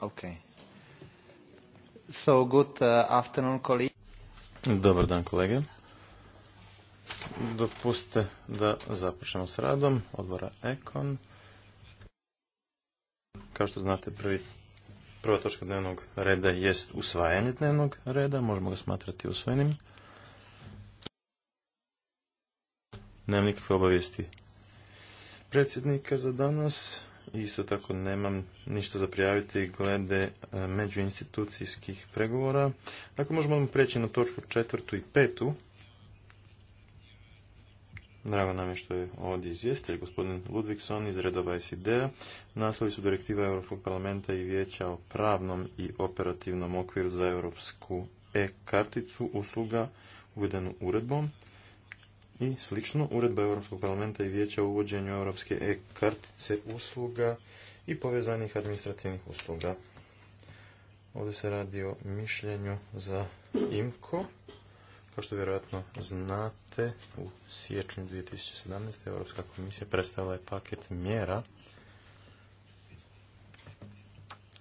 Okay. So, uh, afternoon, Dobar dan, kolege. Dopustite da započnemo s radom odbora Ekon. Kao što znate, prva točka dnevnog reda jest usvajanje dnevnog reda. Možemo ga smatrati usvojenim. Nemam nikakve obavijesti predsjednika za danas. Isto tako nemam ništa za prijaviti glede e, međuinstitucijskih pregovora. Dakle, možemo preći na točku četvrtu i petu. Drago nam je što je ovdje izvjestitelj, gospodin Ludvigson iz redova SID-a. Naslovi su direktiva Europskog parlamenta i vijeća o pravnom i operativnom okviru za europsku e-karticu usluga uvedenu uredbom. I slično, uredba Europskog parlamenta i vijeća o uvođenju europske e-kartice usluga i povezanih administrativnih usluga. Ovdje se radi o mišljenju za IMCO. Kao što vjerojatno znate, u siječnju 2017. Europska komisija predstavila je paket mjera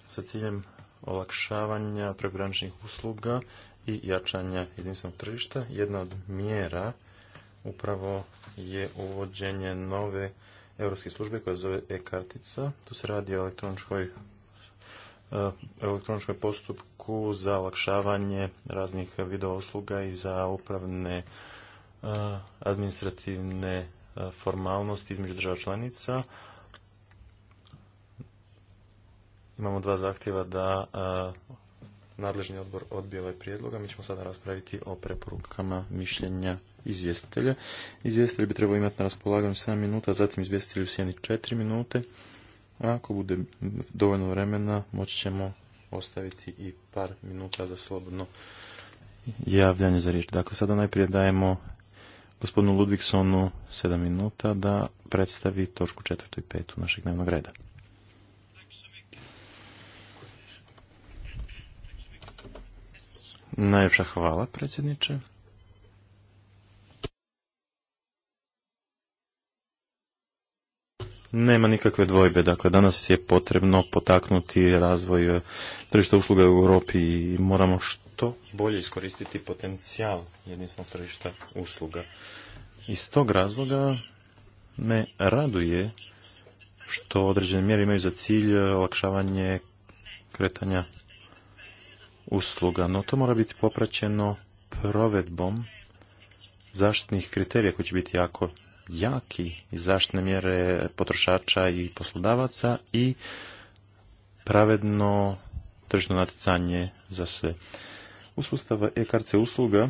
sa ciljem olakšavanja pregraničnih usluga i jačanja jedinstvenog tržišta. Jedna od mjera upravo je uvođenje nove europske službe koja se zove e-kartica. Tu se radi o elektroničkoj e, elektroničkom postupku za olakšavanje raznih video usluga i za upravne e, administrativne e, formalnosti između država članica. Imamo dva zahtjeva da nadležni odbor odbije ovaj prijedlog, a mi ćemo sada raspraviti o preporukama mišljenja izvjestitelja. Izvjestitelj bi trebao imati na raspolaganju 7 minuta, zatim izvjestitelj u sjeni 4 minute. ako bude dovoljno vremena, moći ćemo ostaviti i par minuta za slobodno javljanje za riječ. Dakle, sada najprije dajemo gospodinu Ludvigsonu 7 minuta da predstavi točku četvrtu i petu našeg dnevnog reda. Najljepša hvala, predsjedniče. nema nikakve dvojbe. Dakle, danas je potrebno potaknuti razvoj e, tržišta usluga u Europi i moramo što bolje iskoristiti potencijal jedinstvenog tržišta usluga. Iz tog razloga me raduje što određene mjere imaju za cilj olakšavanje kretanja usluga, no to mora biti popraćeno provedbom zaštitnih kriterija koji će biti jako jaki i zaštne mjere potrošača i poslodavaca i pravedno tržno natjecanje za sve. Uspostava e-karce usluga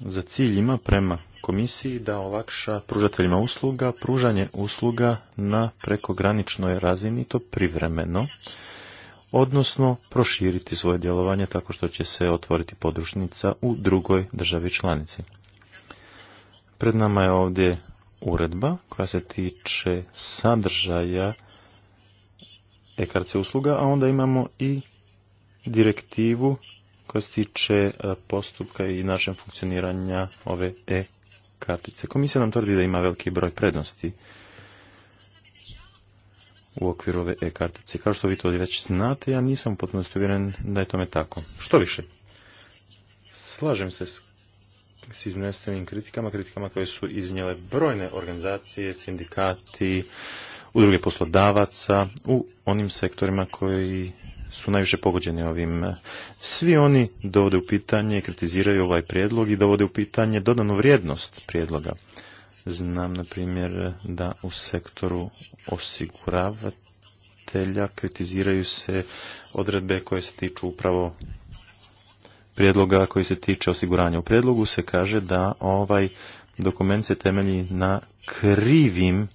za cilj ima prema komisiji da olakša pružateljima usluga pružanje usluga na prekograničnoj razini to privremeno odnosno proširiti svoje djelovanje tako što će se otvoriti podružnica u drugoj državi članici. Pred nama je ovdje uredba koja se tiče sadržaja e-karce usluga, a onda imamo i direktivu koja se tiče e, postupka i način funkcioniranja ove e-kartice. Komisija nam tvrdi da ima veliki broj prednosti u okviru ove e-kartice. Kao što vi to već znate, ja nisam potpuno uvjeren da je tome tako. Što više, slažem se s s iznesenim kritikama, kritikama koje su iznijele brojne organizacije, sindikati, udruge poslodavaca u onim sektorima koji su najviše pogođeni ovim. Svi oni dovode u pitanje, kritiziraju ovaj prijedlog i dovode u pitanje dodanu vrijednost prijedloga. Znam, na primjer, da u sektoru osiguravatelja kritiziraju se odredbe koje se tiču upravo prijedloga koji se tiče osiguranja. U prijedlogu se kaže da ovaj dokument se temelji na krivim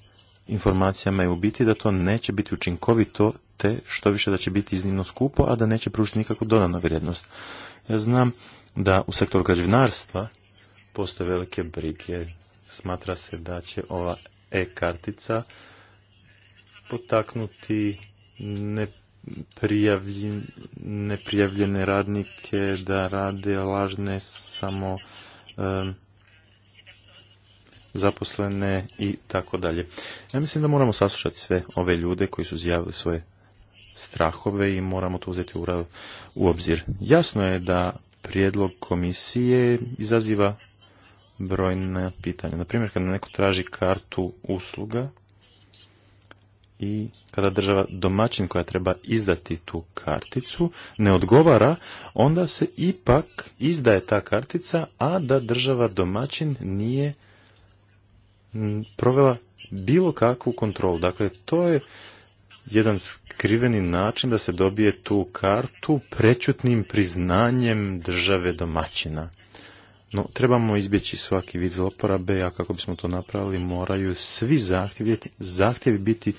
informacijama i u biti da to neće biti učinkovito te što više da će biti iznimno skupo, a da neće pružiti nikakvu dodanu vrijednost. Ja znam da u sektoru građevinarstva postoje velike brige. Smatra se da će ova e-kartica potaknuti ne prijavljene, neprijavljene radnike da rade lažne samo zaposlene i tako dalje. Ja mislim da moramo saslušati sve ove ljude koji su zjavili svoje strahove i moramo to uzeti u, obzir. Jasno je da prijedlog komisije izaziva brojna pitanja. Na primjer, kada neko traži kartu usluga, i kada država domaćin koja treba izdati tu karticu ne odgovara, onda se ipak izdaje ta kartica, a da država domaćin nije provela bilo kakvu kontrolu. Dakle, to je jedan skriveni način da se dobije tu kartu prečutnim priznanjem države domaćina. No, trebamo izbjeći svaki vid zloporabe, a kako bismo to napravili, moraju svi zahtjevi, zahtjevi biti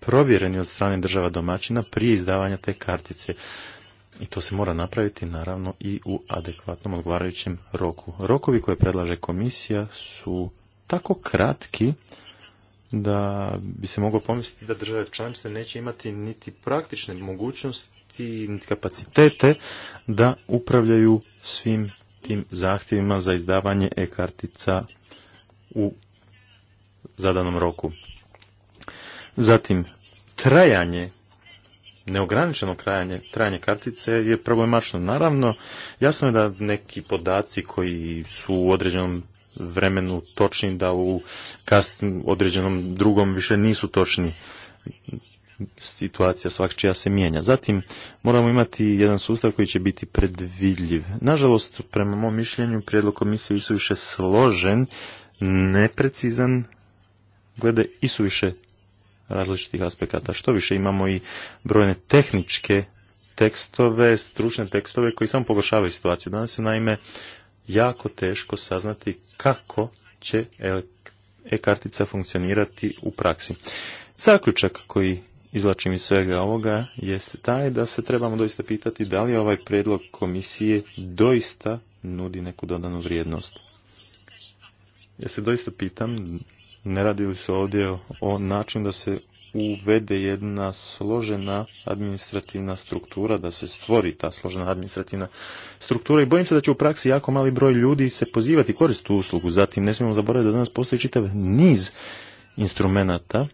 provjereni od strane država domaćina prije izdavanja te kartice. I to se mora napraviti, naravno, i u adekvatnom odgovarajućem roku. Rokovi koje predlaže komisija su tako kratki da bi se moglo pomisliti da države članice neće imati niti praktične mogućnosti, niti kapacitete da upravljaju svim tim zahtjevima za izdavanje e-kartica u zadanom roku. Zatim, trajanje, neograničeno trajanje, kartice je problemačno. Naravno, jasno je da neki podaci koji su u određenom vremenu točni, da u kasnim određenom drugom više nisu točni situacija svakčija se mijenja. Zatim moramo imati jedan sustav koji će biti predvidljiv. Nažalost, prema mom mišljenju, prijedlog komisije je isuviše složen, neprecizan, glede isuviše različitih aspekata. Što više imamo i brojne tehničke tekstove, stručne tekstove koji samo pogoršavaju situaciju. Danas je naime jako teško saznati kako će e-kartica funkcionirati u praksi. Zaključak koji izlačim iz svega ovoga jest taj da se trebamo doista pitati da li ovaj predlog komisije doista nudi neku dodanu vrijednost. Ja se doista pitam, ne radi li se ovdje o načinu da se uvede jedna složena administrativna struktura, da se stvori ta složena administrativna struktura i bojim se da će u praksi jako mali broj ljudi se pozivati koristiti uslugu. Zatim ne smijemo zaboraviti da danas postoji čitav niz instrumenata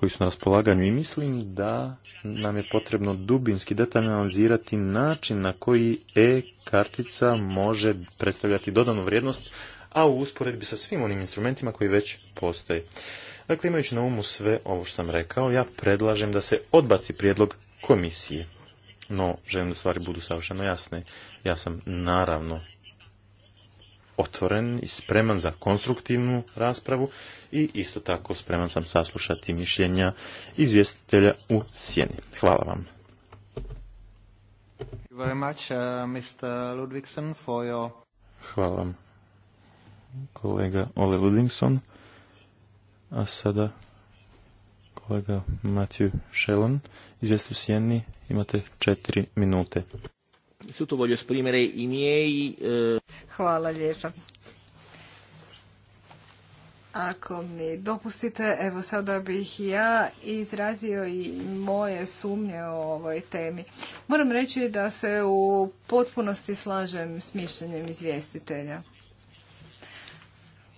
koji su na raspolaganju i mislim da nam je potrebno dubinski detaljno analizirati način na koji e-kartica može predstavljati dodanu vrijednost, a u usporedbi sa svim onim instrumentima koji već postoje. Dakle, imajući na umu sve ovo što sam rekao, ja predlažem da se odbaci prijedlog komisije. No, želim da stvari budu savršeno jasne. Ja sam naravno otvoren i spreman za konstruktivnu raspravu i isto tako spreman sam saslušati mišljenja izvjestitelja u sjeni. Hvala vam. Uh, Hvala vam, kolega Ole Ludvigson, A sada kolega Matthew Shellon, izvjestitelj u sjeni, imate četiri minute innanzitutto voglio esprimere i miei... Eh... Hvala lijepa. Ako mi dopustite, evo sada bih ja izrazio i moje sumnje o ovoj temi. Moram reći da se u potpunosti slažem s mišljenjem izvjestitelja.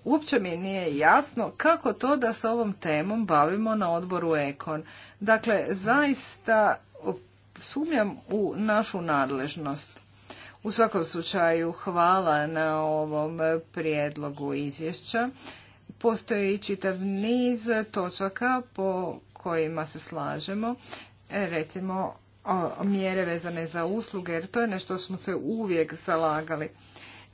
Uopće mi nije jasno kako to da se ovom temom bavimo na odboru Ekon. Dakle, zaista sumnjam u našu nadležnost. U svakom slučaju hvala na ovom prijedlogu izvješća. Postoji čitav niz točaka po kojima se slažemo, e, recimo mjere vezane za usluge, jer to je nešto što smo se uvijek zalagali.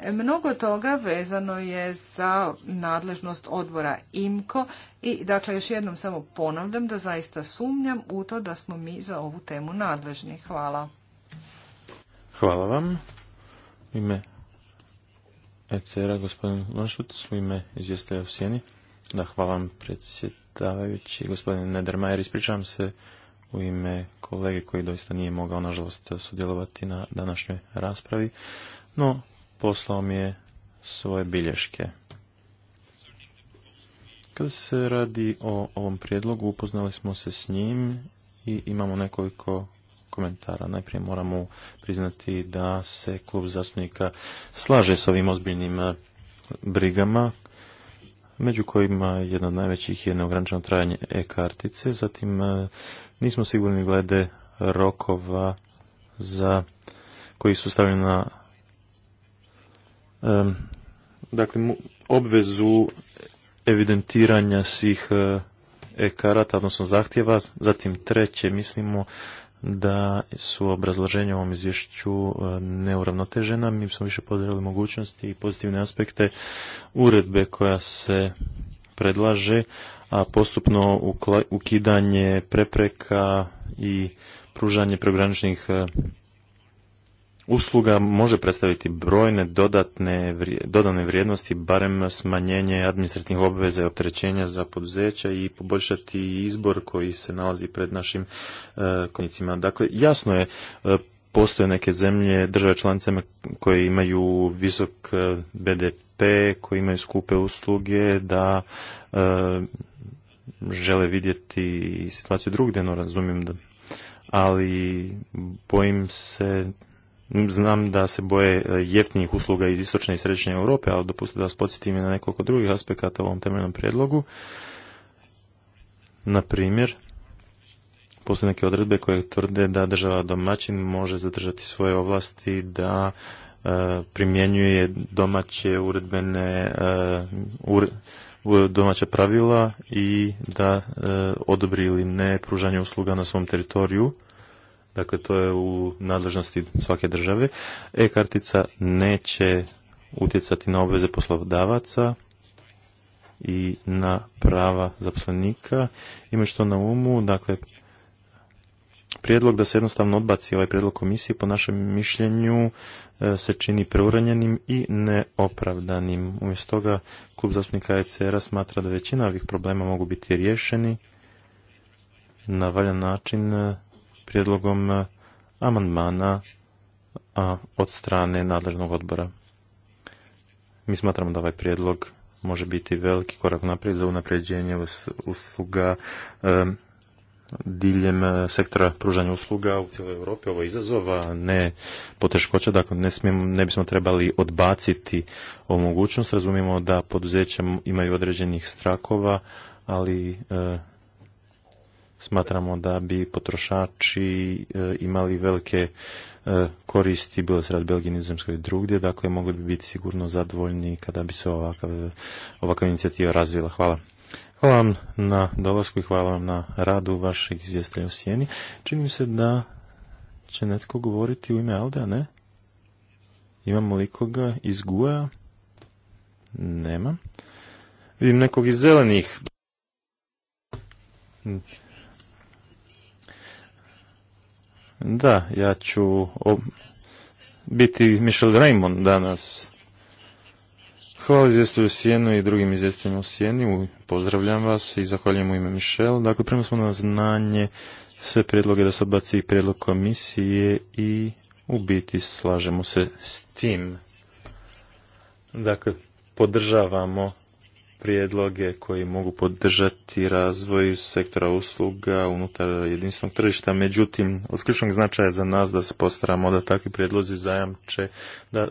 Mnogo toga vezano je za nadležnost odbora IMKO i dakle još jednom samo ponavljam da zaista sumnjam u to da smo mi za ovu temu nadležni. Hvala. Hvala vam. U ime ECR-a gospodin Lonšuc, u ime izvjestaja u Sjeni. Da, hvala vam predsjedavajući. Gospodin Nedermajer, ispričavam se u ime kolege koji doista nije mogao, nažalost, sudjelovati na današnjoj raspravi. No, poslao mi je svoje bilješke. Kada se radi o ovom prijedlogu, upoznali smo se s njim i imamo nekoliko komentara. Najprije moramo priznati da se klub zastupnika slaže s ovim ozbiljnim eh, brigama, među kojima jedna od najvećih je neograničeno trajanje e-kartice. Zatim eh, nismo sigurni glede rokova za koji su stavljeni na dakle, obvezu evidentiranja svih e, e-karata, odnosno zahtjeva. Zatim treće, mislimo da su obrazloženja u ovom izvješću e, neuravnotežena. Mi smo više pozdravili mogućnosti i pozitivne aspekte uredbe koja se predlaže, a postupno ukidanje prepreka i pružanje pregraničnih e, usluga može predstaviti brojne dodatne dodane vrijednosti, barem smanjenje administrativnih obveza i opterećenja za poduzeća i poboljšati izbor koji se nalazi pred našim konjicima. E, konicima. Dakle, jasno je e, postoje neke zemlje, države članice koje imaju visok e, BDP, koje imaju skupe usluge, da žele vidjeti situaciju drugdje, no razumijem da ali bojim se Znam da se boje e, jeftinih usluga iz istočne i središnje Europe, ali dopustite da vas podsjetim na nekoliko drugih aspekata u ovom temeljnom prijedlogu. Na primjer, postoje neke odredbe koje tvrde da država domaćin može zadržati svoje ovlasti da e, primjenjuje domaće uredbene e, domaća pravila i da odobri ili ne pružanje usluga na svom teritoriju Dakle, to je u nadležnosti svake države. E-kartica neće utjecati na obveze poslodavaca i na prava zaposlenika. Ima što na umu, dakle, prijedlog da se jednostavno odbaci ovaj prijedlog komisije po našem mišljenju e, se čini preuranjenim i neopravdanim. Umjesto toga, klub zastupnika ecr smatra da većina ovih problema mogu biti riješeni na valjan način prijedlogom eh, amandmana od strane nadležnog odbora. Mi smatramo da ovaj prijedlog može biti veliki korak naprijed za unapređenje usluga diljem eh, sektora pružanja usluga u cijeloj Europi. Ovo je izazova, ne poteškoća, dakle ne, smijemo, ne bismo trebali odbaciti ovu mogućnost. Razumijemo da poduzeća imaju određenih strakova, ali eh, smatramo da bi potrošači e, imali velike e, koristi, bilo se rad Belgije, Nizozemskoj i drugdje, dakle mogli bi biti sigurno zadovoljni kada bi se ovakav, ovakav inicijativa razvila. Hvala. Hvala vam na dolasku i hvala vam na radu vašeg izvjestelja u Sjeni. Čini se da će netko govoriti u ime a ne? Imamo li koga iz Guja? Nema. Vidim nekog iz zelenih. Da, ja ću biti Michel Raymond danas. Hvala izvjestuju sjenu i drugim izvjestiteljima u Sijeni. Pozdravljam vas i zahvaljujem u ime Michel. Dakle, prema smo na znanje sve predloge da se baci predlog komisije i u biti slažemo se s tim. Dakle, podržavamo prijedloge koji mogu podržati razvoj sektora usluga unutar jedinstvenog tržišta. Međutim, od ključnog značaja za nas da se postaramo da takvi prijedlozi zajamče da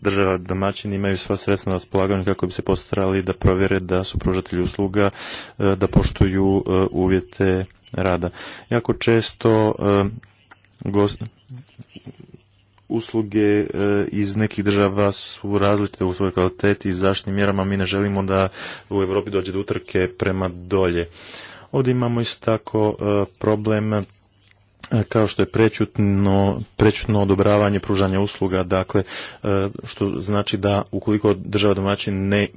država domaćini imaju sva sredstva na raspolaganju kako bi se postarali da provjere da su pružatelji usluga, e, da poštuju e, uvjete rada. Jako često e, gost, usluge e, iz nekih država su različite u svojoj kvaliteti i zaštitnim mjerama. Mi ne želimo da u Europi dođe do utrke prema dolje. Ovdje imamo isto tako e, problem kao što je prečutno, prečutno odobravanje pružanja usluga, dakle, e, što znači da ukoliko država domaćin ne,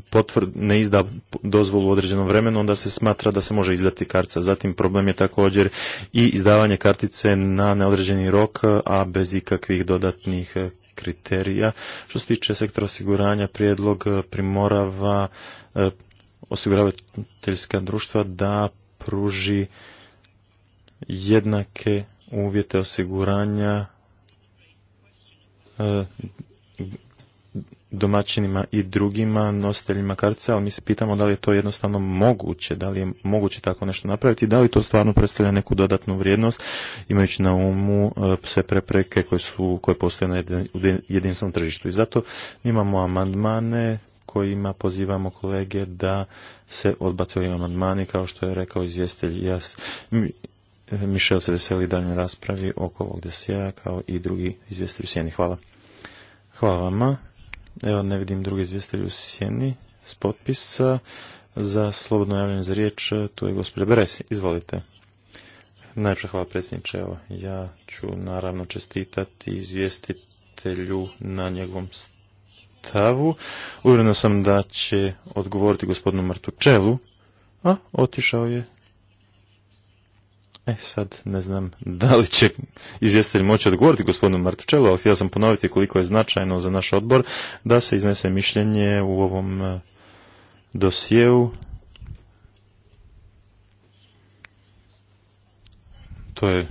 ne izda dozvolu u određenom vremenu, onda se smatra da se može izdati kartica. Zatim problem je također i izdavanje kartice na neodređeni rok, a bez ikakvih dodatnih e, kriterija. Što se tiče sektora osiguranja, prijedlog e, primorava osiguravateljska društva da pruži jednake uvjete osiguranja e, domaćinima i drugima nositeljima karca, ali mi se pitamo da li je to jednostavno moguće, da li je moguće tako nešto napraviti, da li to stvarno predstavlja neku dodatnu vrijednost, imajući na umu e, sve prepreke koje, su, koje postoje na jedinstvenom tržištu. I zato imamo amandmane kojima pozivamo kolege da se odbacaju amandmani, kao što je rekao izvjestelj. Jas. Mišel se veseli daljnoj raspravi oko ovog desija, kao i drugi izvjestitelji u sjeni. Hvala. Hvala vama. Evo ne vidim drugi izvjestitelji u sjeni s potpisa. Za slobodno javljanje za riječ tu je gospođa Beresi. Izvolite. Najpša hvala predsjedniče. Evo, ja ću naravno čestitati izvjestitelju na njegovom stavu. Uvjerena sam da će odgovoriti gospodinu Martučelu. A, otišao je E sad, ne znam da li će izvjestitelj moći odgovoriti gospodinu Martučelu, ali htio sam ponoviti koliko je značajno za naš odbor da se iznese mišljenje u ovom e, dosjeu. To je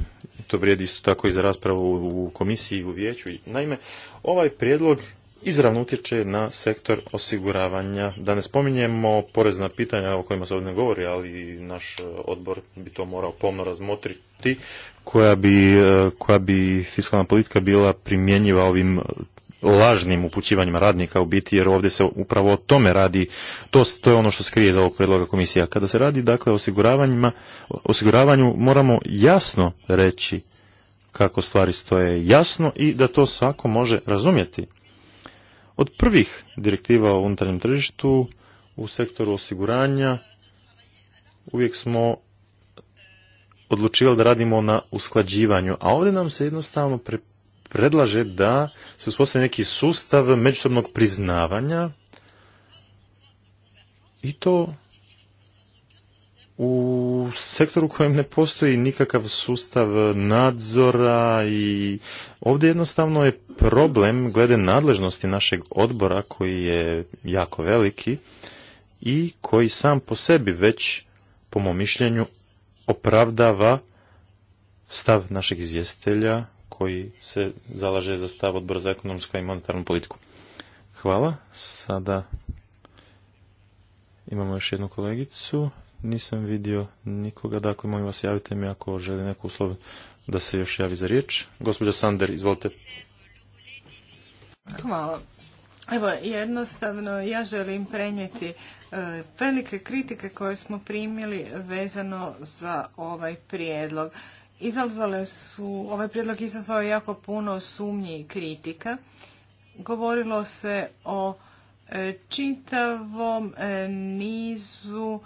to vrijedi isto tako i za raspravu u komisiji u vijeću. Naime, ovaj prijedlog izravno utječe na sektor osiguravanja. Da ne spominjemo porezna pitanja o kojima se ovdje ne govori, ali naš e, odbor bi to morao pomno razmotriti, koja bi, e, koja bi fiskalna politika bila primjenjiva ovim e, lažnim upućivanjima radnika u biti, jer ovdje se upravo o tome radi, to, to je ono što skrije iz ovog predloga komisija. Kada se radi dakle o osiguravanjima, osiguravanju moramo jasno reći kako stvari stoje jasno i da to svako može razumjeti od prvih direktiva o unutarnjem tržištu u sektoru osiguranja uvijek smo odlučivali da radimo na usklađivanju, a ovdje nam se jednostavno predlaže da se uspostavi neki sustav međusobnog priznavanja i to u sektoru kojem ne postoji nikakav sustav nadzora i ovdje jednostavno je problem glede nadležnosti našeg odbora koji je jako veliki i koji sam po sebi već po mom mišljenju opravdava stav našeg izvjestitelja koji se zalaže za stav odbora za ekonomsku i monetarnu politiku. Hvala. Sada imamo još jednu kolegicu. Nisam vidio nikoga, dakle molim vas javite mi ako želi neko uslov da se još javi za riječ. Gospođa Sander, izvolite. Hvala. Evo, jednostavno ja želim prenijeti e, velike kritike koje smo primili vezano za ovaj prijedlog. Izazvale su, ovaj prijedlog izazvao jako puno sumnji i kritika. Govorilo se o e, čitavom e, nizu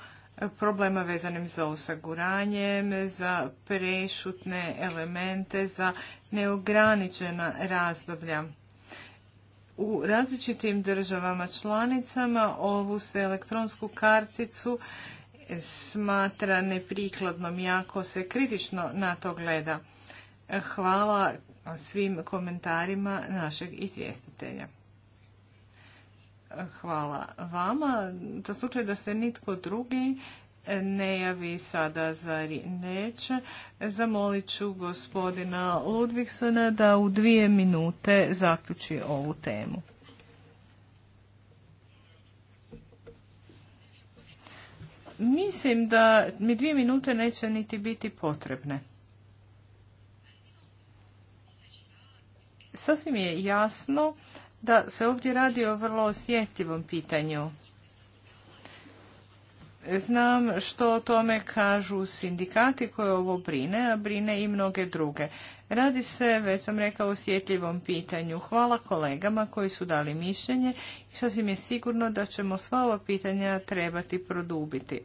problema vezanim za osiguranje, za prešutne elemente, za neograničena razdoblja. U različitim državama članicama ovu se elektronsku karticu smatra neprikladnom jako se kritično na to gleda. Hvala svim komentarima našeg izvjestitelja. Hvala vama. Za slučaj da se nitko drugi ne javi sada za riječ, zamolit ću gospodina Ludvigsona da u dvije minute zaključi ovu temu. Mislim da mi dvije minute neće niti biti potrebne. Sasvim je jasno da se ovdje radi o vrlo osjetljivom pitanju. Znam što o tome kažu sindikati koje ovo brine, a brine i mnoge druge. Radi se, već sam rekao, o osjetljivom pitanju. Hvala kolegama koji su dali mišljenje i sasvim je sigurno da ćemo sva ova pitanja trebati produbiti.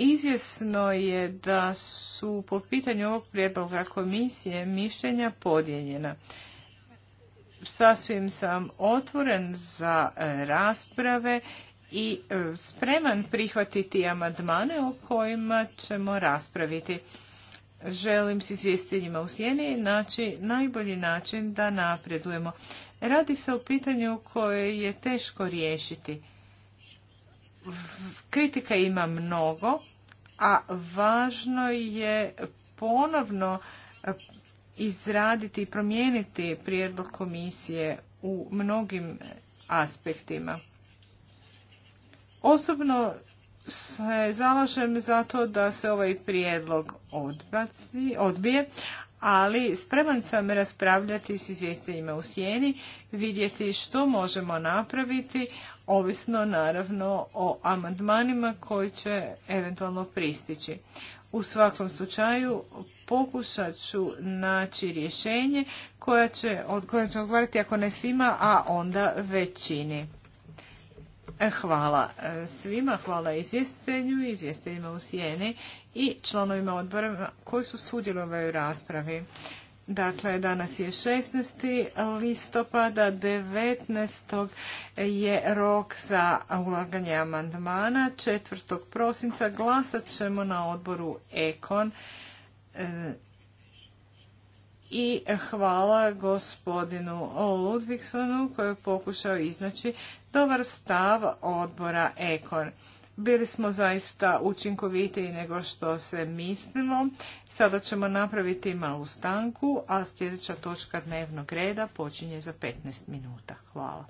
Izvjesno je da su po pitanju ovog prijedloga komisije mišljenja podijeljena. Sasvim sam otvoren za e, rasprave i e, spreman prihvatiti amandmane o kojima ćemo raspraviti. Želim s izvjestiteljima u sjeni naći najbolji način da napredujemo. Radi se o pitanju koje je teško riješiti kritika ima mnogo, a važno je ponovno izraditi i promijeniti prijedlog komisije u mnogim aspektima. Osobno se zalažem za to da se ovaj prijedlog odbaci, odbije, ali spreman sam raspravljati s izvjestiteljima u sjeni, vidjeti što možemo napraviti, ovisno naravno o amandmanima koji će eventualno pristići. U svakom slučaju pokušat ću naći rješenje koja će, od koje će odgovarati ako ne svima, a onda većini. E, hvala e, svima, hvala izvjestitelju, izvjestiteljima u Sijeni i članovima odbora koji su sudjelovali u raspravi. Dakle, danas je 16. listopada, 19. je rok za ulaganje amandmana, 4. prosinca glasat ćemo na odboru Ekon. I hvala gospodinu Ludvigsonu koji je pokušao iznaći dobar stav odbora Ekon. Bili smo zaista učinkovitiji nego što se mislimo. Sada ćemo napraviti malu stanku, a sljedeća točka dnevnog reda počinje za 15 minuta. Hvala.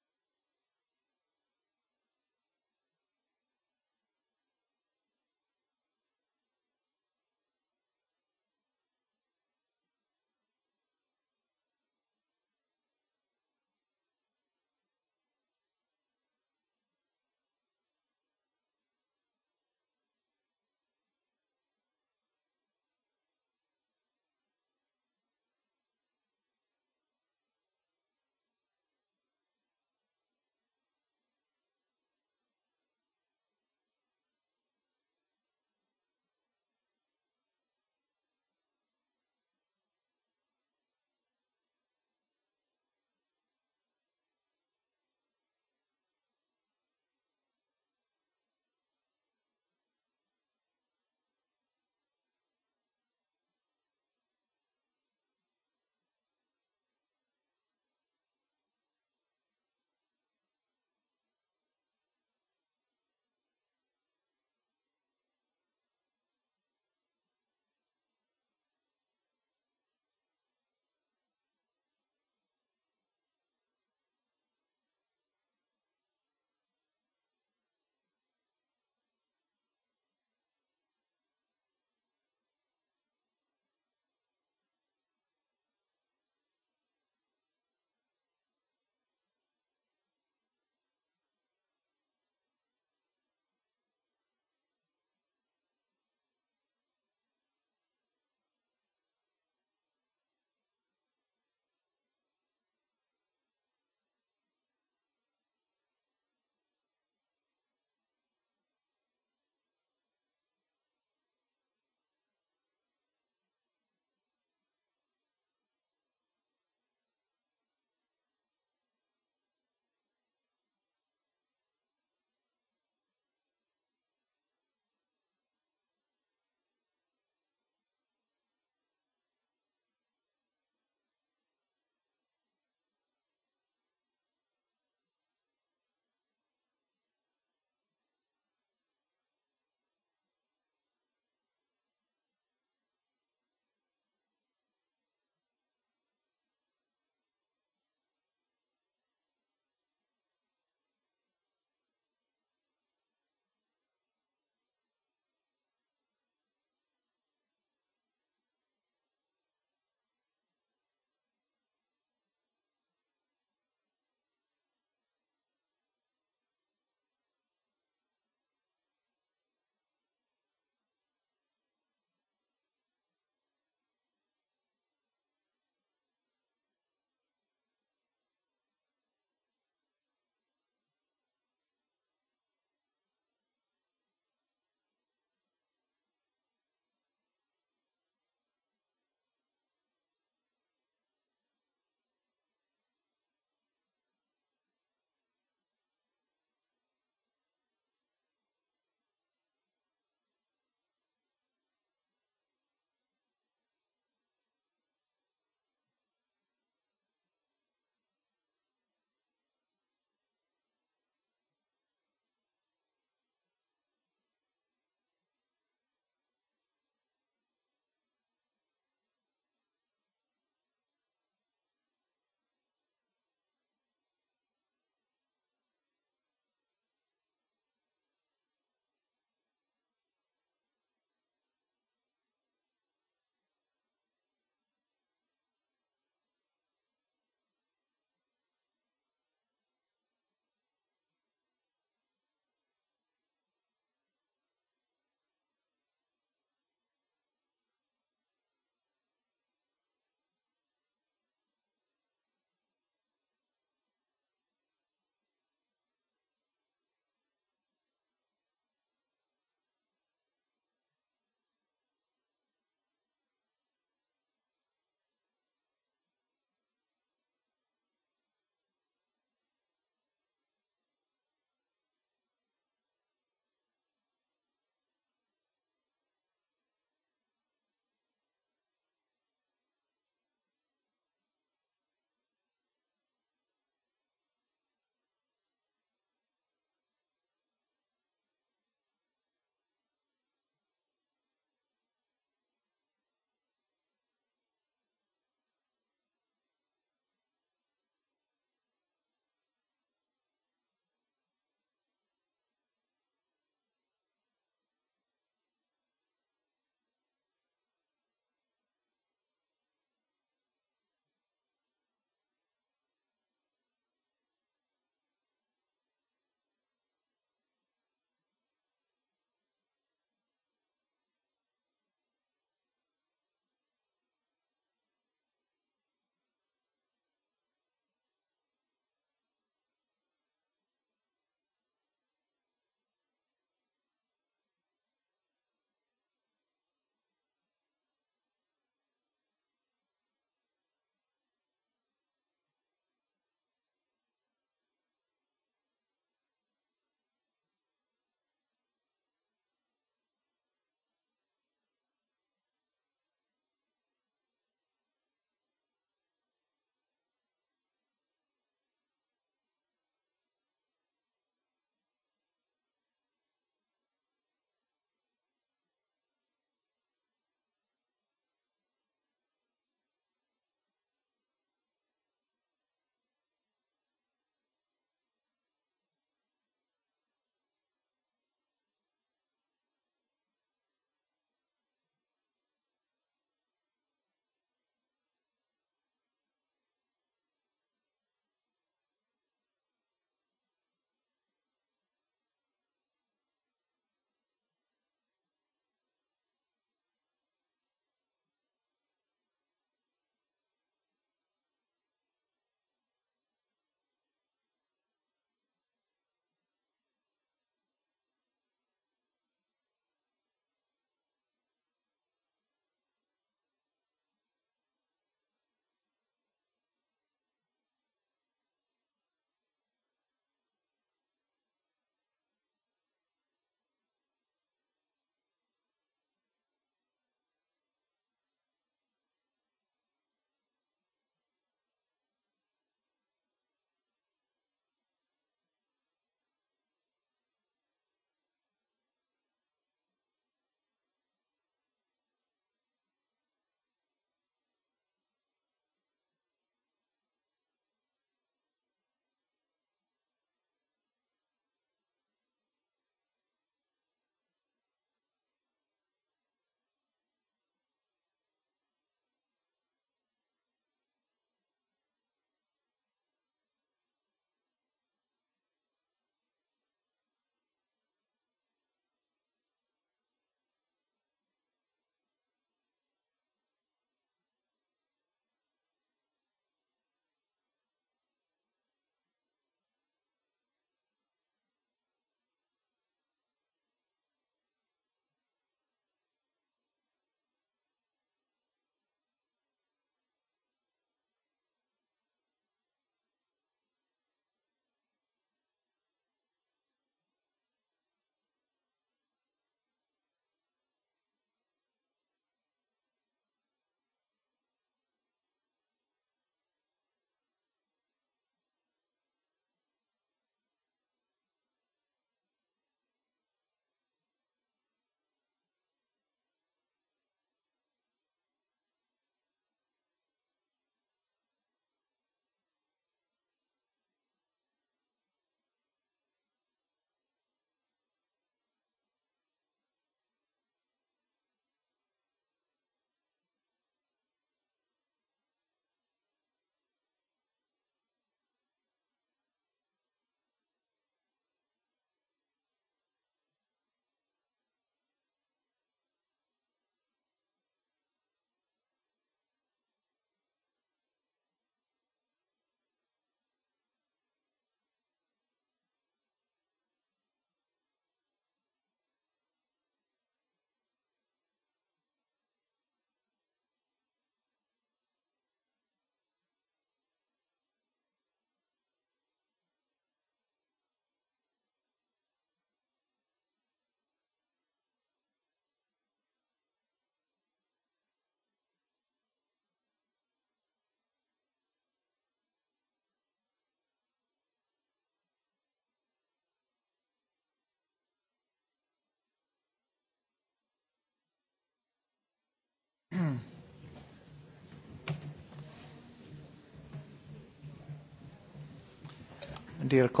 Dear uh,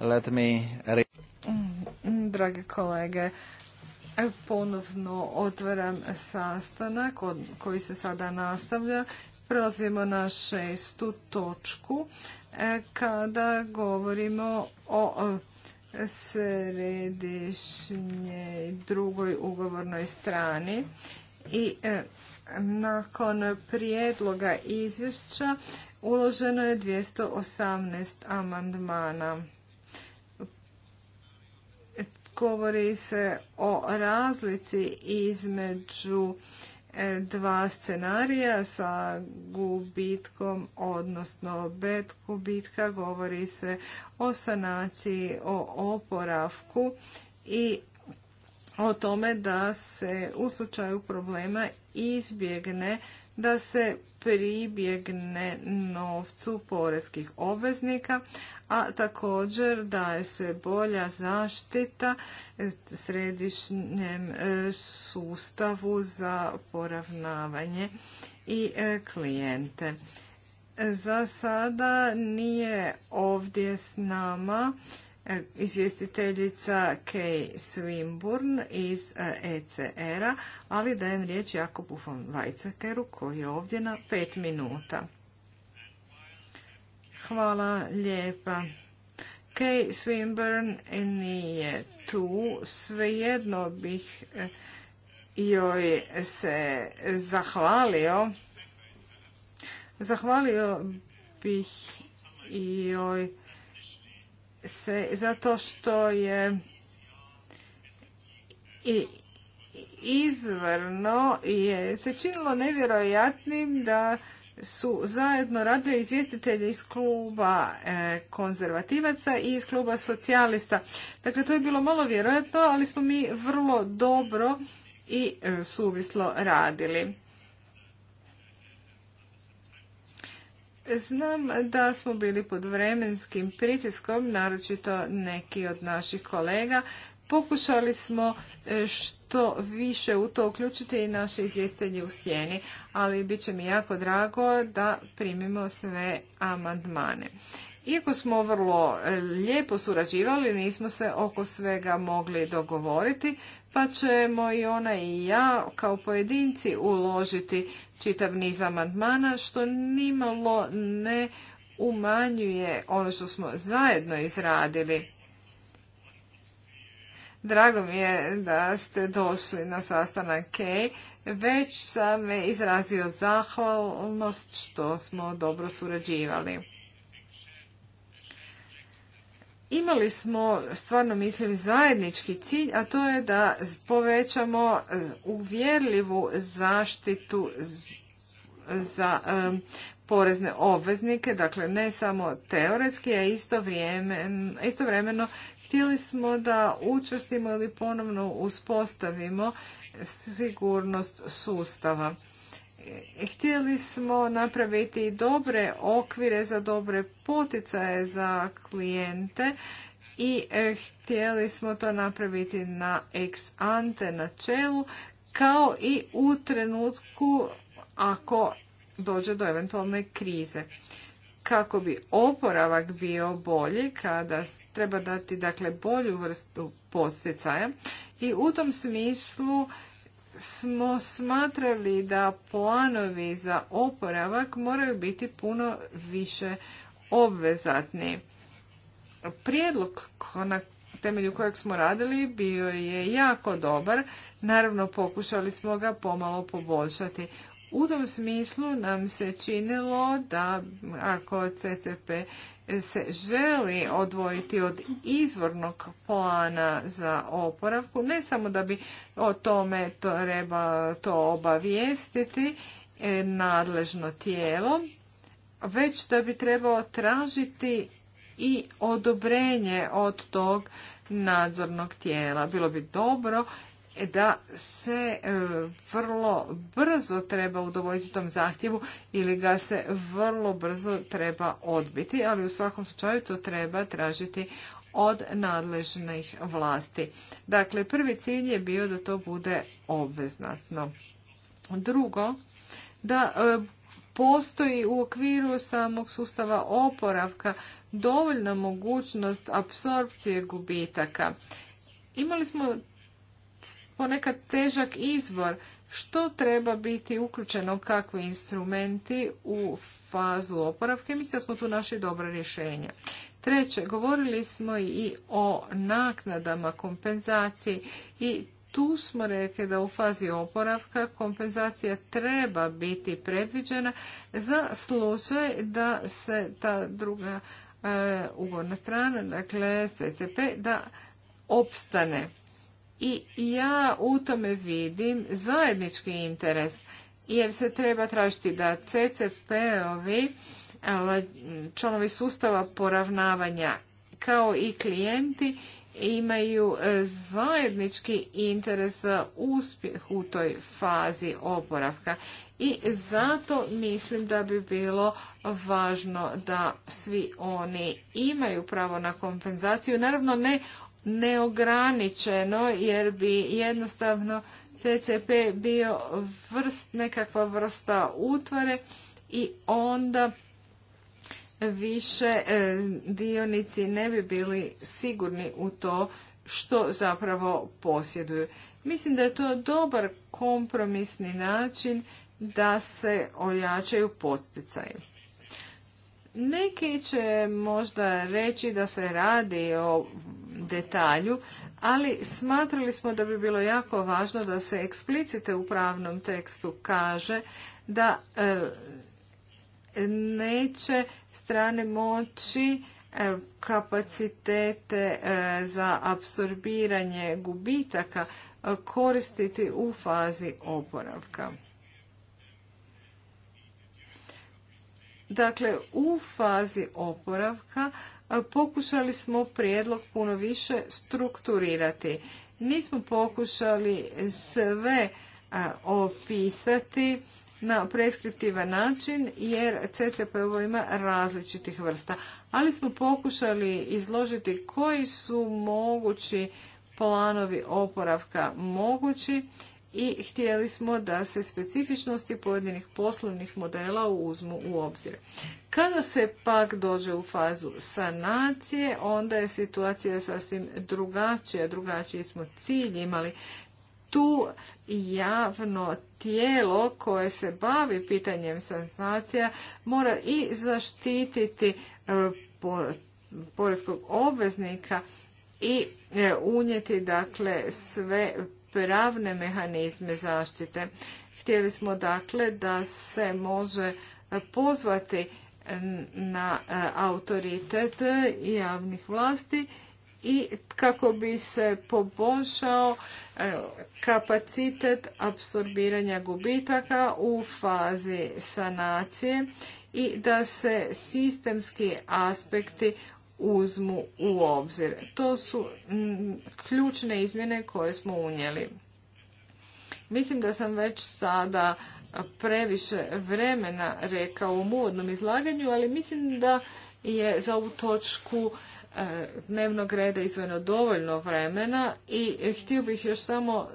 let mm, Drage kolege, ponovno otvaram sastanak koji se sada nastavlja. Prelazimo na šestu točku e, kada govorimo o središnjoj drugoj ugovornoj strani i e, nakon prijedloga izvješća Uloženo je 218 amandmana. Govori se o razlici između e, dva scenarija sa gubitkom, odnosno bet gubitka. Govori se o sanaciji, o oporavku i o tome da se u slučaju problema izbjegne da se pribjegne novcu porezkih obveznika, a također daje se bolja zaštita središnjem e, sustavu za poravnavanje i e, klijente. E, za sada nije ovdje s nama E, izvjestiteljica Kay Swinburne iz ECR-a, e ali dajem riječ Jakobu von Weizsäckeru koji je ovdje na pet minuta. Hvala lijepa. Kay Swinburne nije tu, svejedno bih e, joj se zahvalio. Zahvalio bih joj se zato što je i izvrno je se činilo nevjerojatnim da su zajedno radili izvjestitelji iz kluba e, konzervativaca i iz kluba socijalista. Dakle, to je bilo malo vjerojatno, ali smo mi vrlo dobro i e, suvislo radili. Znam da smo bili pod vremenskim pritiskom, naročito neki od naših kolega. Pokušali smo e, što više u to uključiti i naše izvjestenje u sjeni, ali bit će mi jako drago da primimo sve amandmane. Iako smo vrlo e, lijepo surađivali, nismo se oko svega mogli dogovoriti, pa ćemo i ona i ja kao pojedinci uložiti čitav niz amandmana što nimalo ne umanjuje ono što smo zajedno izradili. Drago mi je da ste došli na sastanak K. Već sam izrazio zahvalnost što smo dobro surađivali imali smo stvarno mislim zajednički cilj, a to je da povećamo e, uvjerljivu zaštitu za e, porezne obveznike, dakle ne samo teoretski, a istovremeno, htjeli smo da učestimo ili ponovno uspostavimo sigurnost sustava. E, htjeli smo napraviti dobre okvire za dobre poticaje za klijente i e, htjeli smo to napraviti na ex ante čelu, kao i u trenutku ako dođe do eventualne krize. Kako bi oporavak bio bolji kada treba dati dakle bolju vrstu posticaja i u tom smislu smo smatrali da planovi za oporavak moraju biti puno više obvezatni. Prijedlog na temelju kojeg smo radili bio je jako dobar. Naravno, pokušali smo ga pomalo poboljšati. U tom smislu nam se činilo da ako CCP se želi odvojiti od izvornog plana za oporavku, ne samo da bi o tome treba to obavijestiti e, nadležno tijelo, već da bi trebao tražiti i odobrenje od tog nadzornog tijela. Bilo bi dobro da se e, vrlo brzo treba udovoljiti tom zahtjevu ili ga se vrlo brzo treba odbiti, ali u svakom slučaju to treba tražiti od nadležnih vlasti. Dakle, prvi cilj je bio da to bude obveznatno. Drugo, da e, postoji u okviru samog sustava oporavka dovoljna mogućnost apsorpcije gubitaka. Imali smo ponekad težak izbor što treba biti uključeno, kakvi instrumenti u fazu oporavke. Mislim da smo tu našli dobra rješenja. Treće, govorili smo i o naknadama, kompenzaciji i tu smo rekli da u fazi oporavka kompenzacija treba biti predviđena za slučaj da se ta druga e, ugodna strana, dakle CCP, da opstane. I ja u tome vidim zajednički interes, jer se treba tražiti da CCP-ovi, članovi sustava poravnavanja, kao i klijenti, imaju e, zajednički interes za uspjeh u toj fazi oporavka. I zato mislim da bi bilo važno da svi oni imaju pravo na kompenzaciju. Naravno ne neograničeno jer bi jednostavno CCP bio vrst, nekakva vrsta utvare i onda više e, dionici ne bi bili sigurni u to što zapravo posjeduju. Mislim da je to dobar kompromisni način da se ojačaju poticaji. Neki će možda reći da se radi o detalju, ali smatrali smo da bi bilo jako važno da se eksplicite u pravnom tekstu kaže da e, neće strane moći e, kapacitete e, za apsorbiranje gubitaka koristiti u fazi oporavka. Dakle, u fazi oporavka pokušali smo prijedlog puno više strukturirati. Nismo pokušali sve opisati na preskriptivan način jer CCP-ovo ima različitih vrsta. Ali smo pokušali izložiti koji su mogući planovi oporavka mogući i htjeli smo da se specifičnosti pojedinih poslovnih modela uzmu u obzir. Kada se pak dođe u fazu sanacije, onda je situacija sasvim drugačija. Drugačiji smo cilj imali. Tu javno tijelo koje se bavi pitanjem sanacija mora i zaštititi e, poreskog obveznika i e, unijeti dakle sve pravne mehanizme zaštite. Htjeli smo dakle da se može pozvati na e, autoritet javnih vlasti i kako bi se poboljšao e, kapacitet apsorbiranja gubitaka u fazi sanacije i da se sistemski aspekti uzmu u obzir. To su mm, ključne izmjene koje smo unijeli. Mislim da sam već sada previše vremena rekao u uvodnom izlaganju, ali mislim da je za ovu točku e, dnevnog reda izvojeno dovoljno vremena i htio bih još samo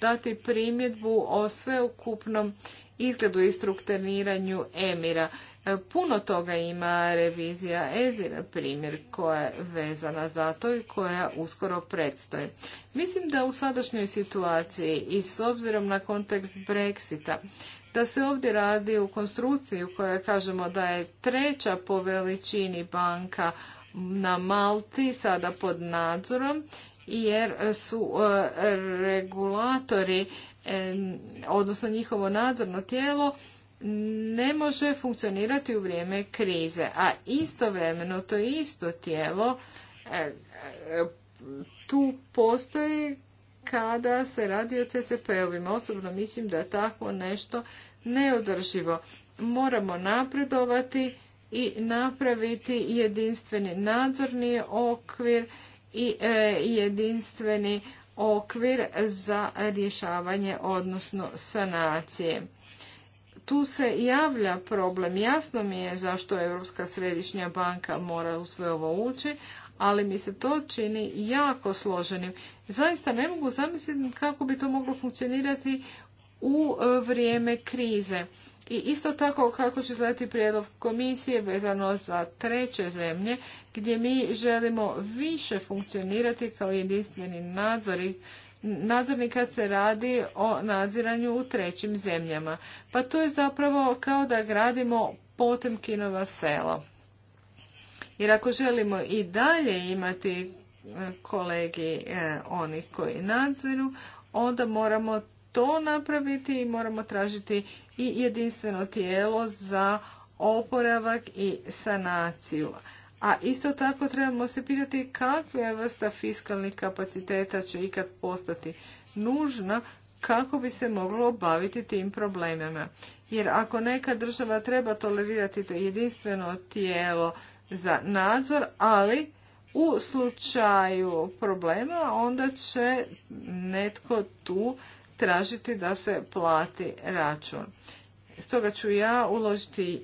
dati primjedbu o sveukupnom izgledu i strukturiranju Emira. E, puno toga ima revizija EZI, primjer, koja je vezana za to i koja uskoro predstoji. Mislim da u sadašnjoj situaciji i s obzirom na kontekst Brexita, da se ovdje radi u konstrukciji u kojoj kažemo da je treća po veličini banka na Malti sada pod nadzorom jer su e, regulatori, e, odnosno njihovo nadzorno tijelo, ne može funkcionirati u vrijeme krize, a istovremeno to isto tijelo e, e, tu postoji kada se radi o CCP-ovima. Osobno mislim da je tako nešto neodrživo. Moramo napredovati i napraviti jedinstveni nadzorni okvir i e, jedinstveni okvir za rješavanje, odnosno sanacije tu se javlja problem. Jasno mi je zašto Europska središnja banka mora u sve ovo ući, ali mi se to čini jako složenim. Zaista ne mogu zamisliti kako bi to moglo funkcionirati u e, vrijeme krize. I isto tako kako će izgledati prijedlog komisije vezano za treće zemlje gdje mi želimo više funkcionirati kao jedinstveni nadzori nadzorni kad se radi o nadziranju u trećim zemljama. Pa to je zapravo kao da gradimo Potemkinova sela. Jer ako želimo i dalje imati e, kolegi e, onih koji nadziru, onda moramo to napraviti i moramo tražiti i jedinstveno tijelo za oporavak i sanaciju. A isto tako trebamo se pitati kakva vrsta fiskalnih kapaciteta će ikad postati nužna kako bi se moglo obaviti tim problemima. Jer ako neka država treba tolerirati to jedinstveno tijelo za nadzor, ali u slučaju problema onda će netko tu tražiti da se plati račun. Stoga ću ja uložiti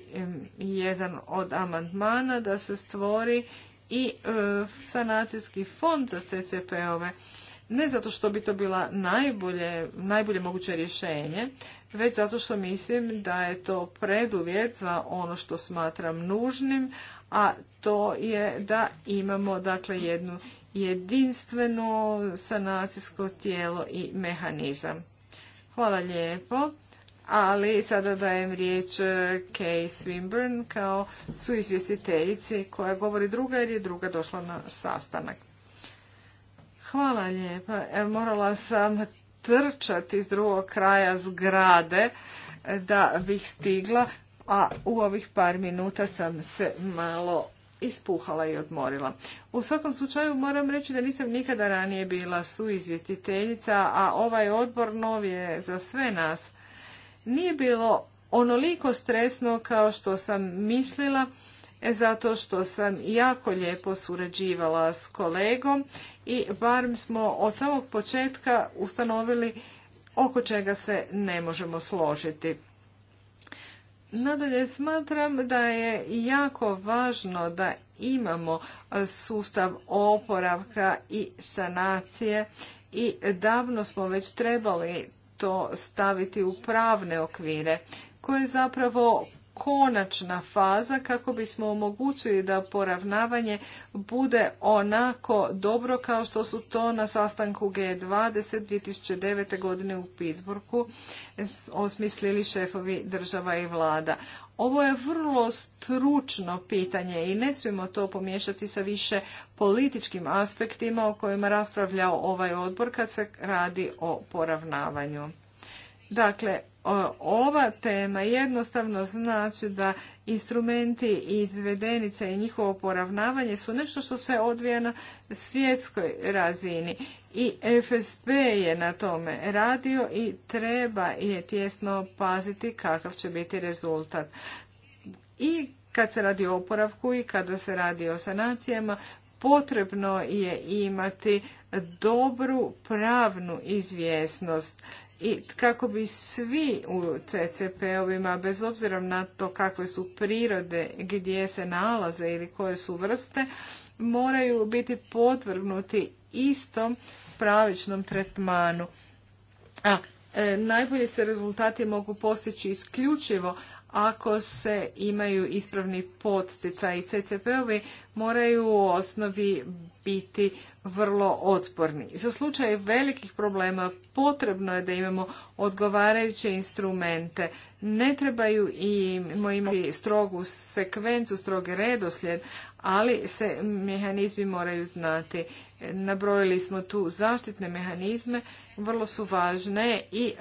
jedan od amandmana da se stvori i e, sanacijski fond za CCP-ove. Ne zato što bi to bila najbolje, najbolje moguće rješenje, već zato što mislim da je to preduvjet za ono što smatram nužnim, a to je da imamo dakle jednu jedinstveno sanacijsko tijelo i mehanizam. Hvala lijepo ali sada dajem riječ e, Kay Swinburne kao suizvjestiteljici koja govori druga jer je druga došla na sastanak. Hvala lijepa. E, morala sam trčati iz drugog kraja zgrade da bih stigla, a u ovih par minuta sam se malo ispuhala i odmorila. U svakom slučaju moram reći da nisam nikada ranije bila suizvjestiteljica, a ovaj odbor nov je za sve nas nije bilo onoliko stresno kao što sam mislila, e, zato što sam jako lijepo surađivala s kolegom i barem smo od samog početka ustanovili oko čega se ne možemo složiti. Nadalje smatram da je jako važno da imamo sustav oporavka i sanacije i davno smo već trebali to staviti u pravne okvire, koje je zapravo konačna faza kako bismo omogućili da poravnavanje bude onako dobro kao što su to na sastanku G20 2009. godine u Pittsburghu osmislili šefovi država i vlada. Ovo je vrlo stručno pitanje i ne smijemo to pomiješati sa više političkim aspektima o kojima raspravlja ovaj odbor kad se radi o poravnavanju. Dakle, E, ova tema jednostavno znači da instrumenti izvedenica izvedenice i njihovo poravnavanje su nešto što se odvija na svjetskoj razini. I FSB je na tome radio i treba je tjesno paziti kakav će biti rezultat. I kad se radi o oporavku i kada se radi o sanacijama, potrebno je imati dobru pravnu izvjesnost i kako bi svi u CCP-ovima, bez obzira na to kakve su prirode, gdje se nalaze ili koje su vrste, moraju biti potvrgnuti istom pravičnom tretmanu. A, e, najbolji se rezultati mogu postići isključivo ako se imaju ispravni podsticaj. i CCP-ovi moraju u osnovi biti vrlo otporni. Za slučaj velikih problema potrebno je da imamo odgovarajuće instrumente. Ne trebaju imati strogu sekvencu, strogi redoslijed, ali se mehanizmi moraju znati. Nabrojili smo tu zaštitne mehanizme, vrlo su važne i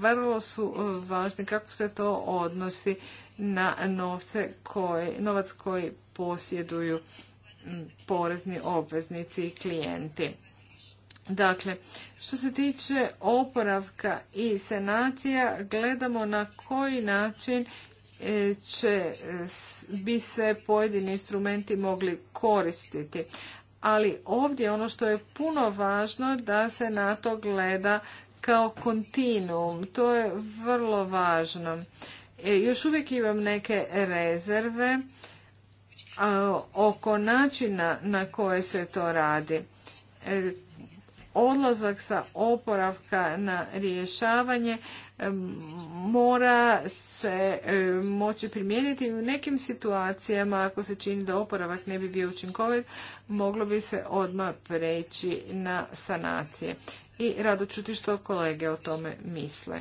vrlo su važne kako se to odnosi na novce novac koji posjeduju porezni obveznici i klijenti. Dakle, što se tiče oporavka i senacija, gledamo na koji način e, će, e, bi se pojedini instrumenti mogli koristiti. Ali ovdje ono što je puno važno da se na to gleda kao kontinuum. To je vrlo važno. E, još uvijek imam neke rezerve oko načina na koje se to radi. E, odlazak sa oporavka na rješavanje e, mora se e, moći primijeniti u nekim situacijama ako se čini da oporavak ne bi bio učinkovit moglo bi se odmah preći na sanacije i rado čuti što kolege o tome misle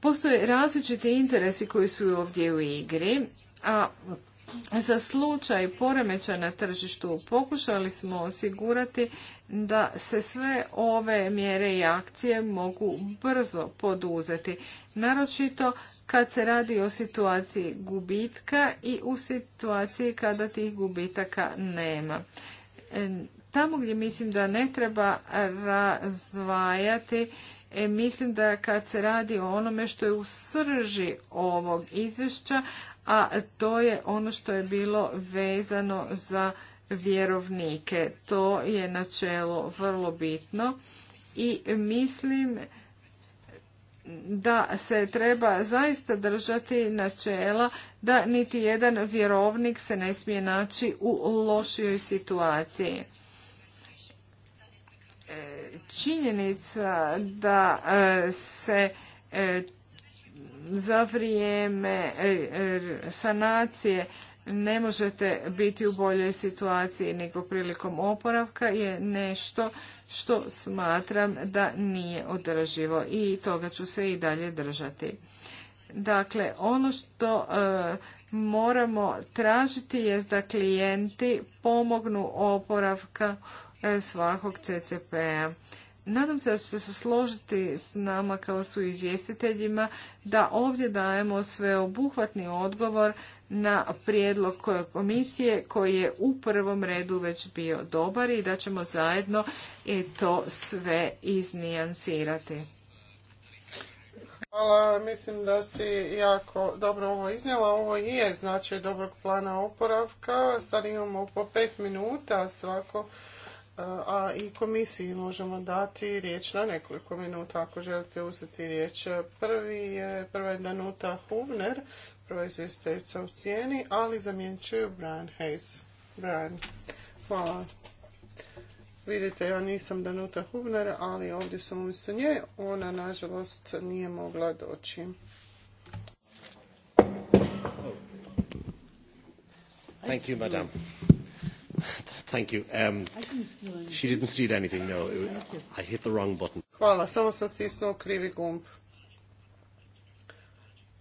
postoje različiti interesi koji su ovdje u igri a za slučaj poremeća na tržištu pokušali smo osigurati da se sve ove mjere i akcije mogu brzo poduzeti, naročito kad se radi o situaciji gubitka i u situaciji kada tih gubitaka nema. E, tamo gdje mislim da ne treba razvajati, e, mislim da kad se radi o onome što je u srži ovog izvješća, a to je ono što je bilo vezano za vjerovnike. To je načelo vrlo bitno i mislim da se treba zaista držati načela da niti jedan vjerovnik se ne smije naći u lošijoj situaciji. E, činjenica da e, se e, za vrijeme e, e, sanacije ne možete biti u boljoj situaciji nego prilikom oporavka je nešto što smatram da nije održivo i toga ću se i dalje držati. Dakle, ono što e, moramo tražiti je da klijenti pomognu oporavka svakog CCP-a. Nadam se da ćete se složiti s nama kao su izvjestiteljima da ovdje dajemo sveobuhvatni odgovor na prijedlog komisije koji je u prvom redu već bio dobar i da ćemo zajedno i to sve iznijansirati. Hvala, mislim da si jako dobro ovo iznijela. Ovo i je značaj dobrog plana oporavka. Sad imamo po pet minuta svako a i komisiji možemo dati riječ na nekoliko minuta ako želite uzeti riječ. Prvi je, prva je Danuta Hubner, prva je u cijeni ali zamjenčuju Brian Hayes. Brian, hvala. Vidite, ja nisam Danuta Hubner, ali ovdje sam umjesto nje. Ona, nažalost, nije mogla doći. Thank you, madam. Thank you. Um, she didn't steal anything, no. I hit the wrong button. Hvala, samo sam stisnuo krivi gumb.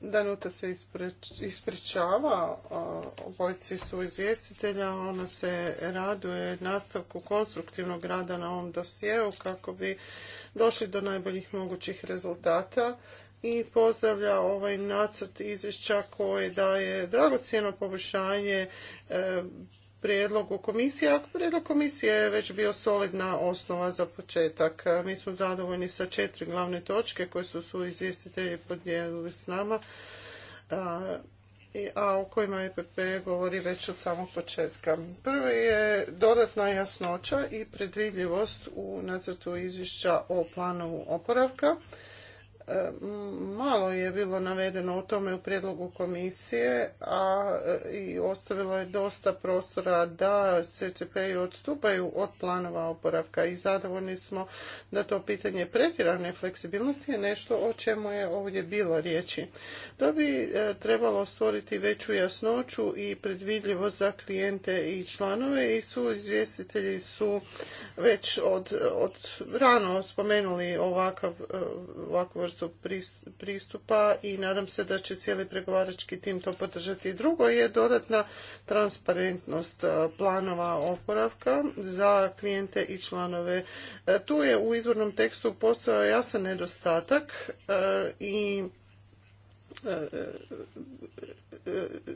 Danuta se ispreč, ispričava, obojci su izvjestitelja, ona se raduje nastavku konstruktivnog rada na ovom dosjeu kako bi došli do najboljih mogućih rezultata i pozdravlja ovaj nacrt izvješća koji daje dragocjeno poboljšanje e, prijedlogu komisije, a prijedlog komisije je već bio solidna osnova za početak. Mi smo zadovoljni sa četiri glavne točke koje su su izvjestitelji podijelili s nama, a, a o kojima EPP govori već od samog početka. Prvo je dodatna jasnoća i predvidljivost u nacrtu izvješća o planu oporavka. E, malo je bilo navedeno o tome u prijedlogu komisije, a e, i ostavilo je dosta prostora da ccp odstupaju od planova oporavka i zadovoljni smo da to pitanje pretjerane fleksibilnosti je nešto o čemu je ovdje bilo riječi. To bi e, trebalo stvoriti veću jasnoću i predvidljivost za klijente i članove i su izvjestitelji su već od, rano spomenuli ovakav, ovakvu vrstu vrstu pristupa i nadam se da će cijeli pregovarački tim to podržati. Drugo je dodatna transparentnost e, planova oporavka za klijente i članove. E, tu je u izvornom tekstu postojao jasan nedostatak e, i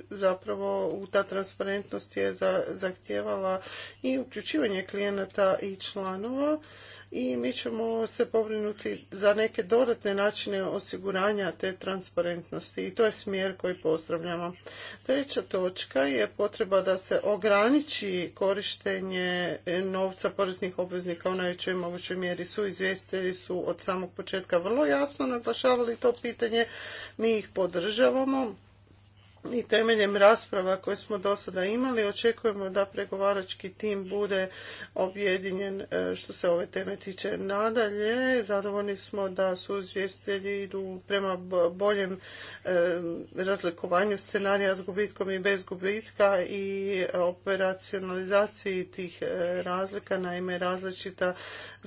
zapravo ta transparentnost je zahtijevala i uključivanje klijenata i članova i mi ćemo se pobrinuti za neke dodatne načine osiguranja te transparentnosti i to je smjer koji pozdravljamo. Treća točka je potreba da se ograniči korištenje novca poreznih obveznika u najvećoj mogućoj mjeri su izvjestitelji su od samog početka vrlo jasno naglašavali to pitanje. Mi ih podržavamo i temeljem rasprava koje smo do sada imali očekujemo da pregovarački tim bude objedinjen e, što se ove teme tiče nadalje. Zadovoljni smo da su izvjestitelji idu prema boljem e, razlikovanju scenarija s gubitkom i bez gubitka i operacionalizaciji tih e, razlika. Naime, različita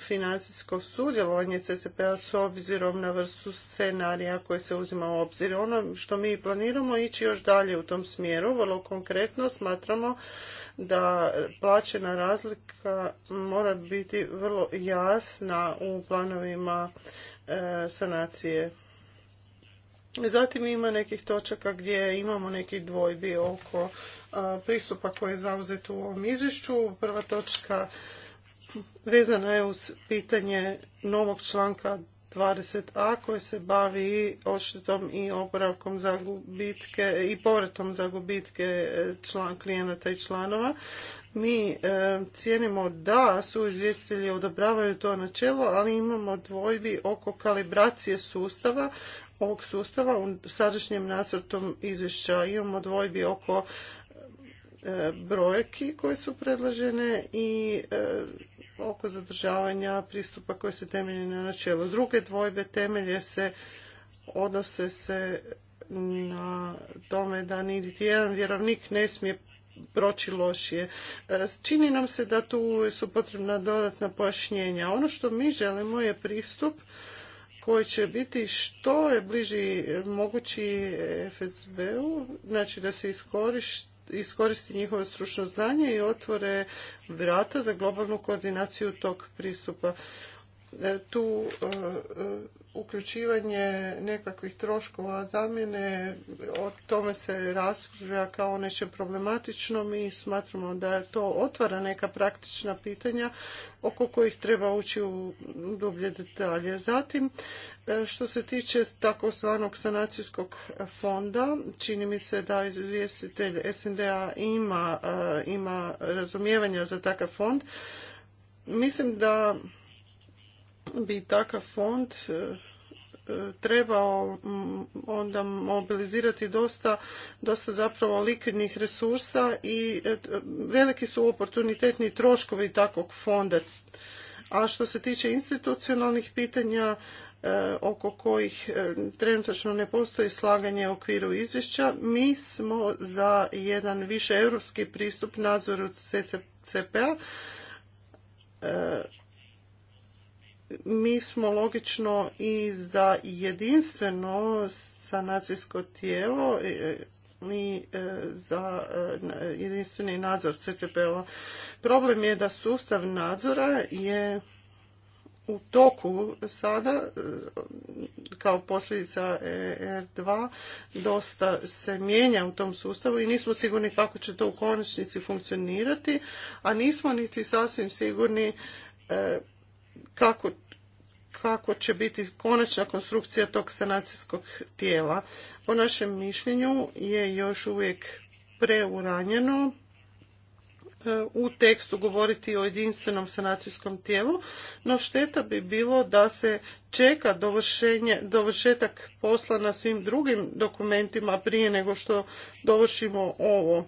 financijsko sudjelovanje CCP-a s obzirom na vrstu scenarija koje se uzima u obzir. Ono što mi planiramo ići još dalje u tom smjeru. Vrlo konkretno smatramo da plaćena razlika mora biti vrlo jasna u planovima e, sanacije. Zatim ima nekih točaka gdje imamo nekih dvojbi oko e, pristupa koji je zauzet u ovom izvješću. Prva točka vezana je uz pitanje novog članka 20a koji se bavi odštetom i oporavkom za gubitke i povratom za gubitke e, član, klijenata i članova. Mi e, cijenimo da su izvjestitelji odobravaju to načelo, ali imamo dvojbi oko kalibracije sustava ovog sustava u sadašnjem nacrtom izvješća imamo dvojbi oko e, brojki koje su predložene i oko zadržavanja pristupa koji se temelji na načelu. Druge dvojbe temelje se, odnose se na tome da niti jedan vjerovnik ne smije proći lošije. E, čini nam se da tu su potrebna dodatna pojašnjenja. Ono što mi želimo je pristup koji će biti što je bliži mogući FSB-u, znači da se iskoristi iskoristi njihovo stručno znanje i otvore vrata za globalnu koordinaciju tog pristupa. E, tu e, e, uključivanje nekakvih troškova zamjene, o tome se raspravlja kao nečem problematičnom i smatramo da to otvara neka praktična pitanja oko kojih treba ući u dublje detalje. Zatim, što se tiče takozvanog sanacijskog fonda, čini mi se da izvjestitelj SND-a ima, ima razumijevanja za takav fond. Mislim da bi takav fond e, e, trebao mm, onda mobilizirati dosta, dosta zapravo likvidnih resursa i e, veliki su oportunitetni troškovi takvog fonda. A što se tiče institucionalnih pitanja oko kojih trenutačno ne postoji slaganje u okviru izvješća, mi smo za jedan više europski pristup nadzoru CCP-a mi smo logično i za jedinstveno sanacijsko tijelo i za e, jedinstveni nadzor CCPO. Problem je da sustav nadzora je u toku sada kao posljedica e R2 dosta se mijenja u tom sustavu i nismo sigurni kako će to u konačnici funkcionirati, a nismo niti sasvim sigurni e, kako, kako će biti konačna konstrukcija tog sanacijskog tijela. Po našem mišljenju je još uvijek preuranjeno e, u tekstu govoriti o jedinstvenom sanacijskom tijelu, no šteta bi bilo da se čeka dovršetak posla na svim drugim dokumentima prije nego što dovršimo ovo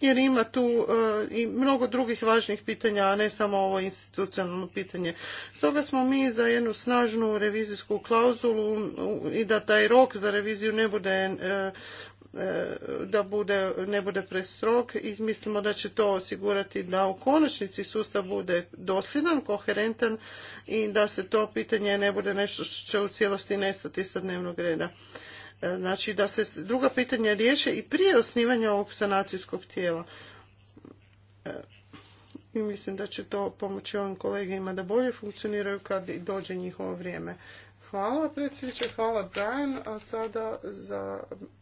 jer ima tu eh, i mnogo drugih važnih pitanja, a ne samo ovo institucionalno pitanje. Stoga smo mi za jednu snažnu revizijsku klauzulu i da taj rok za reviziju ne bude eh, E, da bude, ne bude prestrog i mislimo da će to osigurati da u konačnici sustav bude dosljedan, koherentan i da se to pitanje ne bude nešto što će u cijelosti nestati sa dnevnog reda. E, znači da se druga pitanja riješe i prije osnivanja ovog sanacijskog tijela. E, I mislim da će to pomoći ovim kolegima da bolje funkcioniraju kad dođe njihovo vrijeme. Hvala predsjedniče, hvala Brian, a sada za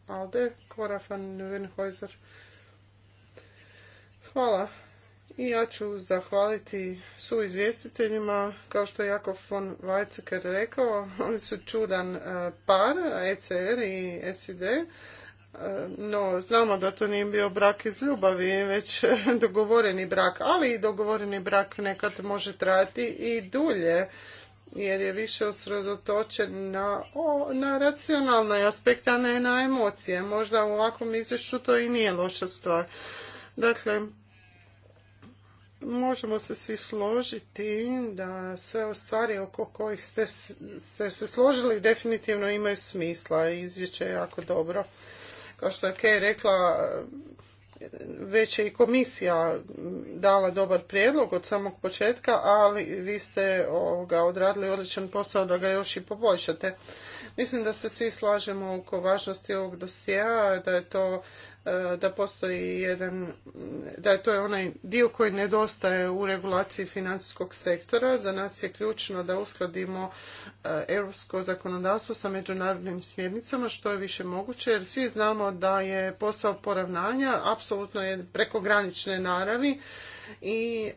Alde, Kora van Hvala. I ja ću zahvaliti su izvjestiteljima, kao što je Jakov von Weizsäcker rekao, oni su čudan e, par, ECR i SID, e, no znamo da to nije bio brak iz ljubavi, već dogovoreni brak, ali i dogovoreni brak nekad može trajati i dulje jer je više usredotočen na, na racionalne aspekte, a ne na emocije. Možda u ovakvom izvješću to i nije loša stvar. Dakle, možemo se svi složiti da sve o stvari oko kojih ste se, se složili definitivno imaju smisla. Izvješće je jako dobro. Kao što je Kej rekla, već je i komisija dala dobar prijedlog od samog početka, ali vi ste ovoga odradili odličan posao da ga još i poboljšate. Mislim da se svi slažemo oko važnosti ovog dosjea, da je to E, da postoji jedan, da je to je onaj dio koji nedostaje u regulaciji financijskog sektora. Za nas je ključno da uskladimo e, europsko zakonodavstvo sa međunarodnim smjernicama što je više moguće jer svi znamo da je posao poravnanja apsolutno je prekogranične naravi i e,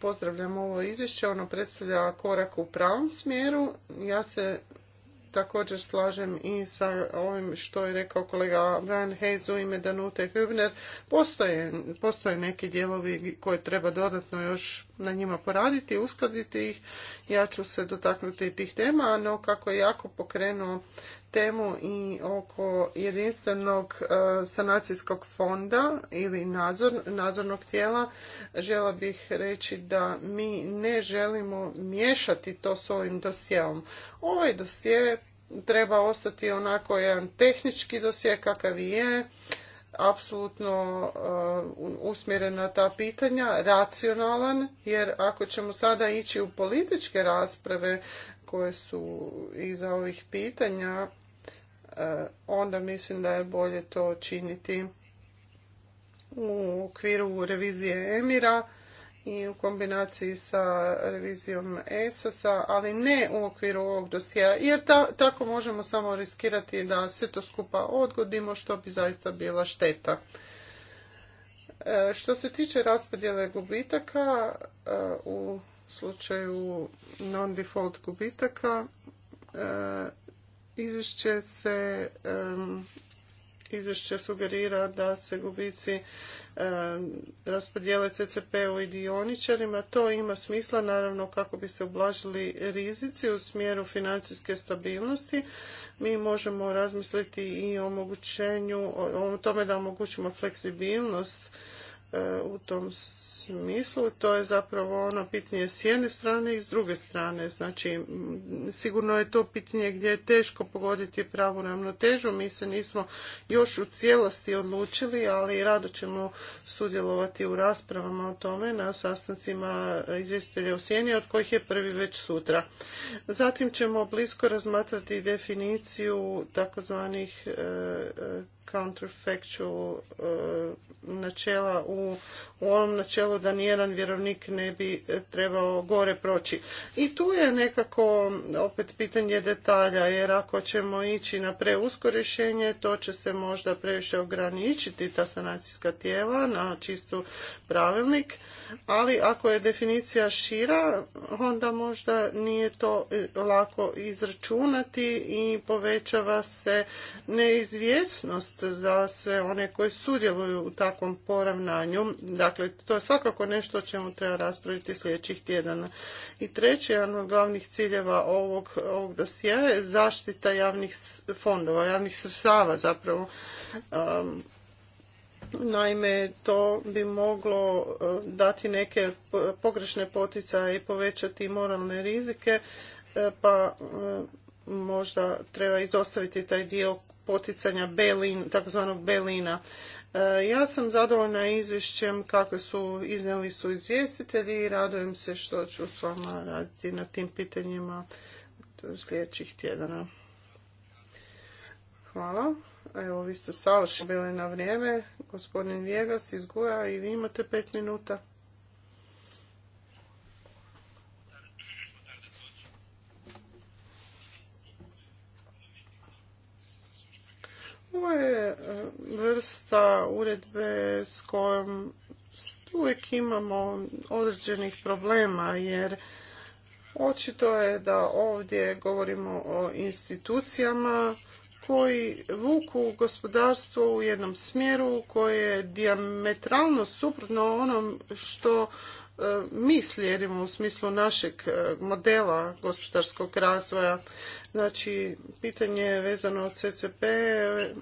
pozdravljam ovo izvješće, ono predstavlja korak u pravom smjeru. Ja se također slažem i sa ovim što je rekao kolega Brian Hayes u ime Danute Hübner. Postoje, postoje neki dijelovi koje treba dodatno još na njima poraditi, uskladiti ih. Ja ću se dotaknuti tih tema, no kako je jako pokrenuo temu i oko jedinstvenog e, sanacijskog fonda ili nadzornog tijela, žela bih reći da mi ne želimo miješati to s ovim dosjeom. Ovaj dosje treba ostati onako jedan tehnički dosje kakav i je, apsolutno e, usmjeren na ta pitanja, racionalan, jer ako ćemo sada ići u političke rasprave koje su iza ovih pitanja, E, onda mislim da je bolje to činiti u okviru revizije Emira i u kombinaciji sa revizijom ESAS-a, ali ne u okviru ovog dosija, jer tako možemo samo riskirati da sve to skupa odgodimo, što bi zaista bila šteta. E, što se tiče raspodjele gubitaka, e, u slučaju non-default gubitaka, Izvješće se izvješće sugerira da se gubici raspodijele CCP-u i dioničarima. To ima smisla naravno kako bi se ublažili rizici u smjeru financijske stabilnosti. Mi možemo razmisliti i o, o tome da omogućimo fleksibilnost E, u tom smislu. To je zapravo ono pitanje s jedne strane i s druge strane. Znači, sigurno je to pitanje gdje je teško pogoditi pravu ravnotežu. Mi se nismo još u cijelosti odlučili, ali rado ćemo sudjelovati u raspravama o tome na sastancima izvjestitelja u Sjeni, od kojih je prvi već sutra. Zatim ćemo blisko razmatrati definiciju takozvanih e, e, counterfactual eh, načela u, u onom načelu da nijedan vjerovnik ne bi eh, trebao gore proći. I tu je nekako opet pitanje detalja jer ako ćemo ići na preusko rješenje to će se možda previše ograničiti ta sanacijska tijela na čistu pravilnik, ali ako je definicija šira onda možda nije to eh, lako izračunati i povećava se neizvjesnost za sve one koji sudjeluju u takvom poravnanju. Dakle, to je svakako nešto o čemu treba raspraviti sljedećih tjedana. I treći, jedan od glavnih ciljeva ovog, ovog dosija je zaštita javnih fondova, javnih sredstava zapravo. Um, naime, to bi moglo uh, dati neke pogrešne poticaje i povećati moralne rizike, uh, pa uh, možda treba izostaviti taj dio poticanja Belin, takozvanog Belina. E, ja sam zadovoljna izvješćem kakve su iznijeli su izvjestitelji i radujem se što ću s vama raditi na tim pitanjima sljedećih tjedana. Hvala. Evo, vi ste savršeno bili na vrijeme. Gospodin Vjegas iz i vi imate pet minuta. Ovo je e, vrsta uredbe s kojom uvijek imamo određenih problema jer očito je da ovdje govorimo o institucijama koji vuku gospodarstvo u jednom smjeru koje je diametralno suprotno onom što E, mi slijedimo u smislu našeg e, modela gospodarskog razvoja. Znači, pitanje je vezano od CCP, e,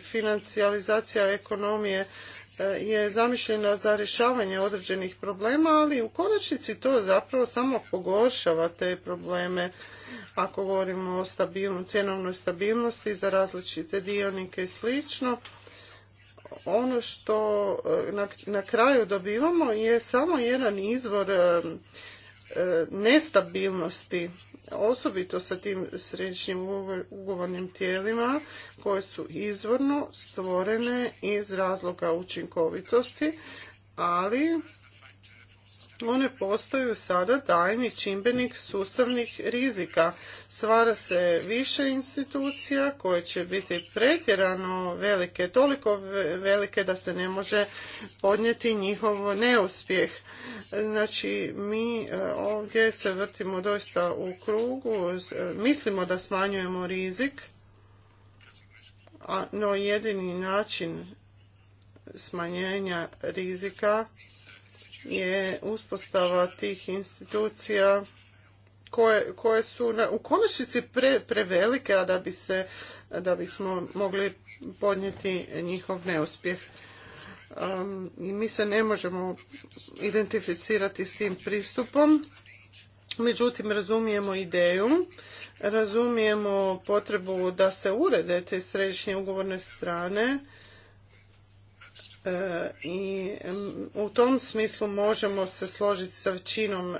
financijalizacija ekonomije je zamišljena za rješavanje određenih problema, ali u konačnici to zapravo samo pogoršava te probleme ako govorimo o cjenovnoj stabilnosti za različite dionike i slično ono što e, na, kraju dobivamo je samo jedan izvor e, e, nestabilnosti osobito sa tim središnjim ugovornim tijelima koje su izvorno stvorene iz razloga učinkovitosti, ali one postaju sada tajni čimbenik sustavnih rizika. Stvara se više institucija koje će biti pretjerano velike, toliko velike da se ne može podnijeti njihov neuspjeh. Znači, mi e, ovdje se vrtimo doista u krugu, e, mislimo da smanjujemo rizik, no jedini način smanjenja rizika je uspostava tih institucija koje, koje su u konačnici prevelike, a da, bi se, da bismo mogli podnijeti njihov neuspjeh. Um, mi se ne možemo identificirati s tim pristupom, međutim razumijemo ideju, razumijemo potrebu da se urede te središnje ugovorne strane, E, i u tom smislu možemo se složiti sa većinom e,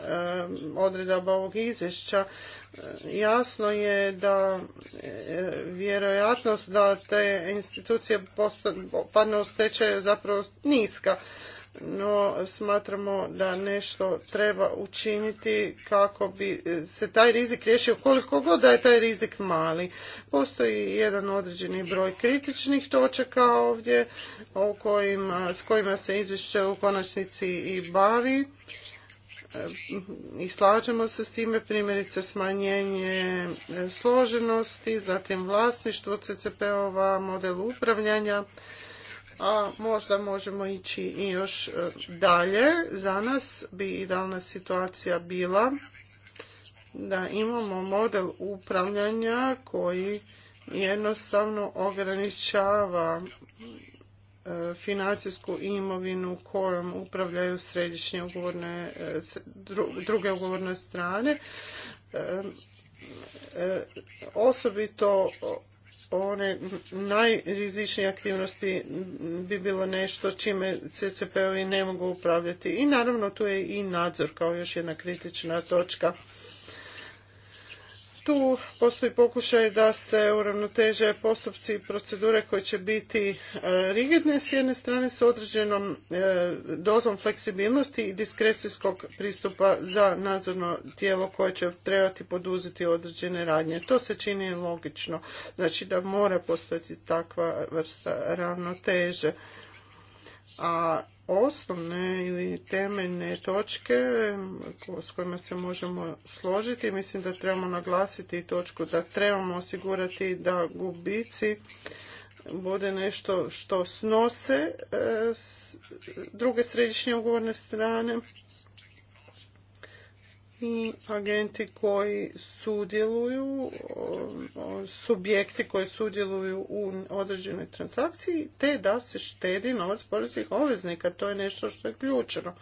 odredaba ovog izvješća. E, jasno je da vjerojatnost da te institucije padnu u stečaj je zapravo niska no smatramo da nešto treba učiniti kako bi se taj rizik riješio koliko god da je taj rizik mali. Postoji jedan određeni broj kritičnih točaka ovdje o s kojima se izvješće u konačnici i bavi i slažemo se s time, primjerice smanjenje složenosti, zatim vlasništvo CCP-ova, model upravljanja, a možda možemo ići i još e, dalje. Za nas bi idealna situacija bila da imamo model upravljanja koji jednostavno ograničava e, financijsku imovinu kojom upravljaju središnje ugovorne, e, druge ugovorne strane osobito one najrizičnije aktivnosti bi bilo nešto čime CCP-ovi ne mogu upravljati. I naravno tu je i nadzor kao još jedna kritična točka. Tu postoji pokušaj da se uravnoteže postupci i procedure koje će biti e, rigidne s jedne strane s određenom e, dozom fleksibilnosti i diskrecijskog pristupa za nadzorno tijelo koje će trebati poduzeti određene radnje. To se čini logično, znači da mora postojati takva vrsta ravnoteže. A osnovne ili temeljne točke s kojima se možemo složiti. Mislim da trebamo naglasiti točku da trebamo osigurati da gubici bude nešto što snose e, druge središnje ugovorne strane agenti koji sudjeluju, subjekti koji sudjeluju u određenoj transakciji, te da se štedi novac poreznih obveznika. To je nešto što je ključeno.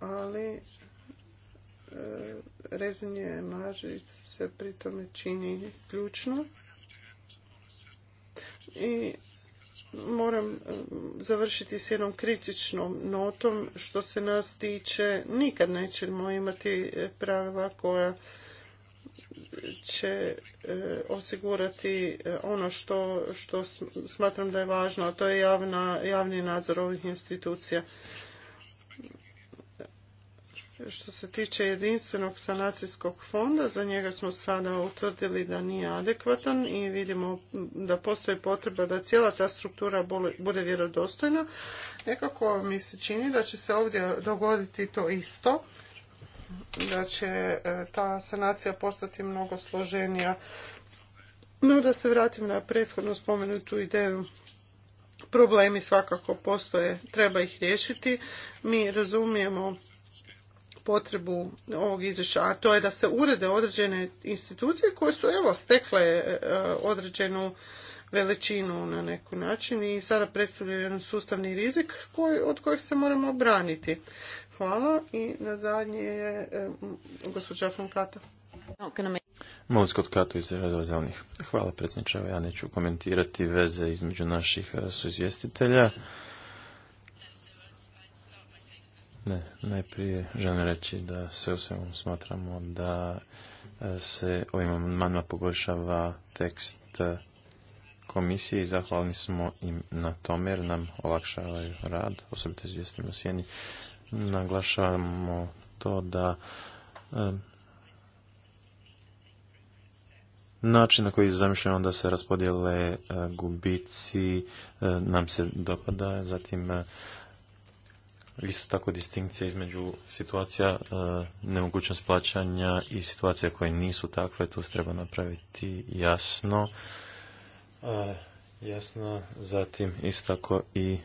Ali e, rezanje marži se pri tome čini ključno. I moram završiti s jednom kritičnom notom. Što se nas tiče, nikad nećemo imati e, pravila koja će e, osigurati e, ono što, što smatram da je važno, a to je javna, javni nadzor ovih institucija. Što se tiče jedinstvenog sanacijskog fonda, za njega smo sada utvrdili da nije adekvatan i vidimo da postoji potreba da cijela ta struktura bude vjerodostojna. Nekako mi se čini da će se ovdje dogoditi to isto, da će e, ta sanacija postati mnogo složenija. No da se vratim na prethodno spomenutu ideju problemi svakako postoje, treba ih riješiti. Mi razumijemo potrebu ovog izvješća, a to je da se urede određene institucije koje su evo stekle e, određenu veličinu na neki način i sada predstavljaju jedan sustavni rizik koji, od kojeg se moramo obraniti. Hvala i na zadnje je e, gospođa Frankata. kod Kato iz Radova Hvala predsjedniče, ja neću komentirati veze između naših e, suizvjestitelja. Ne, najprije želim reći da sve u svemu smatramo da e, se ovim amandmanima poboljšava tekst e, komisije i zahvalni smo im na tome jer nam olakšavaju rad, osobito na sjeni. Naglašavamo to da e, način na koji zamišljamo da se raspodijele gubici nam se dopada, zatim isto tako distinkcija između situacija e, nemogućnost plaćanja i situacija koje nisu takve, tu se treba napraviti jasno. E, jasno, zatim isto tako i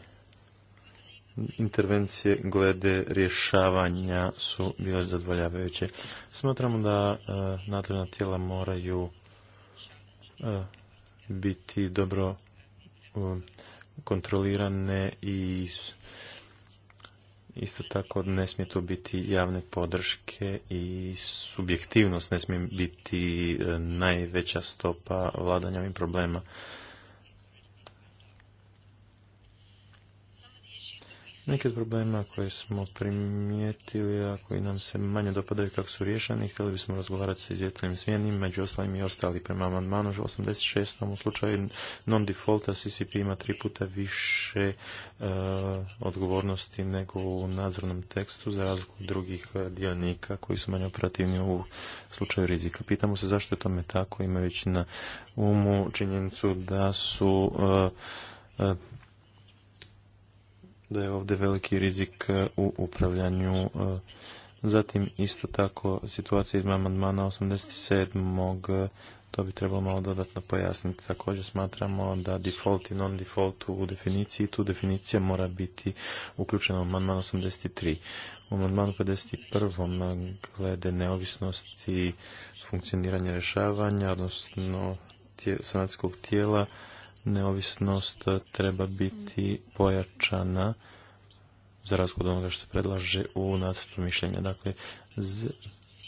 intervencije glede rješavanja su bile zadovoljavajuće. Smatramo da e, nadležna tijela moraju e, biti dobro kontrolirane i Isto tako ne smije tu biti javne podrške i subjektivnost ne smije biti e, najveća stopa vladanja ovim problema. Neki od problema koje smo primijetili, a koji nam se manje dopadaju kako su rješeni, htjeli bismo razgovarati sa izvjetljivim smjenim, među ostalim i ostali prema amandmanu 86. U slučaju non-defaulta CCP ima tri puta više e, odgovornosti nego u nadzornom tekstu, za razliku od drugih e, dionika koji su manje operativni u slučaju rizika. Pitamo se zašto je tome tako, imajući na umu činjenicu da su e, da je ovdje veliki rizik e, u upravljanju. E, zatim isto tako situacija iz amandmana 87. E, to bi trebalo malo dodatno pojasniti. Također smatramo da default i non-default u definiciji, tu definicija mora biti uključena u amandman 83. U amandmanu 51. glede neovisnosti funkcioniranja rješavanja, odnosno sanatskog tijela, neovisnost treba biti pojačana za razliku onoga što se predlaže u nacrtu mišljenja. Dakle, z...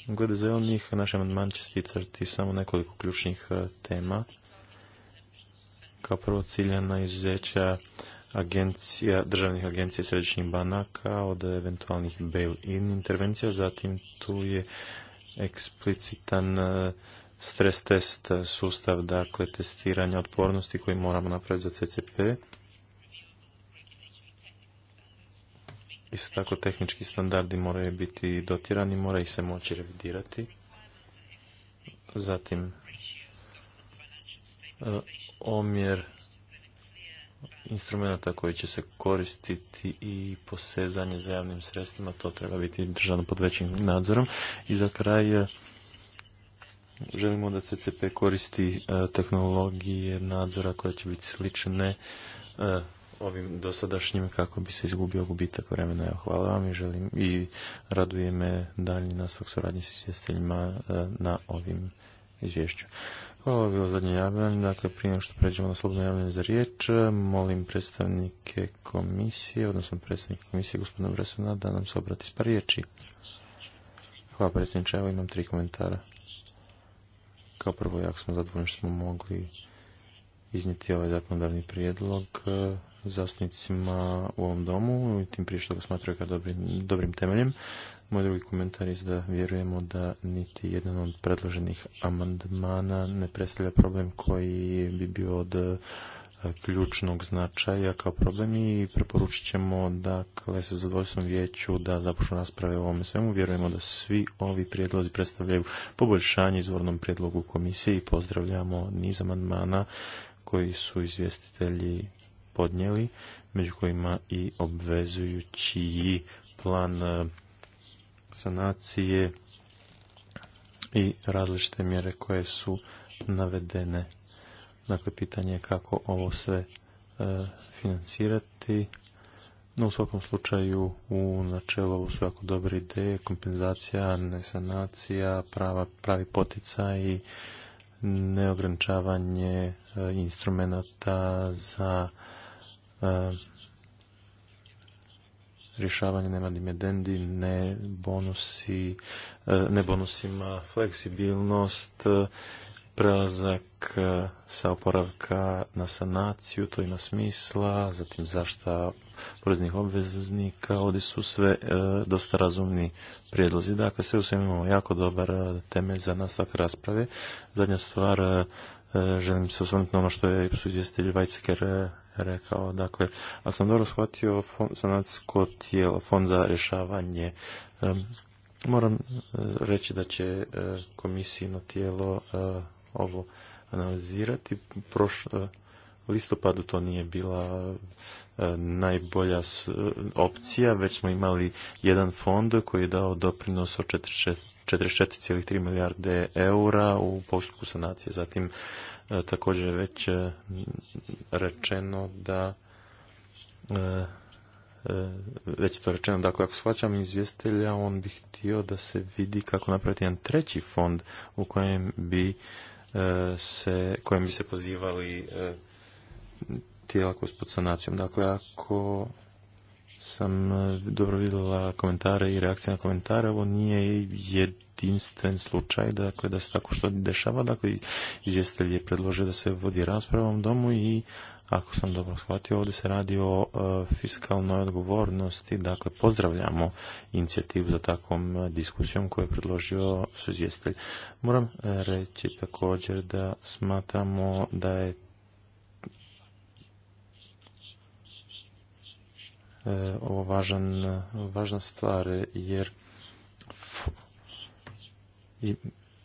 glede zelenih, naš amandman će stitrati samo nekoliko ključnih e, tema. Kao prvo ciljana izuzeća agencija, državnih agencija središnjih banaka od eventualnih bail-in intervencija, zatim tu je eksplicitan e, stres test e, sustav, dakle, testiranja otpornosti koji moramo napraviti za CCP. Isto tako, tehnički standardi moraju biti dotirani, mora ih se moći revidirati. Zatim, e, omjer instrumenta koji će se koristiti i posezanje za javnim sredstvima, to treba biti držano pod većim nadzorom. I za kraj, e, želimo da CCP koristi e, tehnologije nadzora koje će biti slične e, ovim dosadašnjim kako bi se izgubio gubitak vremena. Evo, hvala vam i želim i raduje me daljnji nastavak suradnje s izvjestiteljima e, na ovim izvješću. Ovo je bilo zadnje javljanje. Dakle, prije nego što pređemo na slobodno javljanje za riječ, molim predstavnike komisije, odnosno predstavnike komisije gospodina Bresona da nam se obrati s par riječi. Hvala predsjedniče, evo imam tri komentara. Kao prvo, jako smo zadovoljni što smo mogli iznijeti ovaj zakonodavni prijedlog e, zastupnicima u ovom domu i tim prije što ga smatraju kao dobrim, dobrim temeljem. Moj drugi komentar je da vjerujemo da niti jedan od predloženih amandmana ne predstavlja problem koji bi bio od ključnog značaja kao problem i preporučit ćemo dakle sa zadovoljstvom vijeću da započnu rasprave o ovome svemu. Vjerujemo da svi ovi prijedlozi predstavljaju poboljšanje izvornom prijedlogu komisije i pozdravljamo niz amandmana koji su izvjestitelji podnijeli, među kojima i obvezujući plan e, sanacije i različite mjere koje su navedene Dakle, pitanje je kako ovo sve e, financirati. No, u svakom slučaju, u načelu ovo su jako dobre ideje, kompenzacija, nesanacija, prava, pravi poticaj i neograničavanje e, instrumenta za e, rješavanje nema ne bonusi, e, ne bonusima, fleksibilnost, prelazak e, sa oporavka na sanaciju, to ima smisla, zatim zašta poreznih obveznika, ovdje su sve e, dosta razumni prijedlozi. Dakle, sve u svemu imamo jako dobar e, temelj za nastavak rasprave. Zadnja stvar, želim se osvrnuti na ono što je su izvjestitelj Vajceker rekao. Dakle, ako sam dobro shvatio, sanacijsko tijelo, fond za rješavanje Moram reći da će komisijno tijelo ovo analizirati. E, u listopadu to nije bila e, najbolja opcija, već smo imali jedan fond koji je dao doprinos od 44,3 milijarde eura u postupku sanacije. Zatim e, također već rečeno da već je to rečeno, dakle ako shvaćam izvjestelja, on bi htio da se vidi kako napraviti jedan treći fond u kojem bi E, se, kojem bi se pozivali e, tijela koja su pod sanacijom. Dakle, ako sam e, dobro vidjela komentare i reakcije na komentare, ovo nije jedinstven slučaj, dakle, da se tako što dešava, dakle, izvjestelj je predložio da se vodi rasprava u domu i ako sam dobro shvatio, ovdje se radi o e, fiskalnoj odgovornosti, dakle pozdravljamo inicijativu za takvom e, diskusijom koju je predložio suzjestelj. Moram e, reći također da smatramo da je ovo važan, važna stvar jer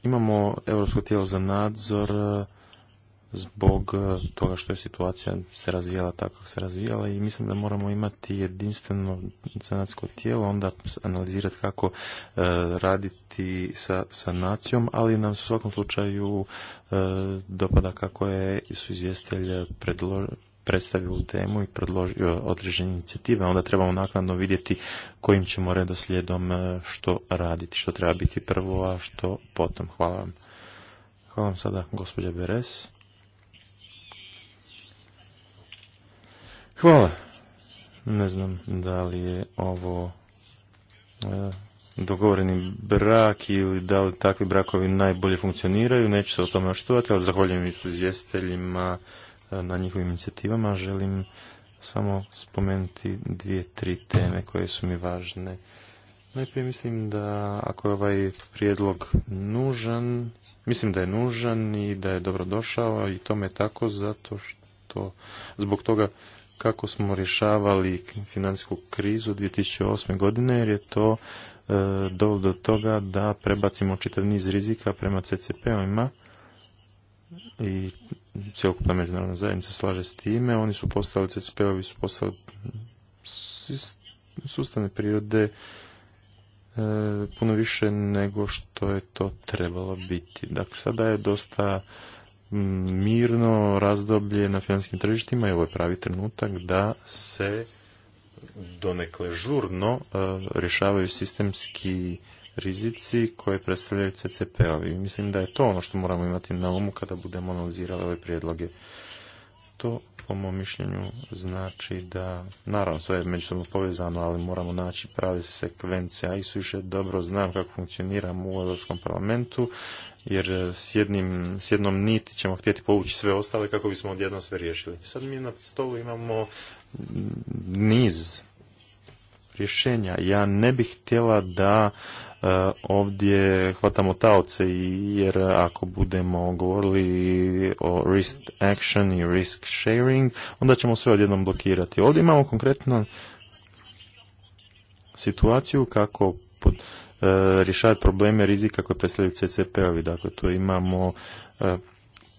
imamo Europsko tijelo za nadzor zbog e, toga što je situacija se razvijala tako se razvijala i mislim da moramo imati jedinstveno sanatsko tijelo, onda analizirati kako e, raditi sa sanacijom, ali nam se u svakom slučaju e, dopada kako je su izvjestitelj predložio predstavio temu i predložio određene inicijative, onda trebamo naknadno vidjeti kojim ćemo redoslijedom što raditi, što treba biti prvo, a što potom. Hvala vam. Hvala vam sada, gospođa Beres. Hvala. Ne znam da li je ovo e, dogovoreni brak ili da li takvi brakovi najbolje funkcioniraju. Neću se o tome oštovati, ali zahvaljujem su izvjestiteljima e, na njihovim inicijativama. Želim samo spomenuti dvije, tri teme koje su mi važne. Najprije mislim da ako je ovaj prijedlog nužan, mislim da je nužan i da je dobro došao i tome je tako zato što zbog toga kako smo rješavali financijsku krizu 2008. godine, jer je to e, do toga da prebacimo čitav niz rizika prema CCP-ovima i cjelokupna međunarodna zajednica slaže s time. Oni su postali, CCP-ovi su postali sustavne prirode e, puno više nego što je to trebalo biti. Dakle, sada je dosta mirno razdoblje na financijskim tržištima i ovo je pravi trenutak da se donekle žurno e, rješavaju sistemski rizici koje predstavljaju CCP-ovi. Mislim da je to ono što moramo imati na umu kada budemo analizirali ove prijedloge. To po mom mišljenju znači da, naravno sve je međusobno povezano, ali moramo naći prave sekvencija a i suviše dobro znam kako funkcioniramo u Europskom parlamentu, jer s, jednim, s jednom niti ćemo htjeti povući sve ostale kako bismo odjednom sve riješili. Sad mi na stolu imamo niz rješenja. Ja ne bih htjela da Eh, ovdje hvatamo taoce jer ako budemo govorili o risk action i risk sharing, onda ćemo sve odjednom blokirati. Ovdje imamo konkretno situaciju kako pod, eh, rješavati probleme rizika koje predstavljaju CCP-ovi. Dakle, tu imamo eh,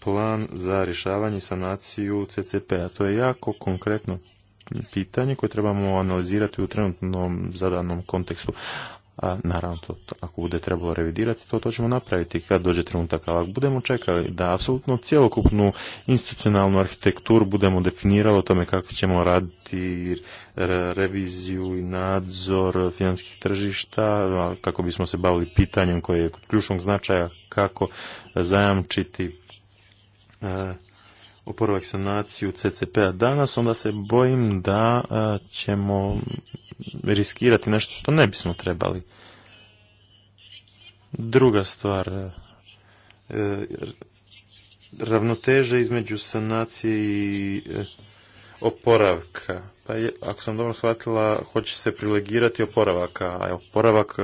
plan za rješavanje sanaciju CCP-a. To je jako konkretno pitanje koje trebamo analizirati u trenutnom zadanom kontekstu a naravno to, ako bude trebalo revidirati to to ćemo napraviti kad dođe trenutak ali ako budemo čekali da apsolutno cijelokupnu institucionalnu arhitekturu budemo definirali o tome kako ćemo raditi reviziju i nadzor financijskih tržišta kako bismo se bavili pitanjem koje je ključnog značaja kako zajamčiti e, oporavak sanaciju CCP-a danas, onda se bojim da e, ćemo riskirati nešto što ne bismo trebali. Druga stvar, e, ravnoteže između sanacije i e, oporavka. Pa je, ako sam dobro shvatila, hoće se privilegirati oporavaka, a oporavak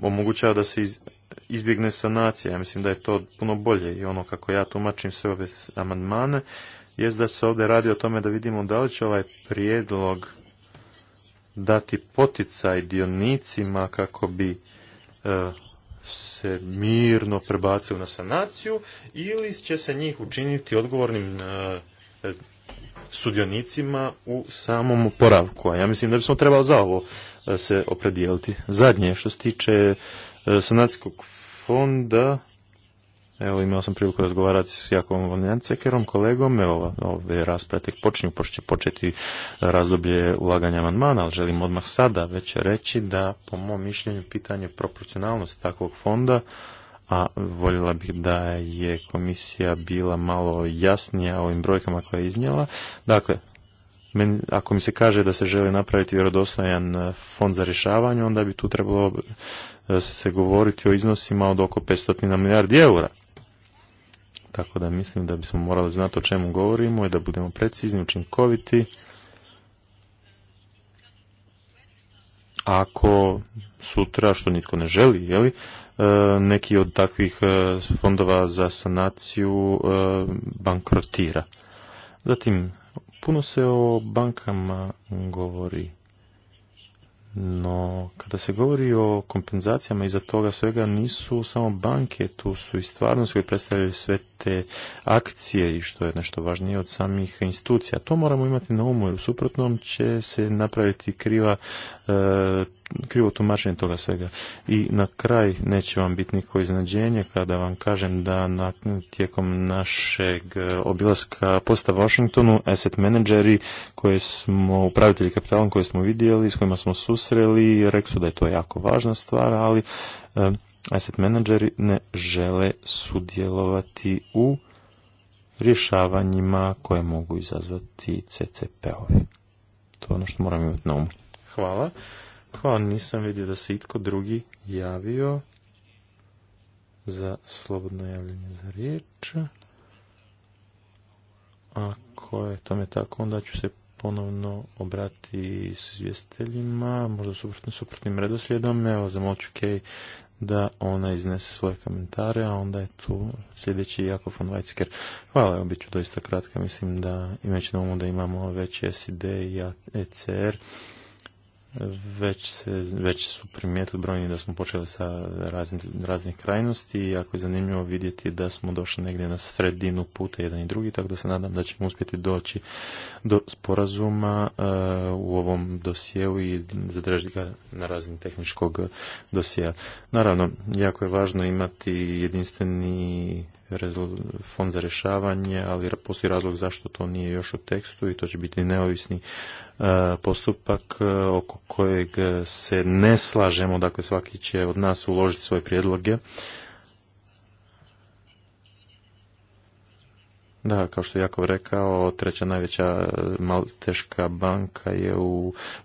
omogućava da se iz, izbjegne sanacija. Ja mislim da je to puno bolje i ono kako ja tumačim sve ove amandmane je da se ovdje radi o tome da vidimo da li će ovaj prijedlog dati poticaj dionicima kako bi e, se mirno prebacili na sanaciju ili će se njih učiniti odgovornim e, e, sudionicima u samom poravku. A ja mislim da bismo trebali za ovo se opredijeliti. Zadnje, što se tiče E, sanacijskog fonda, Evo, imao sam priliku razgovarati s Jakovom Vonjancekerom, kolegom. Evo, ove rasprave tek počinju, pošto će početi razdoblje ulaganja amandmana, ali želim odmah sada već reći da, po mom mišljenju, pitanje proporcionalnosti takvog fonda, a voljela bih da je komisija bila malo jasnija ovim brojkama koje je iznijela. Dakle, ako mi se kaže da se želi napraviti vjerodostojan e, fond za rješavanje, onda bi tu trebalo E, se govoriti o iznosima od oko 500 milijardi eura. Tako da mislim da bismo morali znati o čemu govorimo i da budemo precizni, učinkoviti. Ako sutra, što nitko ne želi, li e, neki od takvih e, fondova za sanaciju bankrotira. Zatim, puno se o bankama govori. No, kada se govori o kompenzacijama iza toga svega nisu samo banke, tu su i stvarnost koji predstavljaju sve te akcije i što je nešto važnije od samih institucija. To moramo imati na umu jer u suprotnom će se napraviti kriva e, krivo tumačenje toga svega. I na kraj neće vam biti niko iznadženje kada vam kažem da tijekom našeg e, obilaska posta Washingtonu asset menadžeri koje smo, upravitelji kapitalom koje smo vidjeli, s kojima smo susreli, rekli su da je to jako važna stvar, ali e, asset menadžeri ne žele sudjelovati u rješavanjima koje mogu izazvati CCP-ovi. To je ono što moram imati na umu. Hvala. Hvala, pa, nisam vidio da se itko drugi javio za slobodno javljanje za riječ. Ako je tome tako, onda ću se ponovno obratiti s izvjestiteljima, možda suprotno suprotnim redoslijedom. Evo, za moću da ona iznese svoje komentare, a onda je tu sljedeći Jakov von Weizsäcker. Hvala, evo, bit ću doista kratka. Mislim da imajući na umu da imamo već SID i ECR, već, se, već su primijetili brojni da smo počeli sa razni, raznih krajnosti i jako je zanimljivo vidjeti da smo došli negdje na sredinu puta jedan i drugi, tako da se nadam da ćemo uspjeti doći do sporazuma eh, u ovom dosjeu i zadržati ga na razini tehničkog dosjea. Naravno, jako je važno imati jedinstveni fond za rješavanje, ali postoji razlog zašto to nije još u tekstu i to će biti neovisni e, postupak e, oko kojeg se ne slažemo, dakle svaki će od nas uložiti svoje prijedloge. Da, kao što je Jakov rekao, treća najveća e, malteška banka je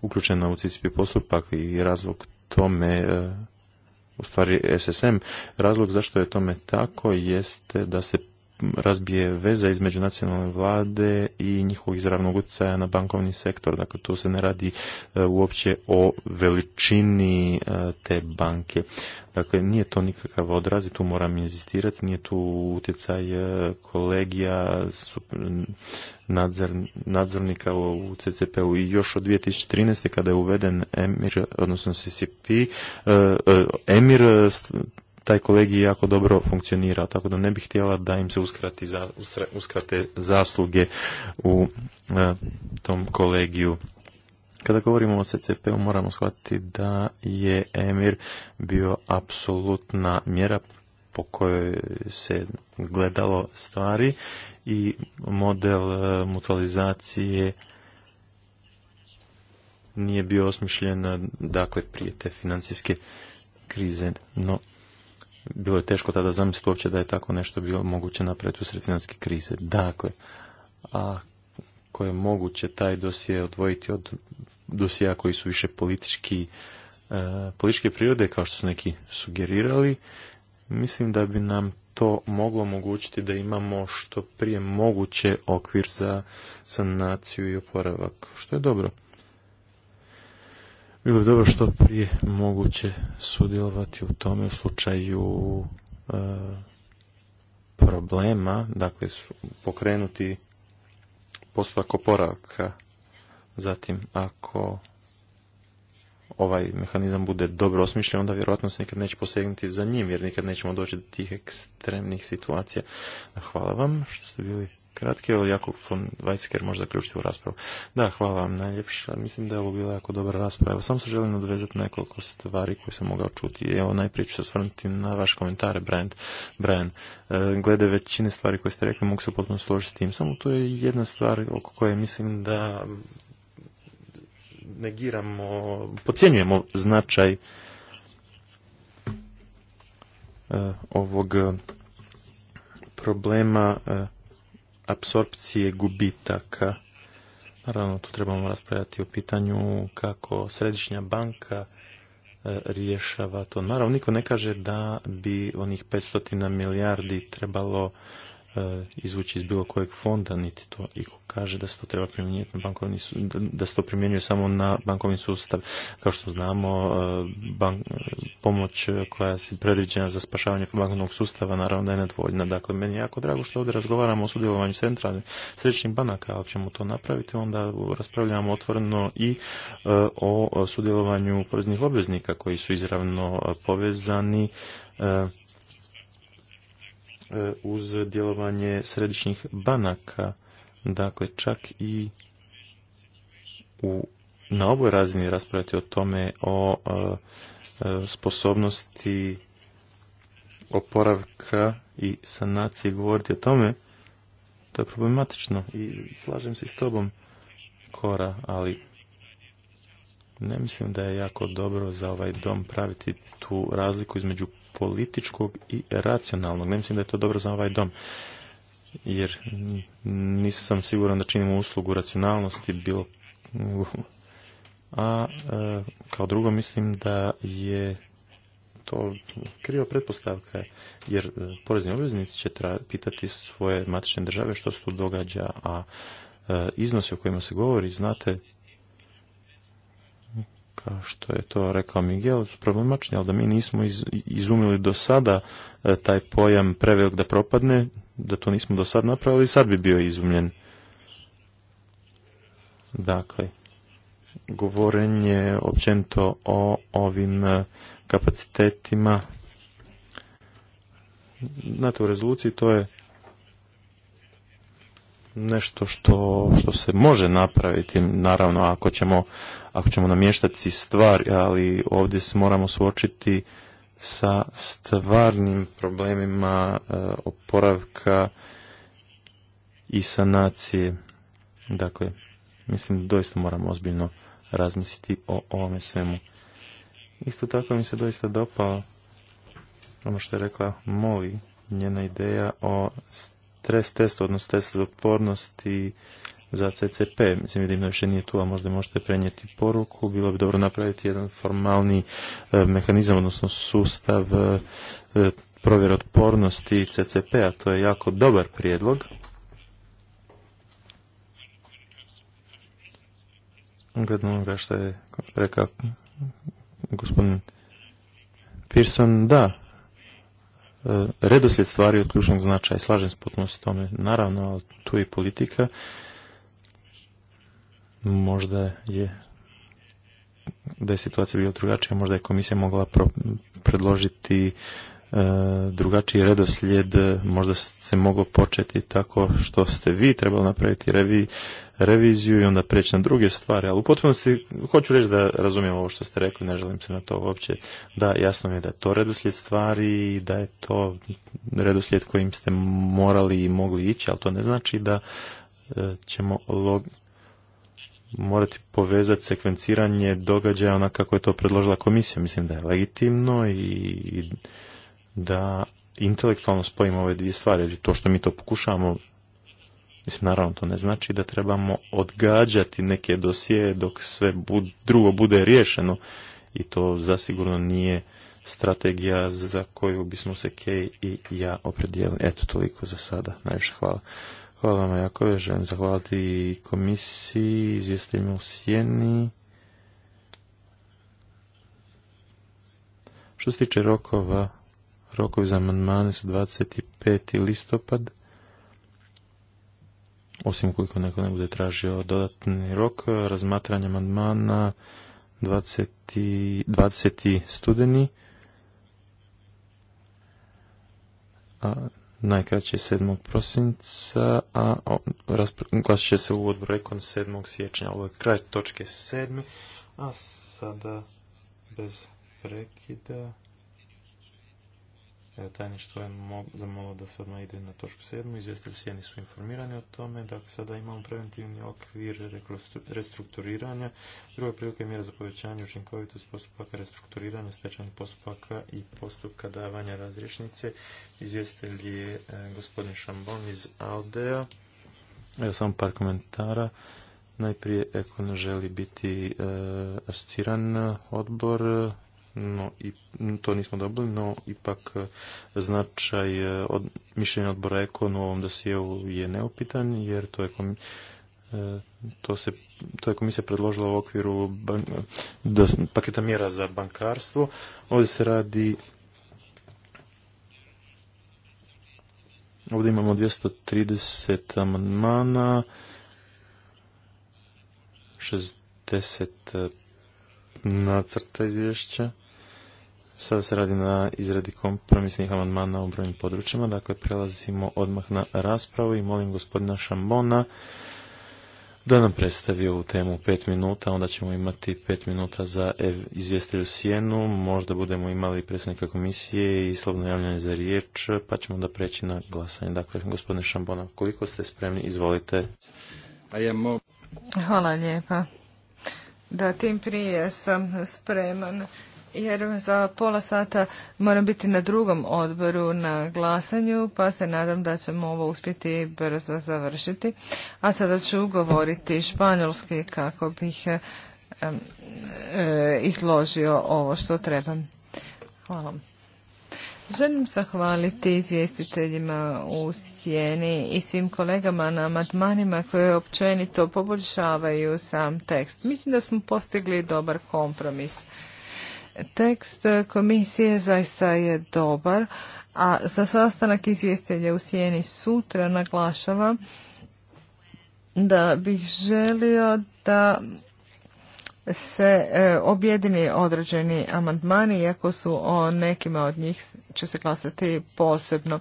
uključena u CCP postupak i razlog tome u stvari SSM. Razlog zašto je tome tako jeste da se razbije veza između nacionalne vlade i njihovog izravnog utjecaja na bankovni sektor. Dakle, tu se ne radi e, uopće o veličini e, te banke. Dakle, nije to nikakav odraz i tu moram inzistirati, nije tu utjecaj e, kolegija nadzor, nadzornika u CCP-u i još od 2013. kada je uveden Emir, odnosno CCP, Emir taj kolegij jako dobro funkcionira, tako da ne bih htjela da im se uskrati za, uskrate zasluge u e, tom kolegiju. Kada govorimo o CCP-u moramo shvatiti da je Emir bio apsolutna mjera po kojoj se gledalo stvari i model e, mutualizacije nije bio osmišljen e, dakle prije te financijske krize. No, bilo je teško tada zamisliti uopće da je tako nešto bilo moguće napraviti u financijske krize. Dakle, ako je moguće taj dosije odvojiti od dosija koji su više politički, e, političke prirode, kao što su neki sugerirali, mislim da bi nam to moglo omogućiti da imamo što prije moguće okvir za sanaciju i oporavak, što je dobro bilo bi dobro što prije moguće sudjelovati u tome u slučaju e, problema, dakle pokrenuti postupak oporavka, zatim ako ovaj mehanizam bude dobro osmišljen, onda vjerojatno se nikad neće posegnuti za njim, jer nikad nećemo doći do tih ekstremnih situacija. Hvala vam što ste bili kratke, evo Jakub von Weizsäcker može zaključiti u raspravu. Da, hvala vam najljepša. Mislim da je ovo bila jako dobra rasprava. Evo, samo se želim odvezati nekoliko stvari koje sam mogao čuti. Evo, najprije ću se osvrnuti na vaš komentare, Brian. Brian, e, glede većine stvari koje ste rekli, mogu se potpuno složiti s tim. Samo to je jedna stvar oko koje mislim da negiramo, pocijenjujemo značaj e, ovog problema e, apsorpcije gubitaka. Naravno, tu trebamo raspravljati o pitanju kako središnja banka e, rješava to. Naravno, niko ne kaže da bi onih 500 milijardi trebalo E, izvući iz bilo kojeg fonda, niti to iko kaže da se to treba primjenjivati na bankovni da se to primjenjuje samo na bankovni sustav. Kao što znamo, e, pomoć koja je predviđena za spašavanje bankovnog sustava naravno da je nedvoljna. Dakle, meni je jako drago što ovdje razgovaramo o sudjelovanju centralnih središnjih banaka. Ako ćemo to napraviti, onda raspravljamo otvoreno i e, o sudjelovanju poreznih obveznika koji su izravno povezani E, uz djelovanje središnjih banaka. Dakle, čak i u, na ovoj razini raspravljati o tome o e, e, sposobnosti oporavka i sanacije govoriti o tome, to je problematično i slažem se s tobom kora, ali ne mislim da je jako dobro za ovaj dom praviti tu razliku između političkog i racionalnog. Ne mislim da je to dobro za ovaj dom, jer nisam siguran da činimo uslugu racionalnosti bilo a e, kao drugo mislim da je to kriva pretpostavka, jer e, porezni obveznici će pitati svoje matične države što se tu događa, a e, iznosi o kojima se govori, znate, kao što je to rekao Miguel, su problemačni, ali da mi nismo iz, izumili do sada e, taj pojam prevelik da propadne, da to nismo do sada napravili, sad bi bio izumljen. Dakle, govorenje općento o ovim e, kapacitetima. Znate, u rezoluciji to je nešto što, što se može napraviti, naravno ako ćemo, ako ćemo namještati stvari, ali ovdje se moramo suočiti sa stvarnim problemima eh, oporavka i sanacije. Dakle, mislim da doista moramo ozbiljno razmisliti o ovome svemu. Isto tako mi se doista dopao ono što je rekla Moli, njena ideja o stres test, odnosno test otpornosti za CCP. Mislim, vidim da više nije tu, a možda možete prenijeti poruku. Bilo bi dobro napraviti jedan formalni e, mehanizam, odnosno sustav e, e, provjere otpornosti CCP-a. To je jako dobar prijedlog. Gledamo ga što je rekao gospodin Pearson. Da, E, redoslijed stvari od ključnog značaja. Slažem se potpuno s tome. Naravno, ali tu je politika. Možda je da je situacija bila drugačija, možda je komisija mogla predložiti E, drugačiji redoslijed možda se moglo početi tako što ste vi trebali napraviti reviziju i onda preći na druge stvari, ali u potpunosti hoću reći da razumijem ovo što ste rekli, ne želim se na to uopće. Da, jasno mi je da je to redoslijed stvari i da je to redoslijed kojim ste morali i mogli ići, ali to ne znači da e, ćemo log morati povezati sekvenciranje događaja ona kako je to predložila komisija. Mislim da je legitimno i da intelektualno spojimo ove dvije stvari, to što mi to pokušavamo, mislim naravno to ne znači da trebamo odgađati neke dosije dok sve drugo bude riješeno i to zasigurno nije strategija za koju bismo se Kej i ja opredijeli. Eto, toliko za sada. Najviše hvala. Hvala vam, jako. Želim zahvaliti komisiji, izvjestiteljima u Sjeni. Što se tiče rokova, rokovi za amandmane su 25. listopad. Osim koliko neko ne bude tražio dodatni rok, razmatranje amandmana 20. 20. studeni, a najkraće 7. prosinca, a glas će se u odbor 7. siječnja. Ovo je kraj točke 7. A sada bez prekida. E, tajništvo je zamolilo da se odmah ide na točku 7. Izvjestitelji jedni su informirani o tome. Dakle, sada imamo preventivni okvir restrukturiranja. Druga prilika je mjera za povećanje učinkovitosti postupaka restrukturiranja, stečajnih postupaka i postupka davanja razrješnice. Izvjestitelj je e, gospodin Šambon iz Aldea. Evo samo par komentara. Najprije ne želi biti e, asociran odbor no i to nismo dobili, no ipak e, značaj e, od, mišljenja odbora Ekon u ovom dosijeu je neupitan jer to je e, to, se, to je komisija predložila u okviru paketa mjera za bankarstvo. Ovdje se radi Ovdje imamo 230 amandmana, 60 nacrta izvješća. Sada se radi na izradi kompromisnih amandmana u brojnim područjima. Dakle, prelazimo odmah na raspravu i molim gospodina Šambona da nam predstavi ovu temu pet minuta, onda ćemo imati pet minuta za izvjestelju sjenu, možda budemo imali predstavnika komisije i slobno javljanje za riječ, pa ćemo onda preći na glasanje. Dakle, gospodine Šambona, koliko ste spremni, izvolite. Hvala lijepa. Da, tim prije sam spreman jer za pola sata moram biti na drugom odboru na glasanju, pa se nadam da ćemo ovo uspjeti brzo završiti. A sada ću govoriti španjolski kako bih e, izložio ovo što trebam. Hvala. Želim zahvaliti izvjestiteljima u sjeni i svim kolegama na amandmanima koje općenito poboljšavaju sam tekst. Mislim da smo postigli dobar kompromis. Tekst komisije zaista je dobar, a za sastanak izvjestitelja u sjeni sutra naglašavam da bih želio da se e, objedini određeni amandmani, iako su o nekima od njih će se glasati posebno.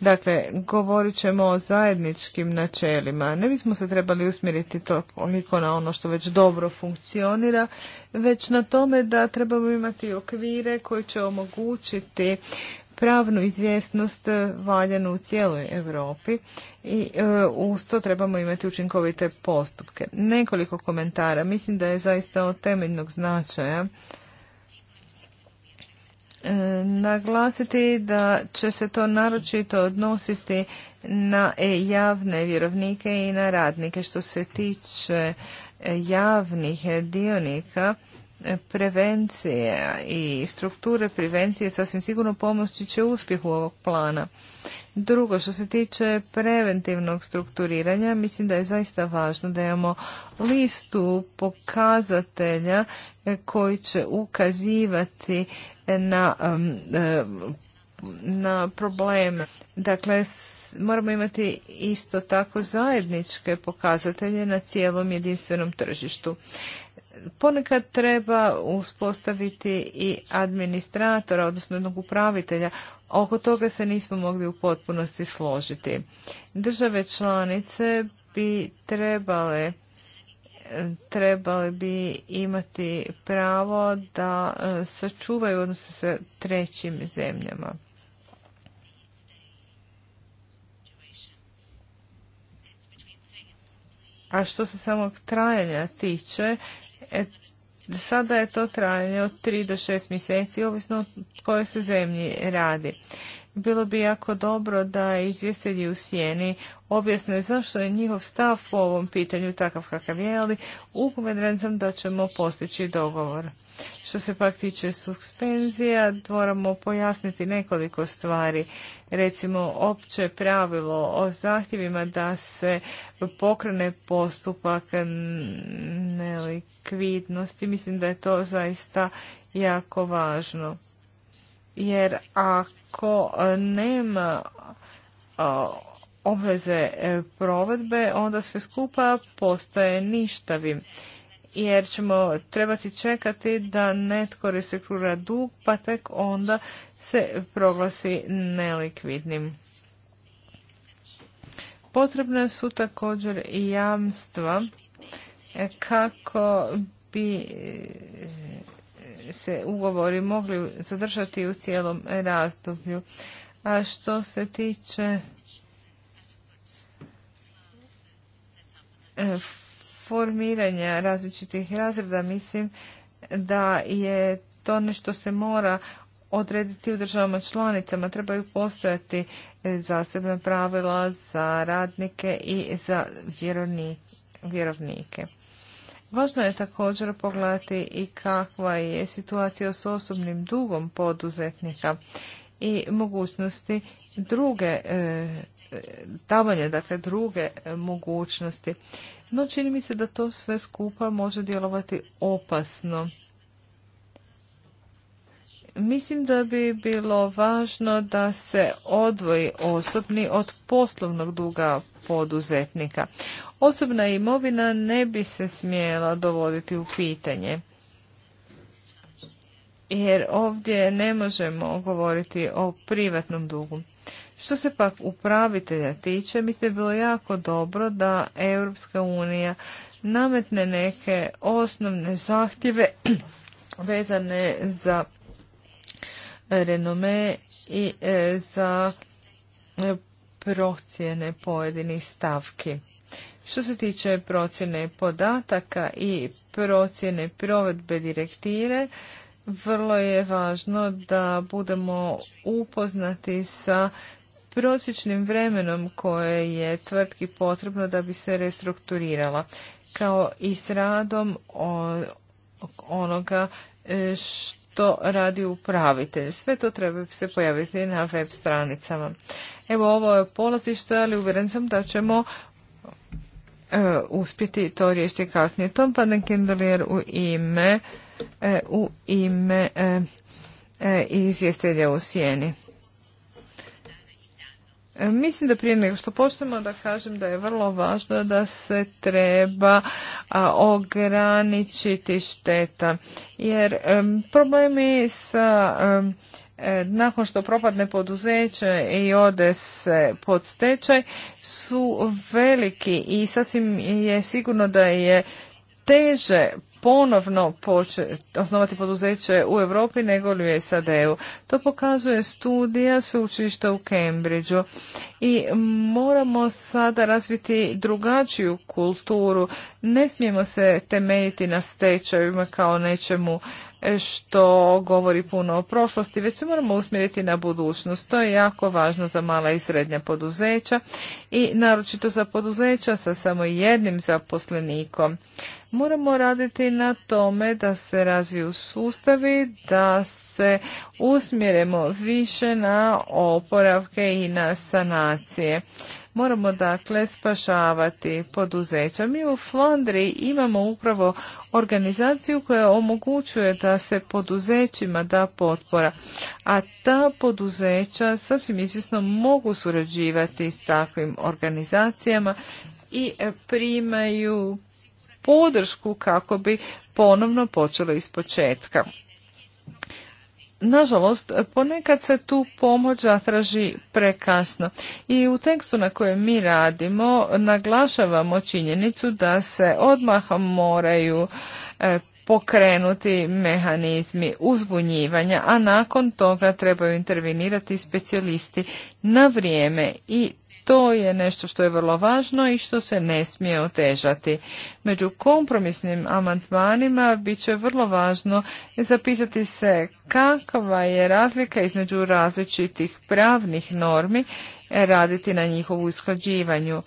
Dakle, govorit ćemo o zajedničkim načelima. Ne bismo se trebali usmjeriti toliko na ono što već dobro funkcionira, već na tome da trebamo imati okvire koji će omogućiti pravnu izvjesnost e, valjanu u cijeloj Europi i e, uz to trebamo imati učinkovite postupke. Nekoliko komentara. Mislim da je zaista od temeljnog značaja e, naglasiti da će se to naročito odnositi na javne vjerovnike i na radnike. Što se tiče javnih dionika, prevencije i strukture prevencije sasvim sigurno pomoći će uspjehu ovog plana. Drugo, što se tiče preventivnog strukturiranja, mislim da je zaista važno da imamo listu pokazatelja koji će ukazivati na, um, e, na probleme. Dakle, moramo imati isto tako zajedničke pokazatelje na cijelom jedinstvenom tržištu ponekad treba uspostaviti i administratora, odnosno jednog upravitelja. Oko toga se nismo mogli u potpunosti složiti. Države članice bi trebale trebali bi imati pravo da e, sačuvaju odnose sa trećim zemljama. A što se samog trajanja tiče, e, sada je to trajanje od 3 do 6 mjeseci, ovisno o kojoj se zemlji radi. Bilo bi jako dobro da izvjestelji u sjeni objasne zašto je njihov stav po ovom pitanju takav kakav je, ali uvjeren da ćemo postići dogovor. Što se pak tiče suspenzija, moramo pojasniti nekoliko stvari. Recimo, opće pravilo o zahtjevima da se pokrene postupak nelikvidnosti. Mislim da je to zaista jako važno. Jer ako nema obveze e, provedbe, onda sve skupa postaje ništavim. Jer ćemo trebati čekati da netko restruktura dug, pa tek onda se proglasi nelikvidnim. Potrebne su također i jamstva e, kako bi e, se ugovori mogli zadržati u cijelom razdoblju. A što se tiče E, formiranja različitih razreda, mislim da je to nešto se mora odrediti u državama članicama. Trebaju postojati e, zasebna pravila za radnike i za vjerovnike. Važno je također pogledati i kakva je situacija s osobnim dugom poduzetnika i mogućnosti druge e, davanje dakle druge mogućnosti. No čini mi se da to sve skupa može djelovati opasno. Mislim da bi bilo važno da se odvoji osobni od poslovnog duga poduzetnika. Osobna imovina ne bi se smjela dovoditi u pitanje. Jer ovdje ne možemo govoriti o privatnom dugu. Što se pak upravitelja tiče, mi se bilo jako dobro da Europska unija nametne neke osnovne zahtjeve vezane za renome i e, za e, procjene pojedinih stavki. Što se tiče procjene podataka i procjene provedbe direktive, vrlo je važno da budemo upoznati sa prosječnim vremenom koje je tvrtki potrebno da bi se restrukturirala, kao i s radom onoga e, što radi upravitelj. Sve to treba se pojaviti na web stranicama. Evo ovo je polazište, ali uvjeren sam da ćemo e, uspjeti to riješiti kasnije. Tom Paden Kindler u ime u ime e, e izvjestelja u sjeni. Mislim da prije nego što počnemo da kažem da je vrlo važno da se treba ograničiti šteta. Jer problemi sa e, nakon što propadne poduzeće i ode se pod stečaj su veliki i sasvim je sigurno da je teže ponovno početi osnovati poduzeće u Europi nego li u SAD-u. To pokazuje studija sveučilišta u Cambridgeu i moramo sada razviti drugačiju kulturu. Ne smijemo se temeljiti na stečajima kao nečemu e, što govori puno o prošlosti, već se moramo usmjeriti na budućnost. To je jako važno za mala i srednja poduzeća i naročito za poduzeća sa samo jednim zaposlenikom. Moramo raditi na tome da se razviju sustavi, da se usmjerimo više na oporavke i na sanacije. Moramo dakle spašavati poduzeća. Mi u Flandriji imamo upravo organizaciju koja omogućuje da se poduzećima da potpora, a ta poduzeća sasvim izvjesno mogu surađivati s takvim organizacijama i primaju podršku kako bi ponovno počelo početka. Nažalost, ponekad se tu pomoć zatraži prekasno i u tekstu na kojem mi radimo naglašavamo činjenicu da se odmah moraju e, pokrenuti mehanizmi uzbunjivanja, a nakon toga trebaju intervenirati specijalisti na vrijeme i to je nešto što je vrlo važno i što se ne smije otežati. Među kompromisnim amandmanima bit će vrlo važno zapitati se kakva je razlika između različitih pravnih normi raditi na njihovu usklađivanju.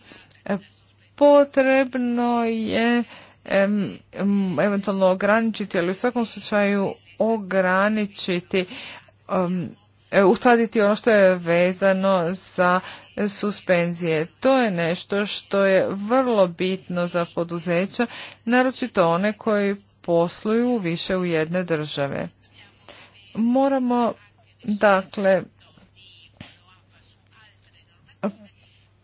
Potrebno je eventualno ograničiti, ali u svakom slučaju ograničiti E, uskladiti ono što je vezano za suspenzije. To je nešto što je vrlo bitno za poduzeća, naročito one koji posluju više u jedne države. Moramo, dakle,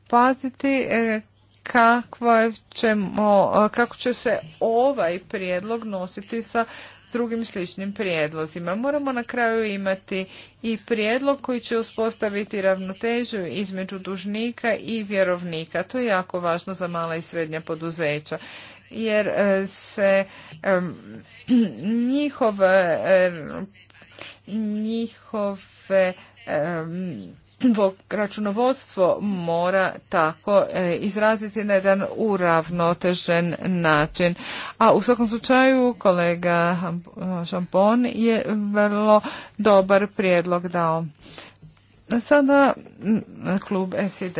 paziti e, kakva ćemo, kako će se ovaj prijedlog nositi sa drugim sličnim prijedlozima. Moramo na kraju imati i prijedlog koji će uspostaviti ravnotežu između dužnika i vjerovnika. To je jako važno za mala i srednja poduzeća jer e, se njihove njihove računovodstvo mora tako e, izraziti na jedan uravnotežen način. A u svakom slučaju kolega Šampon je vrlo dobar prijedlog dao. Sada klub SID.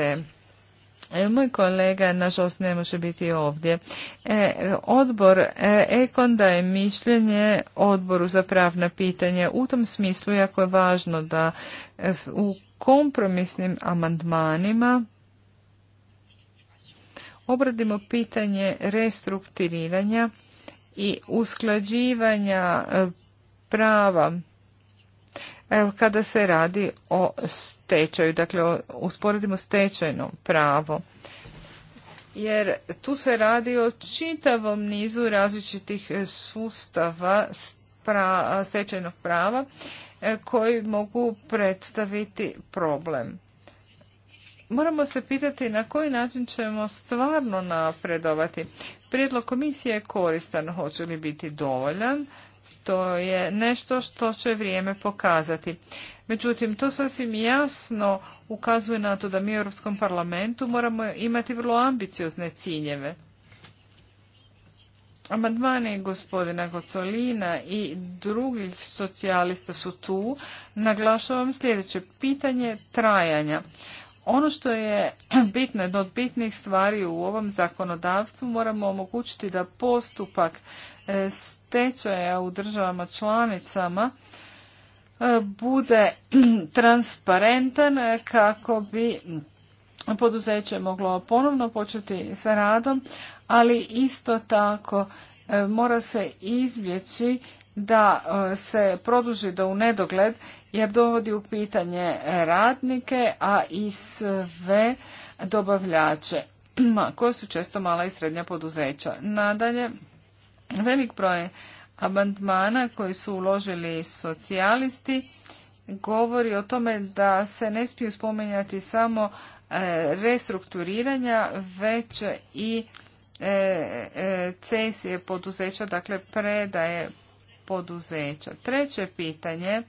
E, moj kolega, nažalost, ne može biti ovdje. E, odbor Ekon daje mišljenje odboru za pravna pitanja. U tom smislu jako je važno da u kompromisnim amandmanima obradimo pitanje restrukturiranja i usklađivanja e, prava kada se radi o stečaju, dakle usporedimo stečajno pravo. Jer tu se radi o čitavom nizu različitih sustava pra, stečajnog prava e, koji mogu predstaviti problem. Moramo se pitati na koji način ćemo stvarno napredovati. Prijedlog komisije je koristan, hoće li biti dovoljan, to je nešto što će vrijeme pokazati. Međutim, to sasvim jasno ukazuje na to da mi u Europskom parlamentu moramo imati vrlo ambiciozne ciljeve. Amandmani gospodina Gocolina i drugih socijalista su tu. Naglašavam sljedeće pitanje trajanja. Ono što je bitno, jedno od bitnih stvari u ovom zakonodavstvu moramo omogućiti da postupak e, stečaja u državama članicama e, bude transparentan e, kako bi poduzeće moglo ponovno početi sa radom, ali isto tako e, mora se izbjeći da e, se produži do u nedogled jer dovodi u pitanje radnike, a i sve dobavljače koje su često mala i srednja poduzeća. Nadalje, velik broj abandmana koji su uložili socijalisti govori o tome da se ne smiju spominjati samo E, restrukturiranja već i e, e, cesije poduzeća, dakle predaje poduzeća. Treće pitanje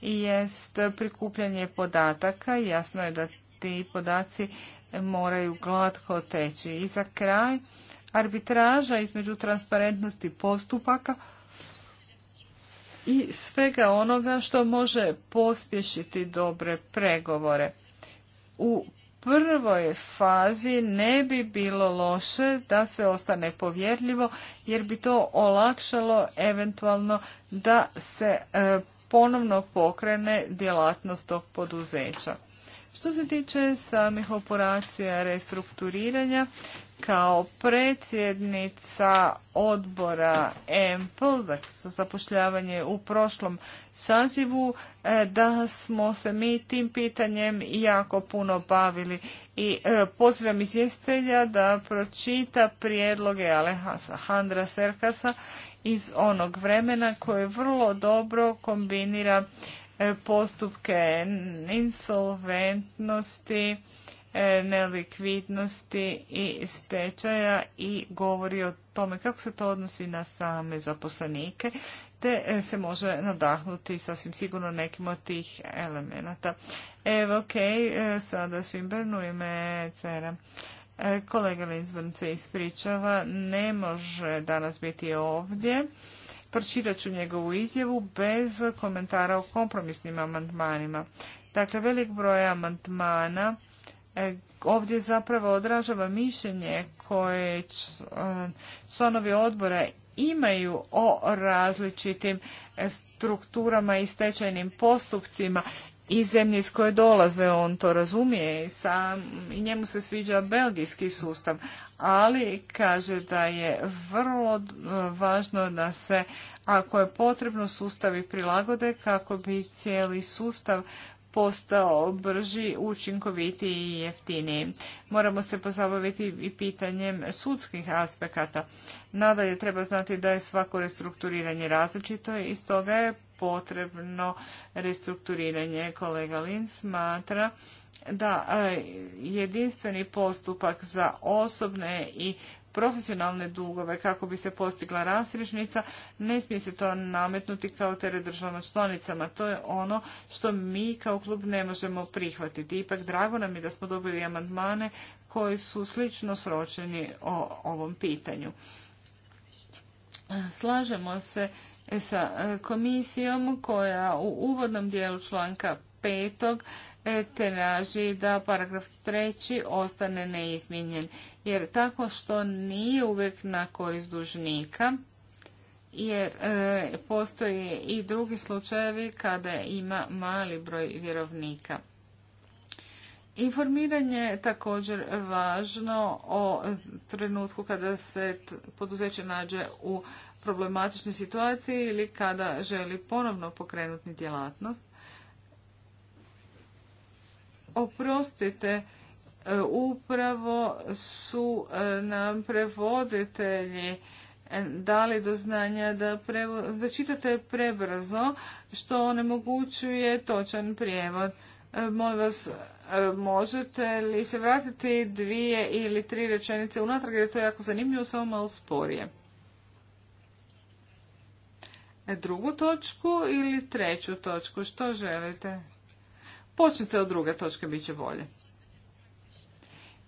jest prikupljanje podataka. Jasno je da ti podaci moraju glatko teći. I za kraj, arbitraža između transparentnosti postupaka i svega onoga što može pospješiti dobre pregovore. U prvoj fazi ne bi bilo loše da sve ostane povjerljivo jer bi to olakšalo eventualno da se e, ponovno pokrene djelatnost tog poduzeća. Što se tiče samih operacija restrukturiranja, kao predsjednica odbora EMPL, dakle za zapošljavanje u prošlom sazivu, e, da smo se mi tim pitanjem jako puno bavili. I e, pozivam izvjestitelja da pročita prijedloge Alejandra Serkasa iz onog vremena koje vrlo dobro kombinira e, postupke insolventnosti, E, nelikvidnosti i stečaja i govori o tome kako se to odnosi na same zaposlenike, te e, se može nadahnuti sasvim sigurno nekim od tih elemenata. Evo, ok, e, sada Svimbrn u ime Cera. Kolega Linsborn se ispričava, ne može danas biti ovdje. Pročitat ću njegovu izjavu bez komentara o kompromisnim amandmanima. Dakle, velik broj amandmana E, ovdje zapravo odražava mišljenje koje e, članovi odbora imaju o različitim e, strukturama i stečajnim postupcima i zemlje iz koje dolaze, on to razumije sam, i njemu se sviđa belgijski sustav, ali kaže da je vrlo važno da se, ako je potrebno, sustavi prilagode kako bi cijeli sustav postao brži, učinkovitiji i jeftiniji. Moramo se pozabaviti i pitanjem sudskih aspekata. Nadalje treba znati da je svako restrukturiranje različito i stoga je potrebno restrukturiranje. Kolega Lin smatra da e, jedinstveni postupak za osobne i profesionalne dugove kako bi se postigla rasrišnica, ne smije se to nametnuti kao teret državama članicama. To je ono što mi kao klub ne možemo prihvatiti. Ipak drago nam je da smo dobili amandmane koji su slično sročeni o ovom pitanju. Slažemo se sa komisijom koja u uvodnom dijelu članka petog traži da paragraf treći ostane neizmjenjen jer tako što nije uvijek na korist dužnika, jer e, postoje i drugi slučajevi kada ima mali broj vjerovnika. Informiranje je također važno o trenutku kada se poduzeće nađe u problematičnoj situaciji ili kada želi ponovno pokrenuti djelatnost Oprostite, e, upravo su e, nam prevoditelji e, dali do znanja da, prevo, čitate prebrzo, što onemogućuje točan prijevod. Molim vas, možete li se vratiti dvije ili tri rečenice unatrag, jer je to jako zanimljivo, samo malo sporije. Drugu točku ili treću točku, što želite? Počnite od druge točke, bit će bolje.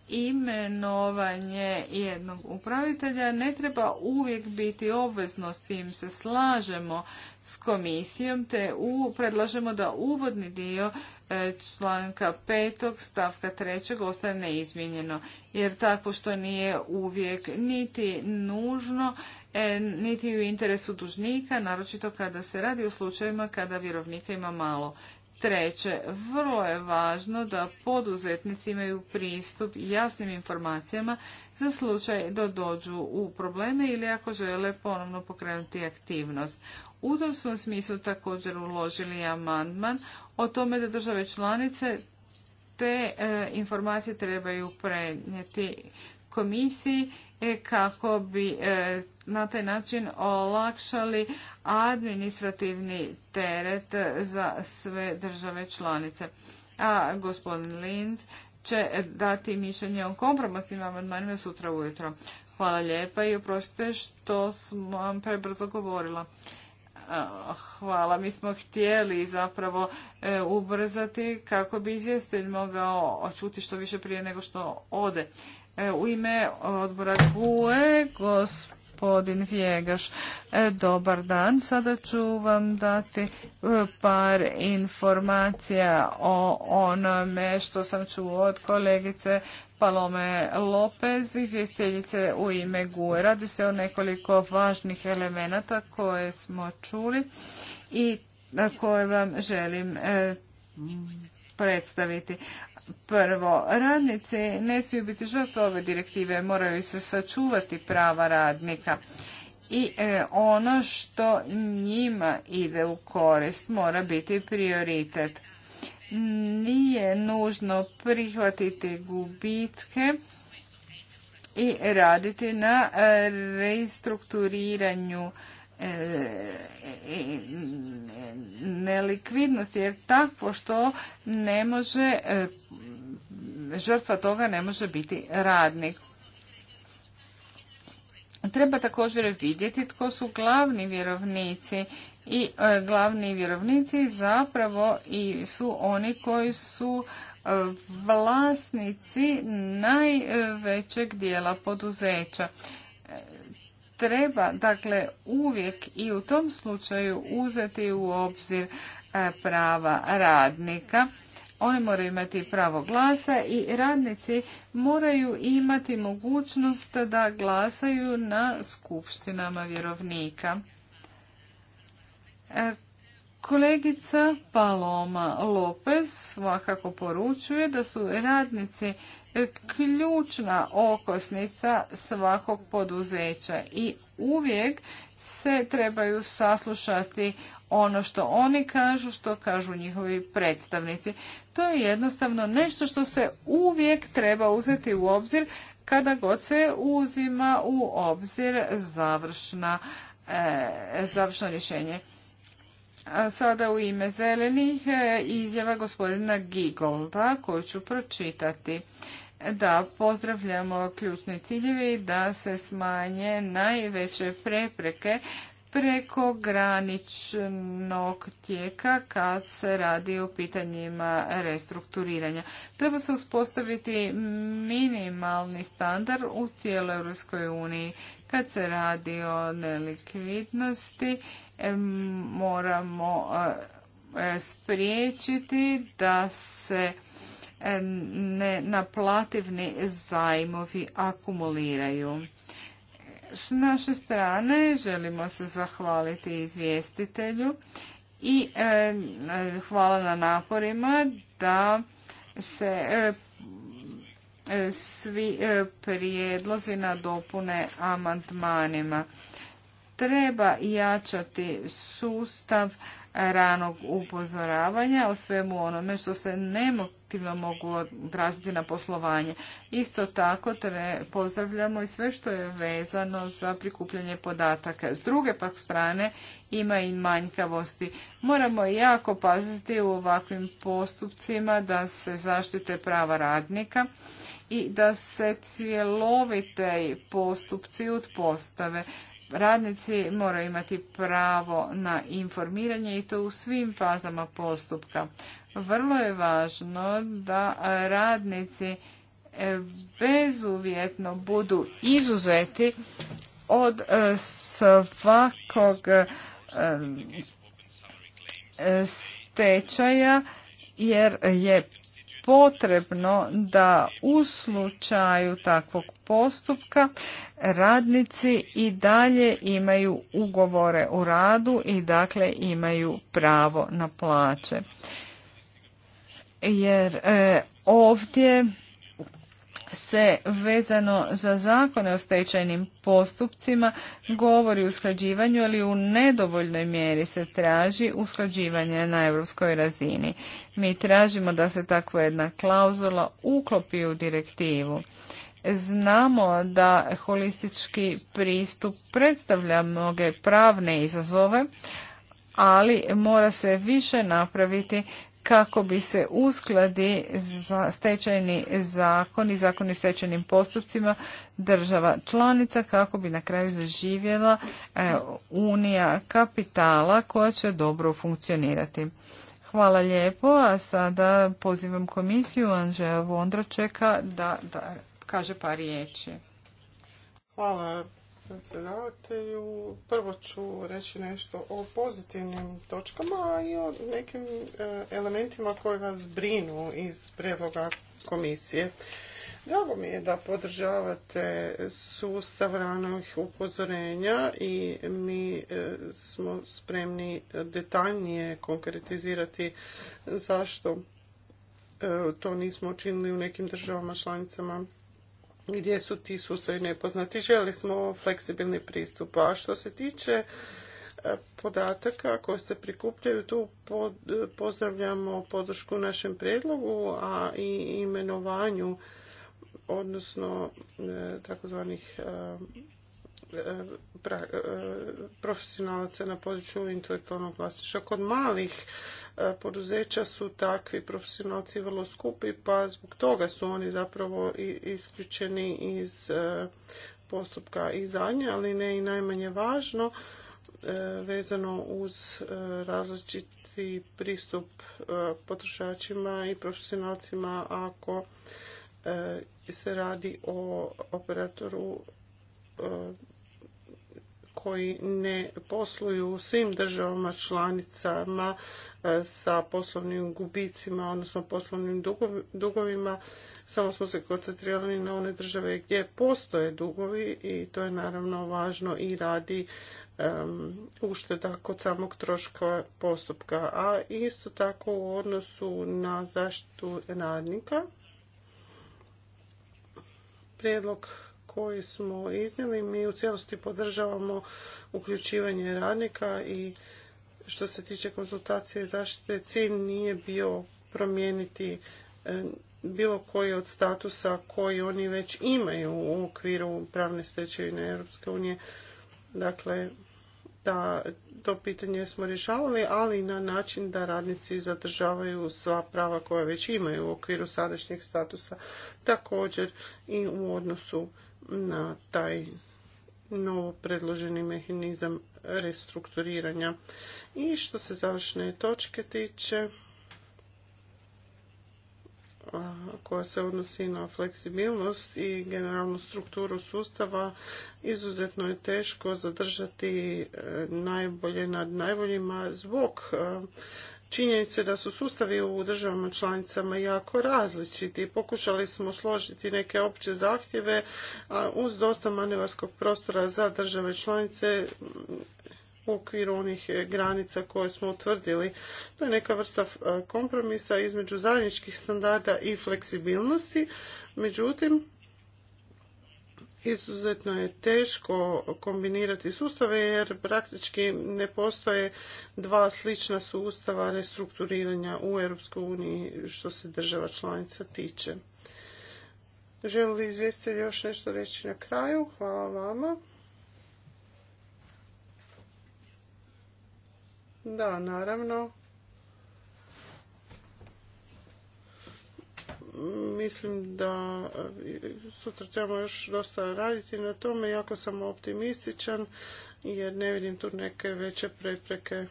Imenovanje jednog upravitelja ne treba uvijek biti obvezno, s tim se slažemo s komisijom, te predlažemo da uvodni dio e, članka petog stavka 3. ostane neizmijenjeno, jer tako što nije uvijek niti nužno, e, niti u interesu dužnika, naročito kada se radi o slučajevima kada vjerovnika ima malo. Treće, vrlo je važno da poduzetnici imaju pristup jasnim informacijama za slučaj da dođu u probleme ili ako žele ponovno pokrenuti aktivnost. U tom smo smislu također uložili amandman o tome da države članice te e, informacije trebaju prenijeti komisiji e, kako bi e, na taj način olakšali administrativni teret za sve države članice. A gospodin Linz će dati mišljenje o kompromisnim amandmanima sutra ujutro. Hvala lijepa i oprostite što sam vam prebrzo govorila. Hvala. Mi smo htjeli zapravo e, ubrzati kako bi izvjestelj mogao čuti što više prije nego što ode. E, u ime odbora GUE, gospodin gospodin Vjegaš. E, dobar dan, sada ću vam dati e, par informacija o onome što sam čuo od kolegice Palome Lopez, i izvjestiteljice u ime GUE. Radi se o nekoliko važnih elemenata koje smo čuli i koje vam želim e, predstaviti. Prvo, radnici ne smiju biti žrtve ove direktive, moraju se sačuvati prava radnika i e, ono što njima ide u korist mora biti prioritet. Nije nužno prihvatiti gubitke i raditi na e, restrukturiranju E, e, nelikvidnost, jer tako što ne može e, žrtva toga ne može biti radnik. Treba također vidjeti tko su glavni vjerovnici i glavni vjerovnici zapravo i su oni koji su vlasnici najvećeg dijela poduzeća treba dakle uvijek i u tom slučaju uzeti u obzir e, prava radnika. Oni moraju imati pravo glasa i radnici moraju imati mogućnost da glasaju na skupštinama vjerovnika. E, kolegica Paloma Lopez svakako poručuje da su radnici ključna okosnica svakog poduzeća i uvijek se trebaju saslušati ono što oni kažu, što kažu njihovi predstavnici. To je jednostavno nešto što se uvijek treba uzeti u obzir kada god se uzima u obzir završna, e, završno rješenje. sada u ime zelenih e, izjava gospodina Gigolda koju ću pročitati da pozdravljamo ključni ciljevi da se smanje najveće prepreke preko graničnog tijeka kad se radi o pitanjima restrukturiranja. Treba se uspostaviti minimalni standard u cijeloj Europskoj uniji. Kad se radi o nelikvidnosti, moramo e, spriječiti da se nenaplativni zajmovi akumuliraju. S naše strane želimo se zahvaliti izvjestitelju i e, hvala na naporima da se e, svi e, prijedlozi na dopune amandmanima. Treba jačati sustav ranog upozoravanja o svemu onome što se ne negativno mogu odraziti na poslovanje. Isto tako pozdravljamo i sve što je vezano za prikupljanje podataka. S druge pak strane ima i manjkavosti. Moramo jako paziti u ovakvim postupcima da se zaštite prava radnika i da se cjelovite postupci postave. Radnici moraju imati pravo na informiranje i to u svim fazama postupka. Vrlo je važno da radnici e, bezuvjetno budu izuzeti od e, svakog e, stečaja jer je potrebno da u slučaju takvog postupka radnici i dalje imaju ugovore o radu i dakle imaju pravo na plaće jer e, ovdje se vezano za zakone o stečajnim postupcima govori o usklađivanju, ali u nedovoljnoj mjeri se traži usklađivanje na europskoj razini. Mi tražimo da se takva jedna klauzula uklopi u direktivu. Znamo da holistički pristup predstavlja mnoge pravne izazove, ali mora se više napraviti kako bi se uskladi za stečajni zakon i zakon o stečajnim postupcima država članica kako bi na kraju zaživjela e, unija kapitala koja će dobro funkcionirati. Hvala lijepo, a sada pozivam komisiju Anžeja Vondračeka da, da kaže par riječi. Hvala predsjedavatelju. Prvo ću reći nešto o pozitivnim točkama i o nekim e, elementima koji vas brinu iz predloga komisije. Drago mi je da podržavate sustav ranog upozorenja i mi e, smo spremni detaljnije konkretizirati zašto e, to nismo učinili u nekim državama članicama gdje su ti sustavi nepoznati. Želi smo fleksibilni pristup. A što se tiče e, podataka koje se prikupljaju tu pozdravljamo podršku našem predlogu, a i imenovanju odnosno e, takozvanih e, profesionalaca na području intelektualnog vlasništva. Kod malih E, poduzeća su takvi profesionalci vrlo skupi, pa zbog toga su oni zapravo isključeni iz e, postupka i zadnje, ali ne i najmanje važno, e, vezano uz različiti pristup potrošačima i profesionalcima ako se radi o operatoru koji ne posluju u svim državama članicama e, sa poslovnim gubicima, odnosno poslovnim dugovima. Samo smo se koncentrirali na one države gdje postoje dugovi i to je naravno važno i radi ušteda kod samog troška postupka. A isto tako u odnosu na zaštitu radnika, prijedlog koji smo iznijeli. Mi u cijelosti podržavamo uključivanje radnika i što se tiče konzultacije i zaštite, cilj nije bio promijeniti e, bilo koji od statusa koji oni već imaju u okviru pravne stečevine Europske unije. Dakle, da to pitanje smo rješavali, ali na način da radnici zadržavaju sva prava koja već imaju u okviru sadašnjeg statusa, također i u odnosu na taj novo predloženi mehanizam restrukturiranja. I što se završne točke tiče, koja se odnosi na fleksibilnost i generalnu strukturu sustava, izuzetno je teško zadržati e, najbolje nad najboljima zbog e, činjenice da su sustavi u državama članicama jako različiti. Pokušali smo složiti neke opće zahtjeve a uz dosta manevarskog prostora za države članice u okviru onih granica koje smo utvrdili. To je neka vrsta e, kompromisa između zajedničkih standarda i fleksibilnosti. Međutim, izuzetno je teško kombinirati sustave jer praktički ne postoje dva slična sustava restrukturiranja u Europskoj uniji što se država članica tiče. Želi li izvjestitelj još nešto reći na kraju? Hvala vama. Da, naravno. mislim da e, sutra trebamo još dosta raditi na tome. Jako sam optimističan jer ne vidim tu neke veće prepreke.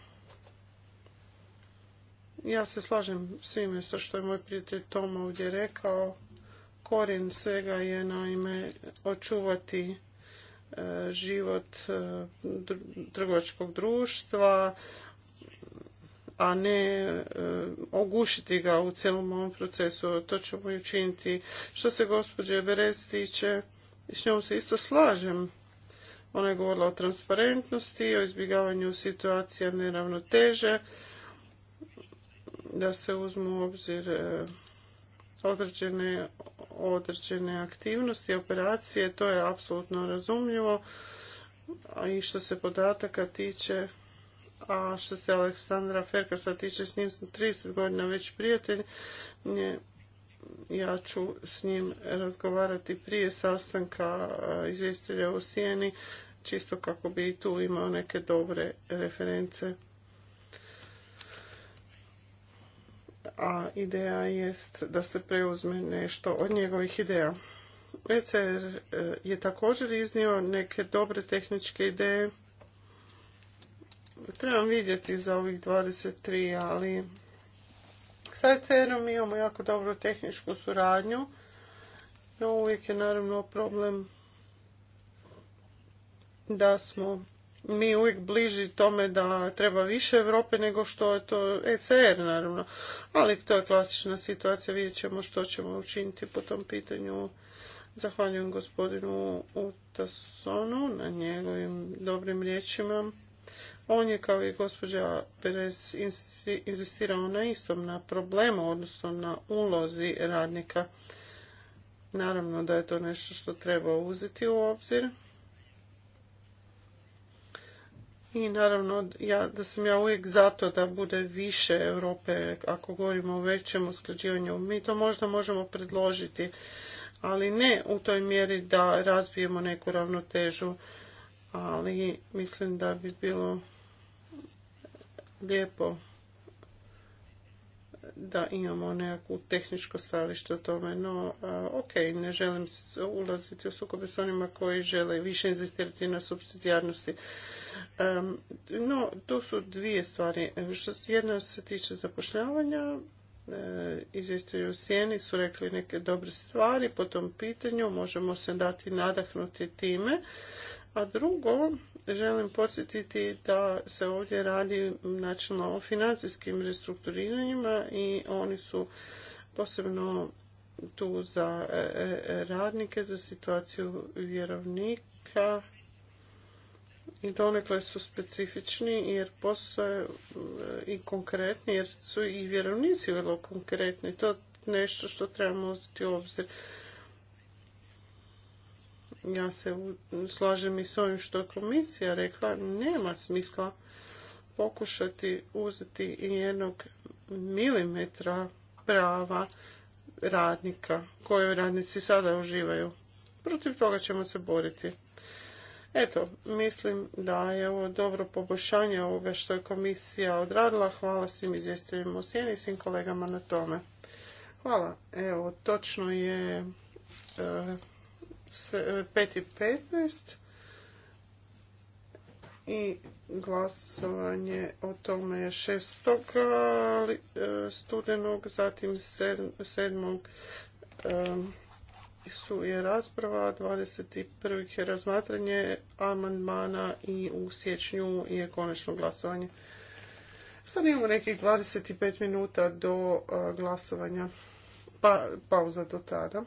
Ja se slažem svime sa što je moj prijatelj Toma ovdje rekao. Korijen svega je naime očuvati e, život e, trgovačkog društva, a ne e, ogušiti ga u cijelom ovom procesu. To ćemo i učiniti. Što se gospođe Berez tiče, s njom se isto slažem. Ona je govorila o transparentnosti, o izbjegavanju situacija neravnoteže, da se uzmu u obzir e, određene, određene aktivnosti, operacije, to je apsolutno razumljivo. A i što se podataka tiče, a što se Aleksandra Ferkasa tiče, s njim sam 30 godina već prijatelj. Ja ću s njim razgovarati prije sastanka izvjestitelja u Sijeni, čisto kako bi i tu imao neke dobre reference. a ideja jest da se preuzme nešto od njegovih ideja. ECR e, je također iznio neke dobre tehničke ideje trebam vidjeti za ovih 23, ali sa ECR-om imamo jako dobru tehničku suradnju. No, uvijek je naravno problem da smo mi uvijek bliži tome da treba više Europe nego što je to ECR naravno. Ali to je klasična situacija, vidjet ćemo što ćemo učiniti po tom pitanju. Zahvaljujem gospodinu Utasonu na njegovim dobrim riječima. On je kao i gospođa Perez inzistirao na istom, na problemu, odnosno na ulozi radnika. Naravno da je to nešto što treba uzeti u obzir. I naravno ja, da sam ja uvijek zato da bude više Europe ako govorimo o većem usklađivanju. Mi to možda možemo predložiti, ali ne u toj mjeri da razbijemo neku ravnotežu, ali mislim da bi bilo lijepo da imamo nekakvu tehničko stajalište o tome, no ok, ne želim ulaziti u sukobe s onima koji žele više inzistirati na subsidijarnosti. No, to su dvije stvari. Jedna se tiče zapošljavanja, e, izvjestitelji sjeni su rekli neke dobre stvari po tom pitanju, možemo se dati nadahnuti time. A drugo, želim podsjetiti da se ovdje radi načelno o financijskim restrukturiranjima i oni su posebno tu za e, e, radnike, za situaciju vjerovnika i donekle su specifični jer postoje e, i konkretni jer su i vjerovnici vrlo konkretni. To je nešto što trebamo uzeti u obzir. Ja se slažem i s ovim što je komisija rekla, nema smisla pokušati uzeti i jednog milimetra prava radnika koje radnici sada uživaju. Protiv toga ćemo se boriti. Eto, mislim da je ovo dobro poboljšanje ovoga što je komisija odradila. Hvala svim izvjestiteljima u sjeni i svim kolegama na tome. Hvala. Evo, točno je e, 5 e, i 15 i glasovanje o tome je 6. E, e, studenog, zatim 7. su je rasprava, 21. je razmatranje amandmana i u siječnju je konačno glasovanje. Sad imamo nekih 25 minuta do glasovanja, pa pauza do tada.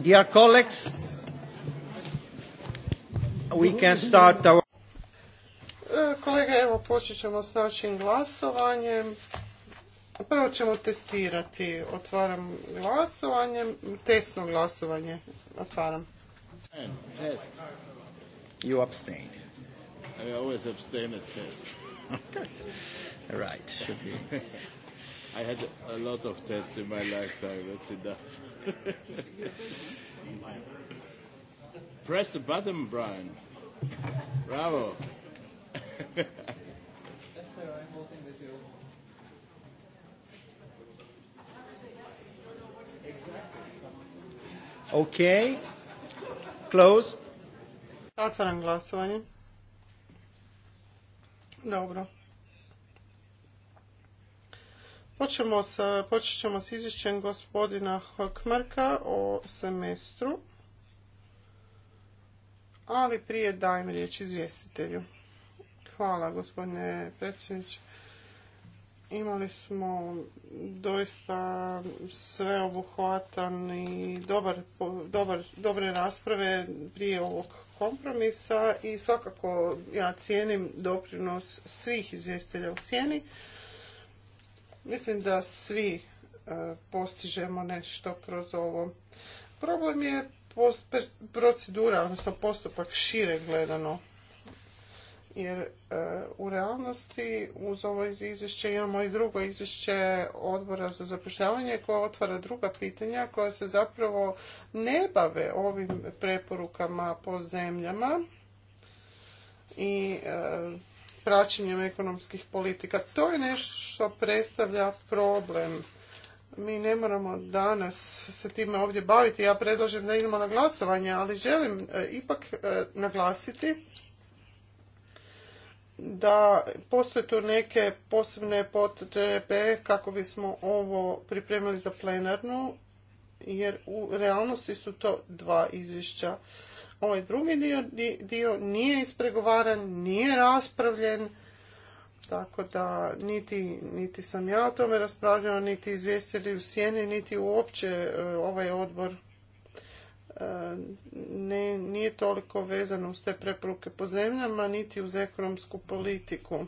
Dear colleagues, we can start our... E, Kolega, evo počet ćemo s našim glasovanjem. Prvo ćemo testirati. Otvaram glasovanje, testno glasovanje. Otvaram. Test. You abstain. I always abstain at test. right, should be. I had a lot of tests in my lifetime. That's enough. Press the button, Brian. Bravo. Esther, I'm holding with you. Okay. Close. Otvaram glasovanje. Dobro. Počemo sa, počet ćemo s izvješćem gospodina Hokmarka o semestru, ali prije dajem riječ izvjestitelju. Hvala gospodine predsjedniče. Imali smo doista sveobuhvatan i dobar, dobar, dobre rasprave prije ovog kompromisa i svakako ja cijenim doprinos svih izvjestitelja u sjeni. Mislim da svi e, postižemo nešto kroz ovo. Problem je procedura, odnosno postupak šire gledano. Jer e, u realnosti uz ovo izvješće imamo i drugo izvješće odbora za zapošljavanje koja otvara druga pitanja koja se zapravo ne bave ovim preporukama po zemljama i e, praćenjem ekonomskih politika. To je nešto što predstavlja problem. Mi ne moramo danas se time ovdje baviti. Ja predlažem da idemo na glasovanje, ali želim e, ipak e, naglasiti da postoje tu neke posebne potrebe kako bismo ovo pripremili za plenarnu, jer u realnosti su to dva izvješća Ovaj drugi dio, dio nije ispregovaran, nije raspravljen, tako da niti, niti sam ja o tome raspravljao, niti izvijestili u sjeni, niti uopće e, ovaj odbor e, ne, nije toliko vezano uz te preporuke po zemljama, niti uz ekonomsku politiku.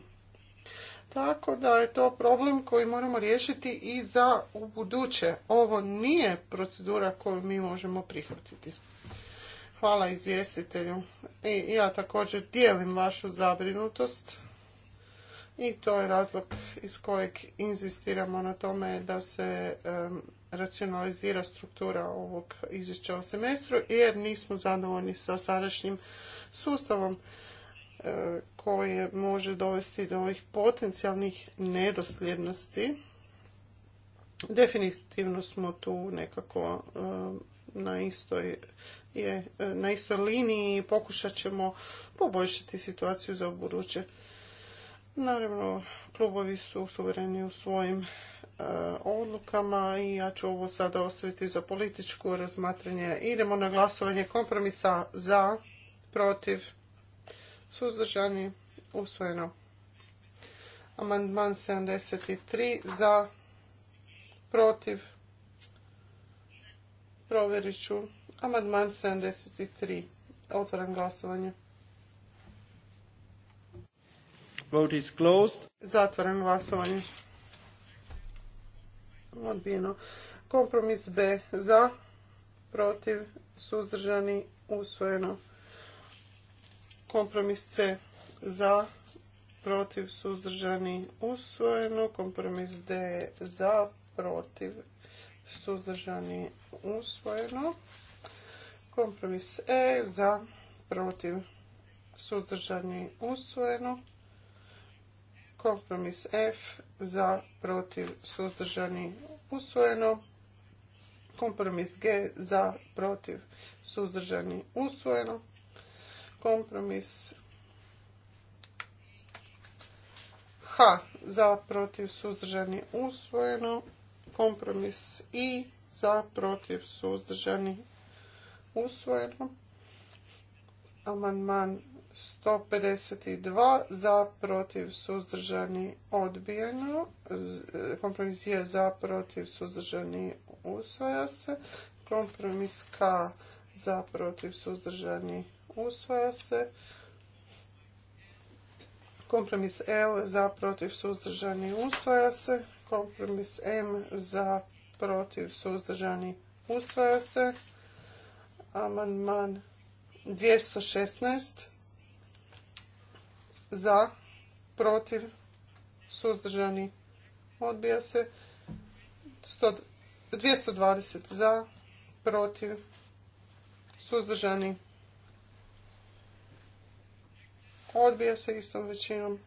Tako da je to problem koji moramo riješiti i za u buduće. Ovo nije procedura koju mi možemo prihvatiti. Hvala izvjestitelju. I ja također dijelim vašu zabrinutost i to je razlog iz kojeg inzistiramo na tome da se racionalizira struktura ovog izvješća o semestru jer nismo zadovoljni sa sadašnjim sustavom koje koji može dovesti do ovih potencijalnih nedosljednosti. Definitivno smo tu nekako na istoj je e, na istoj liniji i pokušat ćemo poboljšati situaciju za buduće. Naravno, klubovi su suvereni u svojim e, odlukama i ja ću ovo sada ostaviti za političko razmatranje. Idemo na glasovanje kompromisa za, protiv, suzdržani, usvojeno. Amandman 73 za, protiv, provjerit ću. Amandman 73. Otvaram glasovanje. Vote is closed. glasovanje. Odbijeno. Kompromis B za, protiv, suzdržani, usvojeno. Kompromis C za, protiv, suzdržani, usvojeno. Kompromis D za, protiv, suzdržani, usvojeno. Kompromis E za protiv suzdržani usvojeno. Kompromis F za protiv suzdržani usvojeno. Kompromis G za protiv suzdržani usvojeno. Kompromis H za protiv suzdržani usvojeno. Kompromis I za protiv suzdržani usvojeno. Amandman 152 za protiv suzdržani odbijeno. E, kompromis je za protiv suzdržani usvaja se. Kompromis K za protiv suzdržani usvaja se. Kompromis L za protiv suzdržani usvaja se. Kompromis M za protiv suzdržani usvaja se. Amandman 216 za, protiv, suzdržani, odbija se. 220 za, protiv, suzdržani, odbija se istom većinom.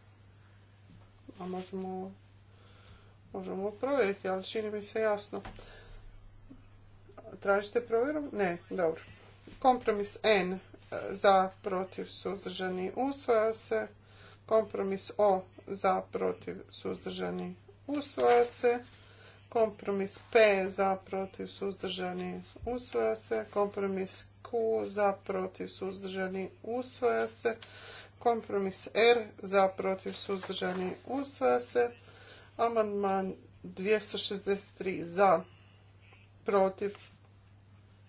A možemo, možemo provjeriti, ali čini mi se jasno. Tražite provjeru? Ne, dobro. Kompromis N e, za protiv suzdržani usvaja se. Kompromis O za protiv suzdržani usvoja se. Kompromis P za protiv suzdržani usvaja se. Kompromis Q za protiv suzdržani usvoja se. Kompromis R za protiv suzdržani usvaja se. Amandman 263 za protiv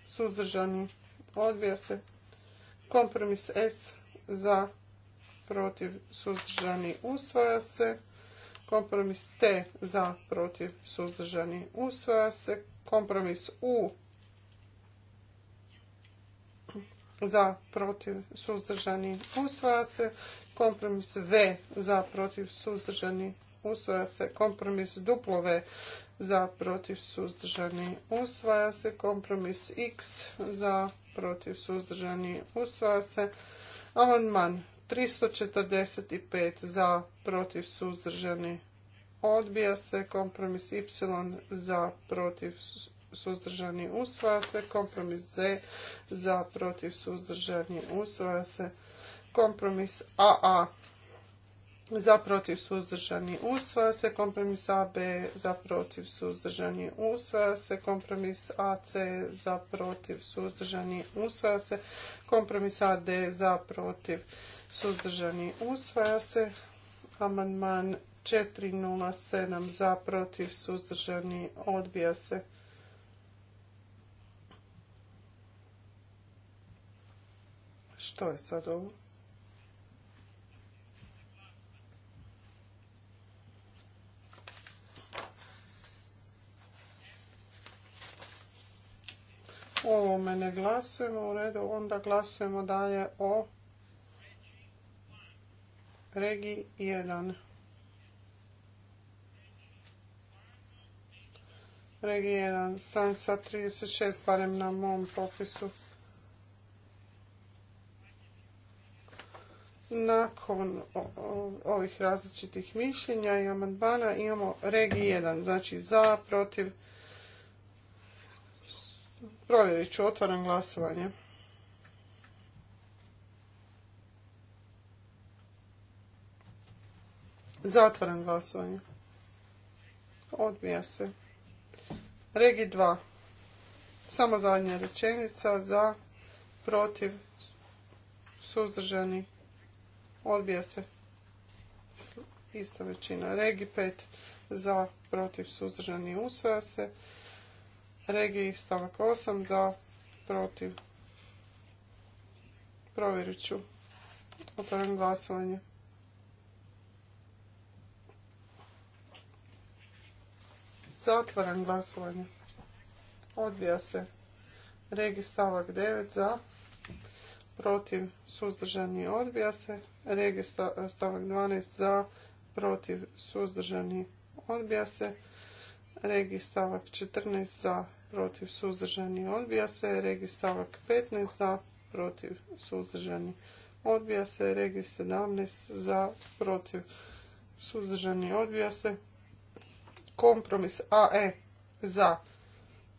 suzdržani odbija se. Kompromis S za, protiv, suzdržani, usvaja se. Kompromis T za, protiv, suzdržani, usvaja se. Kompromis U za, protiv, suzdržani, usvaja se. Kompromis V za, protiv, suzdržani, usvaja se. Kompromis W za, protiv, suzdržani, usvaja se. Kompromis X za, protiv suzdržani usvaja se. Amandman 345 za protiv suzdržani odbija se. Kompromis Y za protiv suzdržani usvaja se. Kompromis Z za protiv suzdržani usvaja se. Kompromis AA za protiv suzdržani usvaja se, kompromis AB za protiv suzdržani usvaja se, kompromis AC za protiv suzdržani usvaja se, kompromis AD za protiv suzdržani usvaja se, amandman 407 za protiv suzdržani odbija se. Što je sad ovo? O ovome ne glasujemo u redu, onda glasujemo dalje o regi 1. Regi 1, stranica 36, barem na mom popisu. nakon ovih različitih mišljenja i amandmana imamo regi 1, znači za, protiv, Provjerit ću, otvaram glasovanje. Zatvaram glasovanje. Odbija se. Regi 2. Samo zadnja rečenica za, protiv, suzdržani. Odbija se. Ista većina. Regi 5. Za, protiv, suzdržani. Usvaja se regiji stavak 8 za protiv. Provjerit ću. Otvaram glasovanje. Zatvaram glasovanje. Odbija se. Regi stavak 9 za. Protiv suzdržani odbija se. Regi stavak 12 za. Protiv suzdržani odbija se regi stavak 14 za protiv suzdržani odbija se, regi stavak 15 za protiv suzdržani odbija se, regi 17 za protiv suzdržani odbija se, kompromis AE za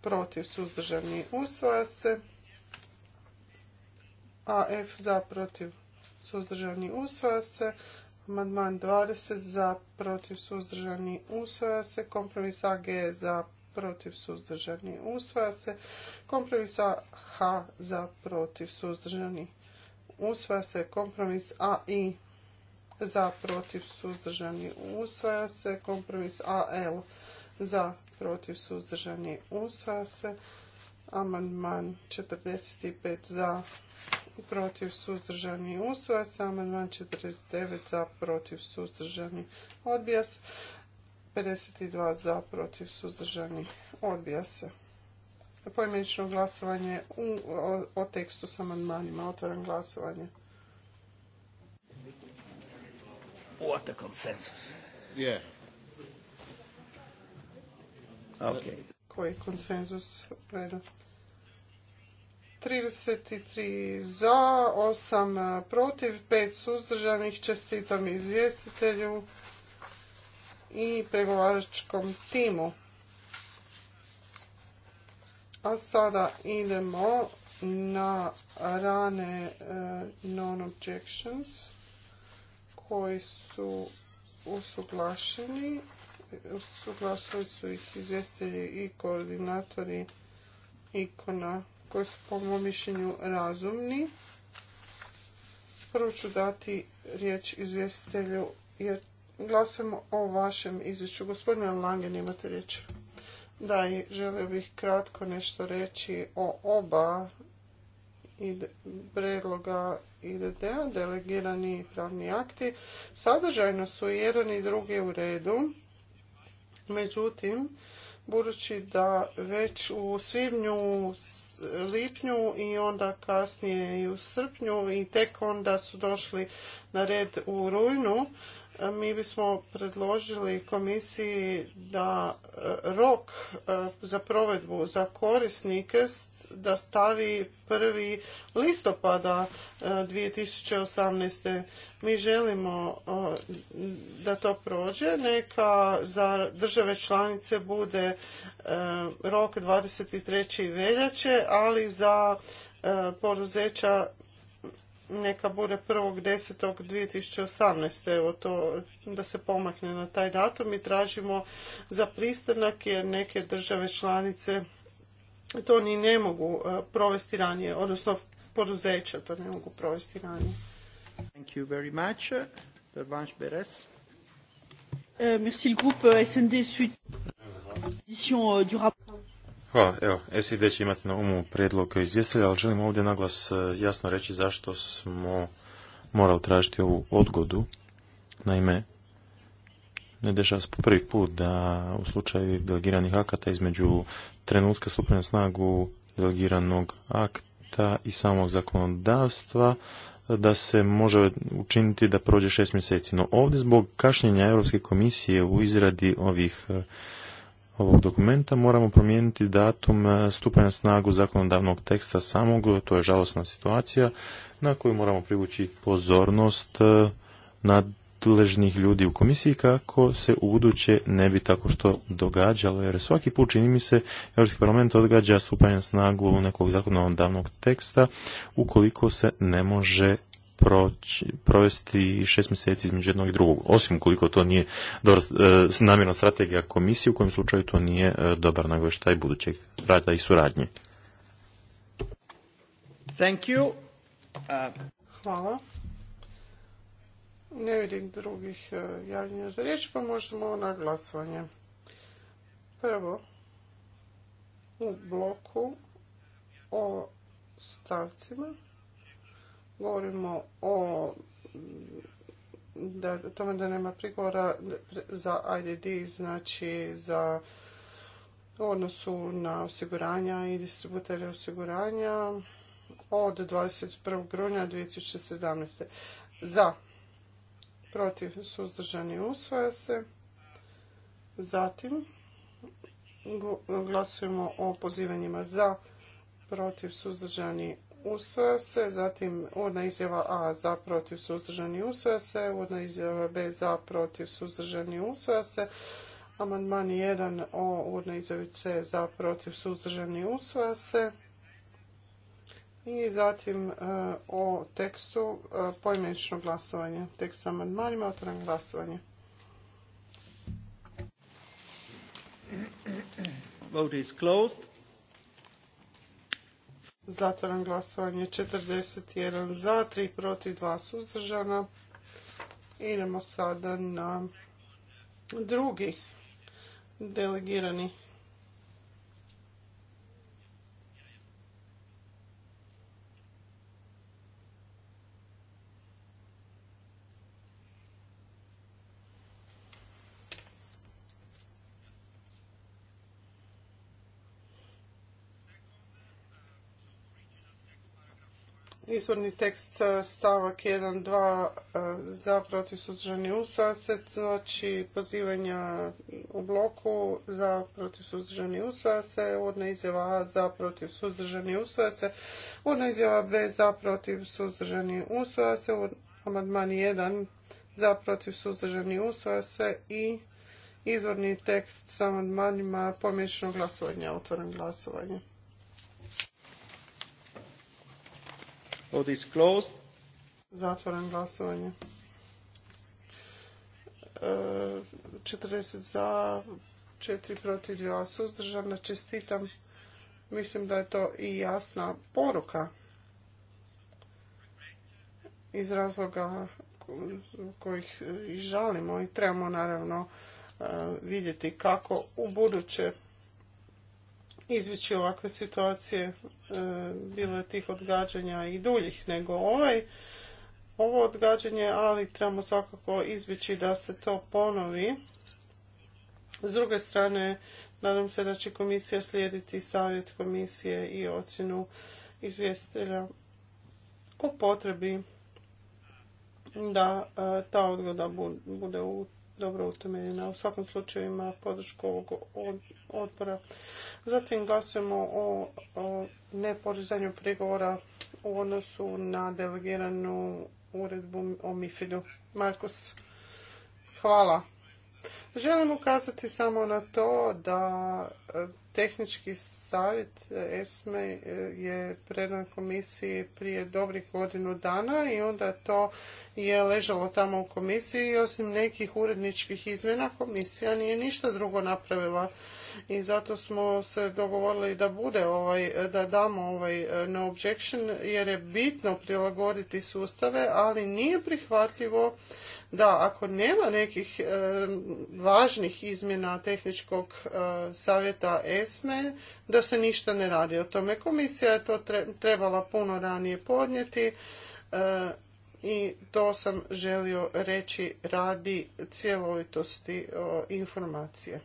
protiv suzdržani usvaja se, AF za protiv suzdržani usvaja se, Amandman 20 za protiv suzdržani usvaja se. Kompromis AG za protiv suzdržani usvaja se. Kompromis H za protiv suzdržani usvaja se. Kompromis AI za protiv suzdržani usvaja se. Kompromis AL za protiv suzdržani usvaja se. Amandman 45 za protiv suzdržani usvoja se, amandman 49 za protiv suzdržani odbija se, 52 za protiv suzdržani odbija se. Pojmenično glasovanje o, tekstu s amandmanima. Otvaram glasovanje. What a consensus. Yeah. Okay. Koji konsenzus predat? 33 za, 8 e, protiv, 5 suzdržanih. Čestitam izvjestitelju i pregovaračkom timu. A sada idemo na rane e, non-objections koji su usuglašeni. Usuglasili su ih izvjestitelji i koordinatori ikona koji su po mom mišljenju razumni. Prvo ću dati riječ izvjestitelju jer glasujemo o vašem izvješću. Gospodine Langen, imate riječ. Da, i želio bih kratko nešto reći o oba predloga IDD-a, delegirani pravni akti. Sadržajno su jedan i drugi u redu, međutim, budući da već u svibnju, lipnju i onda kasnije i u srpnju i tek onda su došli na red u rujnu mi bismo predložili komisiji da e, rok e, za provedbu za korisnike da stavi prvi listopada 2018. E, mi želimo da to prođe. Neka za države članice bude rok 23. veljače, ali za poduzeća neka bude 1.10.2018. Evo to da se pomakne na taj datum i tražimo za pristanak jer neke države članice to ni ne mogu e, provesti ranije, odnosno poduzeća to ne mogu provesti ranije. Thank you very much. Euh, le groupe SND Hvala. Evo, SID će imati na umu predlog izvjestelja, ali želim ovdje naglas e, jasno reći zašto smo morali tražiti ovu odgodu. Naime, ne dešava se po prvi put da u slučaju delegiranih akata između trenutka stupanja snagu delegiranog akta i samog zakonodavstva da se može učiniti da prođe šest mjeseci. No ovdje zbog kašnjenja Europske komisije u izradi ovih e, ovog dokumenta moramo promijeniti datum e, stupanja snagu zakonodavnog teksta samog, to je žalosna situacija na koju moramo privući pozornost e, nadležnih ljudi u komisiji kako se u buduće ne bi tako što događalo, jer svaki put čini mi se Europski parlament odgađa stupanje snagu nekog zakonodavnog teksta ukoliko se ne može provesti šest mjeseci između jednog i drugog, osim koliko to nije dobra, e, namjerna strategija komisije, u kojem slučaju to nije e, dobar nagoveštaj budućeg rada i suradnje. Thank you. Uh, Hvala. Ne vidim drugih e, javljenja za riječ, pa možemo na glasovanje. Prvo, u bloku o stavcima govorimo o da, tome da nema prigovora za IDD, znači za u odnosu na osiguranja i distributere osiguranja od 21. grunja 2017. Za, protiv, suzdržani, usvaja se. Zatim, glasujemo o pozivanjima za, protiv, suzdržani, usvaja se, zatim uvodna izjava A za protiv suzdržani usvaja se, uvodna izjava B za protiv suzdržani usvaja se, amandman 1 o uvodnoj izjavi C za protiv suzdržani usvaja se i zatim e, o tekstu e, pojmenično glasovanje. Tekst sa amandmanima, otvoren glasovanje. Vote is closed. Zatvaram glasovanje 41 za, 3 protiv, 2 suzdržana. Idemo sada na drugi delegirani izvorni tekst e, stavak 1, 2 e, za protiv suzdržani usvaja znači pozivanja u bloku za protiv suzdržani usvaja se, uvodna izjava A za protiv suzdržani usvaja uvodna izjava B za protiv suzdržani usvaja se, amandman 1 za protiv suzdržani usvaja i izvorni tekst sa amandmanima pomješnog glasovanja, otvoren glasovanje. Vote is closed. Zatvoren glasovanje. 40 e, za, 4 protiv 2 suzdržana. Čestitam. Mislim da je to i jasna poruka iz razloga kojih i žalimo i trebamo naravno e, vidjeti kako u buduće izvići ovakve situacije, e, bilo je tih odgađanja i duljih nego ovaj. Ovo odgađanje, ali trebamo svakako izbjeći da se to ponovi. S druge strane, nadam se da će komisija slijediti savjet komisije i ocjenu izvjestitelja o potrebi da e, ta odgoda bude u dobro utemeljena. U svakom slučaju ima podršku ovog odbora. Zatim glasujemo o, neporizanju pregovora u odnosu na delegiranu uredbu o MIFID-u. Markus, hvala. Želim ukazati samo na to da Tehnički savjet e, ESME e, je predan komisiji prije dobrih godinu dana i onda to je ležalo tamo u komisiji i osim nekih uredničkih izmjena komisija nije ništa drugo napravila i zato smo se dogovorili da bude ovaj, da damo ovaj eh, no objection jer je bitno prilagoditi sustave, ali nije prihvatljivo da ako nema nekih eh, važnih izmjena tehničkog eh, savjeta ESME, da se ništa ne radi o tome. Komisija je to trebala puno ranije podnijeti i to sam želio reći radi cjelovitosti informacije.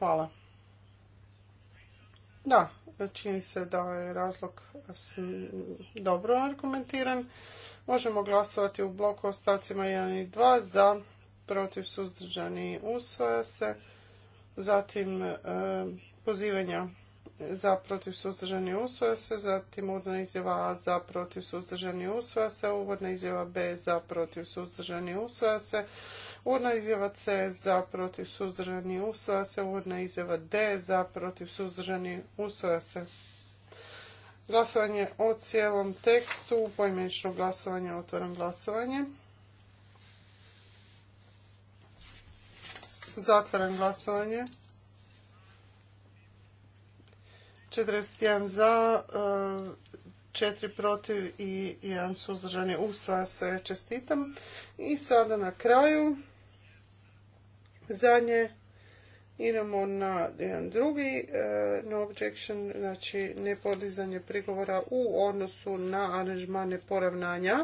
Hvala. Da, čini se da je razlog dobro argumentiran. Možemo glasovati u bloku o stavcima 1 i 2 za, protiv suzdržani usvaja se. Zatim e, pozivanja za protiv suzdržani usvoja se, zatim uvodna izjava A za protiv suzdržani usvoja se, uvodna izjava B za protiv suzdržani usvoja se, Uvodna izjava C za protiv suzdržani usvaja se. Uvodna izjava D za protiv suzdržani usvaja se. Glasovanje o cijelom tekstu, pojmenično glasovanje, otvoram glasovanje. Zatvaram glasovanje. 41 za, 4 e, protiv i 1 suzdržani. Usvaja se, čestitam. I sada na kraju zadnje idemo na jedan drugi e, no objection, znači nepodizanje prigovora u odnosu na aranžmane poravnanja,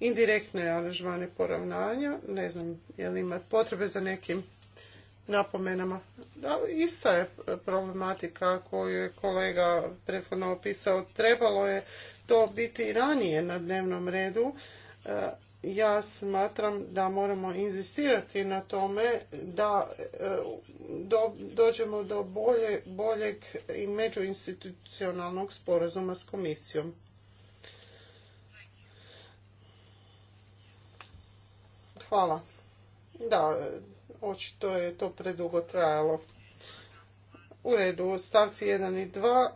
indirektne aranžmane poravnanja, ne znam je li ima potrebe za nekim napomenama. Da, ista je problematika koju je kolega prethodno opisao. Trebalo je to biti ranije na dnevnom redu, e, ja smatram da moramo inzistirati na tome da e, dođemo do bolje, boljeg i međuinstitucionalnog sporazuma s komisijom. Hvala. Da, očito je to predugo trajalo. U redu, stavci 1 i 2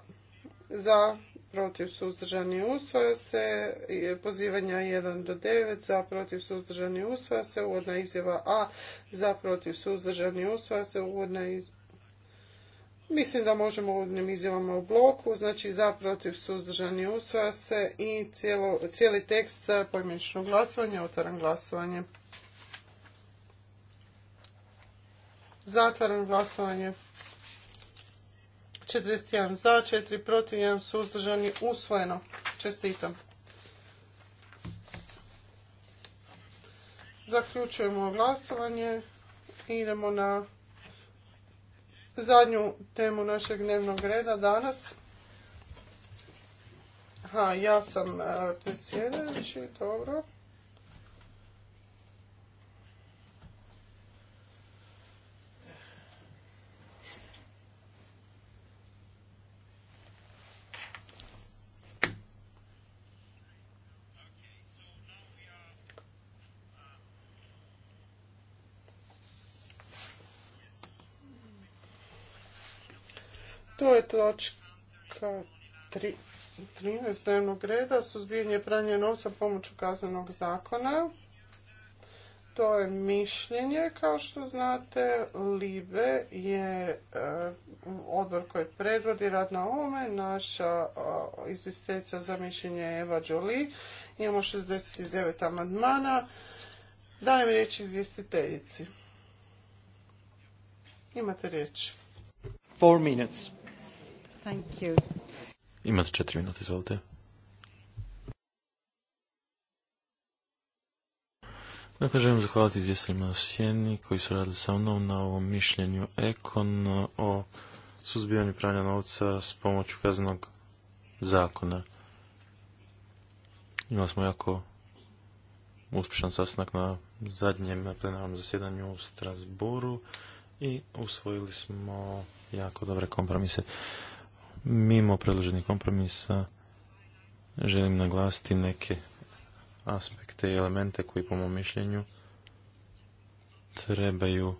za protiv suzdržani usvaja se, pozivanja 1 do 9 za protiv suzdržani usvaja se, uvodna izjava A za protiv suzdržani usvaja se, uvodna iz... Mislim da možemo uvodnim izjavama u bloku, znači za protiv suzdržani usvaja se i cijeli tekst pojmeničnog glasovanja, otvaram glasovanje. Zatvaram glasovanje. 41 za, 4 protiv, 1 suzdržani, usvojeno. Čestitam. Zaključujemo glasovanje. Idemo na zadnju temu našeg dnevnog reda danas. Ha, ja sam e, predsjedajući, dobro. To je točka 3. 13 dnevnog reda, suzbijanje pranja novca pomoću kaznenog zakona. To je mišljenje, kao što znate, Libe je e, odbor koji predvodi rad na ovome, naša e, izvjestiteljica za mišljenje je Eva Đoli. Imamo 69 amandmana. Dajem riječ izvjestiteljici. Imate riječ. Four Thank you. Imate četiri minuta izvolite. Dakle, želim zahvaliti izvjestiteljima u Sjeni koji su radili sa mnom na ovom mišljenju Ekon o suzbijanju pranja novca s pomoću Kaznenog zakona. Imali smo jako uspješan sastanak na zadnjem plenarnom zasjedanju u Strasboru i usvojili smo jako dobre kompromise. Mimo predloženih kompromisa želim naglasiti neke aspekte i elemente koji po mom mišljenju trebaju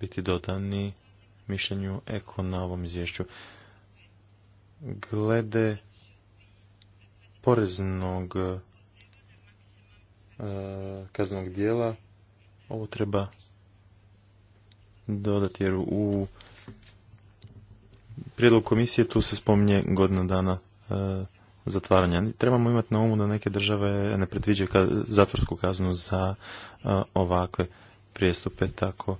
biti dodani mišljenju Eko na ovom izvješću. Glede poreznog e, kaznog dijela ovo treba dodati jer u prijedlog komisije tu se spominje godina dana e, zatvaranja. Trebamo imati na umu da neke države ne predviđaju zatvorsku kaznu za e, ovakve prijestupe, tako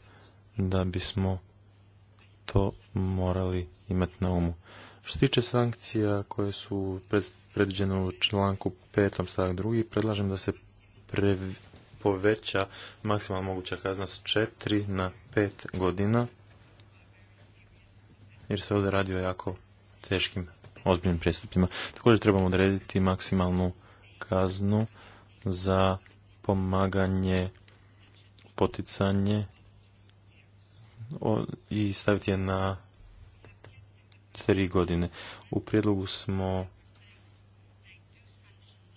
da bismo to morali imati na umu. Što se tiče sankcija koje su predviđene u članku 5. stavak 2. predlažem da se poveća maksimalna moguća kazna s 4 na 5 godina jer se ovdje radi o jako teškim, ozbiljnim prestupima. Također trebamo odrediti maksimalnu kaznu za pomaganje, poticanje i staviti je na tri godine. U prijedlogu smo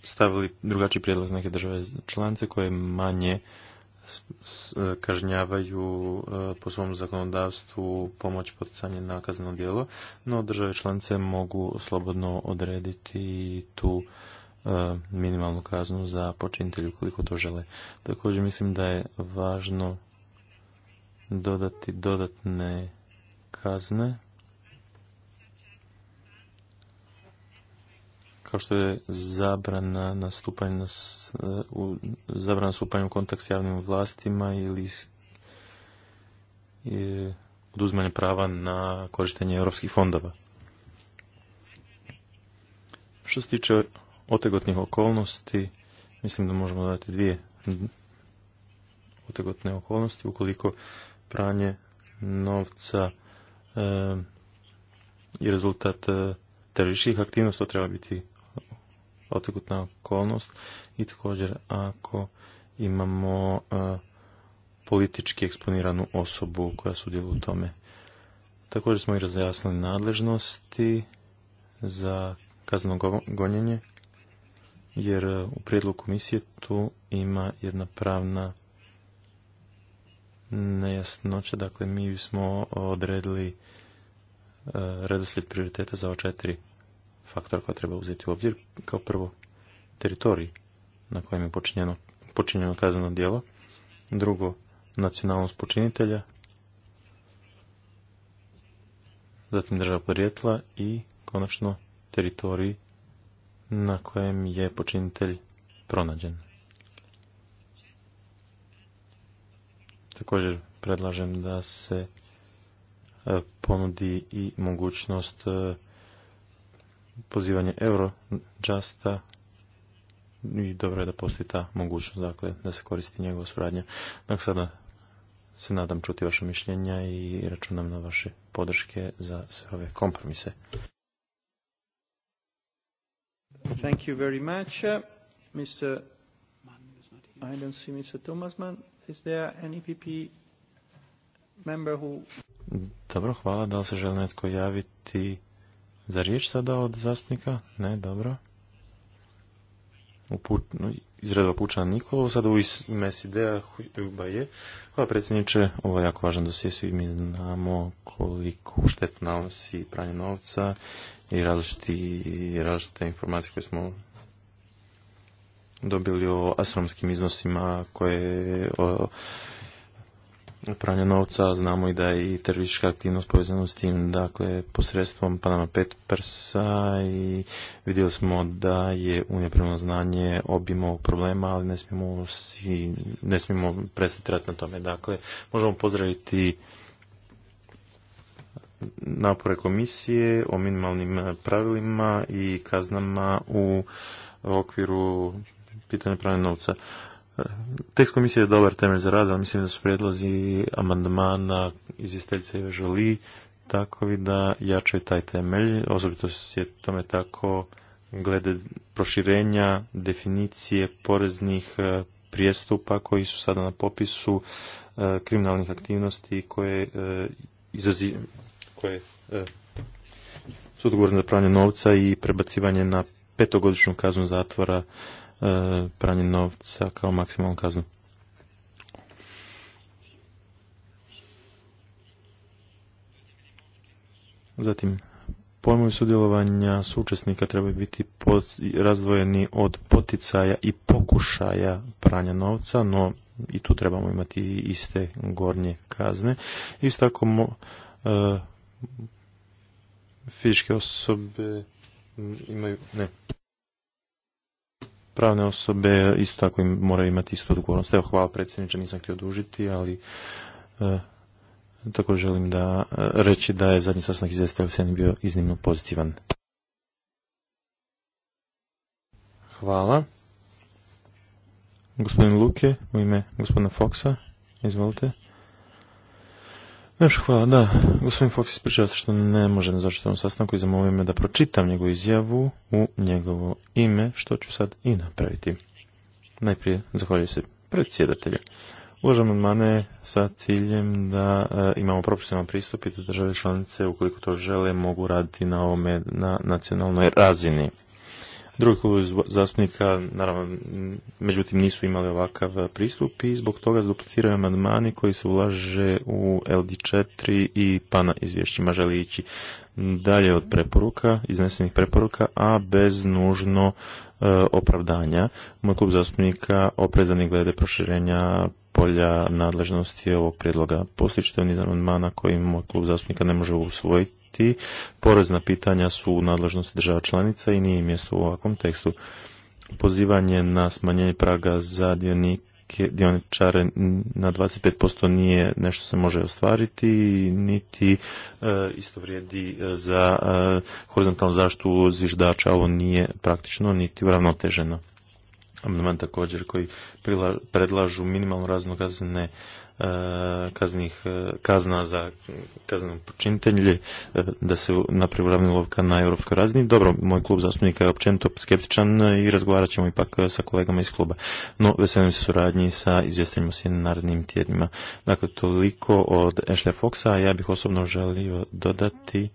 stavili drugačiji prijedlog za neke države članice koje manje kažnjavaju e, po svom zakonodavstvu pomoć poticanje na kazneno djelo, no države članice mogu slobodno odrediti tu e, minimalnu kaznu za počinitelju koliko to žele. Također mislim da je važno dodati dodatne kazne kao što je zabrana na zabrana stupanju u kontakt s javnim vlastima ili i oduzmanje prava na korištenje europskih fondova. Što se tiče otegotnih okolnosti, mislim da možemo dati dvije otegotne okolnosti ukoliko pranje novca e, i rezultat e, terorističkih aktivnosti, to treba biti otekutna okolnost i također ako imamo e, politički eksponiranu osobu koja sudjeluje u tome. Također smo i razjasnili nadležnosti za kazneno gonjenje, jer e, u prijedlogu komisije tu ima jedna pravna nejasnoća. Dakle, mi smo odredili e, redoslijed prioriteta za ova četiri faktor koja treba uzeti u obzir. Kao prvo, teritorij na kojem je počinjeno, počinjeno kazneno djelo. Drugo, nacionalnost počinitelja. Zatim država podrijetla i konačno teritorij na kojem je počinitelj pronađen. Također predlažem da se e, ponudi i mogućnost e, pozivanje Eurojusta i dobro je da postoji ta mogućnost dakle, da se koristi njegova suradnja. Dakle, sada se nadam čuti vaše mišljenja i računam na vaše podrške za sve ove kompromise. Thank you very much. Uh, Mr. I don't see Is there any member who... Dobro, hvala. Da li se želi netko javiti za riječ sada od zastupnika? Ne, dobro. Uput, iz reda pučana Nikolo, sada u ime Sidea je. Hvala predsjedniče, ovo je jako važan dosje, svi mi znamo koliko štetna osi pranje novca i različiti, različite informacije koje smo dobili o astronomskim iznosima koje o, pranja novca, znamo i da je i teroristička aktivnost povezana s tim, dakle, posredstvom Panama Petpersa i vidjeli smo da je unijepremno znanje obimo problema, ali ne smijemo, si, ne smijemo prestati na tome. Dakle, možemo pozdraviti napore komisije o minimalnim pravilima i kaznama u okviru pitanja pranja novca. Tekst komisije je dobar temelj za rad, ali mislim da su prijedlozi amandmana izvjestiteljice Ive Žoli takovi da jačaju taj temelj. Osobito je tome tako glede proširenja definicije poreznih e, prijestupa koji su sada na popisu e, kriminalnih aktivnosti koje e, izazi, koje su za pranje novca i prebacivanje na petogodišnju kaznu zatvora E, pranje novca kao maksimalnu kaznu. Zatim, pojmovi sudjelovanja sučesnika trebaju biti razdvojeni od poticaja i pokušaja pranja novca, no i tu trebamo imati iste gornje kazne. Isto tako e, fizičke osobe imaju, ne, pravne osobe isto tako im moraju imati istu odgovornost. Evo, hvala predsjedniče, nisam htio dužiti, ali e, tako želim da e, reći da je zadnji sastanak izvjestitelja bio iznimno pozitivan. Hvala. Gospodin Luke, u ime gospodina Foxa, izvolite. Još hvala, da. Gospodin Fox ispričava što ne može na zaštitnom sastanku i zamolio me da pročitam njegovu izjavu u njegovo ime, što ću sad i napraviti. Najprije zahvaljujem se predsjedatelju. od mane sa ciljem da e, imamo profesionalan pristup i da države članice, ukoliko to žele, mogu raditi na ovome na nacionalnoj razini drugi klub zastupnika, naravno, međutim nisu imali ovakav pristup i zbog toga zdupliciraju amandmani koji se ulaže u LD4 i pana izvješćima želi ići dalje od preporuka, iznesenih preporuka, a bez nužno e, opravdanja. Moj klub zastupnika oprezani glede proširenja polja nadležnosti ovog prijedloga. Postoji čitav niz amandmana koji moj klub zastupnika ne može usvojiti porezna pitanja su u nadležnosti država članica i nije mjesto u ovakvom tekstu. Pozivanje na smanjenje praga za dionike, dioničare na 25% nije nešto se može ostvariti, niti e, isto vrijedi za e, horizontalnu zaštitu zviždača, ovo nije praktično niti uravnoteženo amandman također koji predlažu minimalno razinu kazne E, kaznih, e, kazna za kaznom počinitelje e, da se napravi uravnilovka na europskoj razini. Dobro, moj klub zastupnika je općenito skeptičan i razgovarat ćemo ipak sa kolegama iz kluba. No, veselim se suradnji sa izvjestanjima s narednim tjednima. Dakle, toliko od Ashley Foxa, a ja bih osobno želio dodati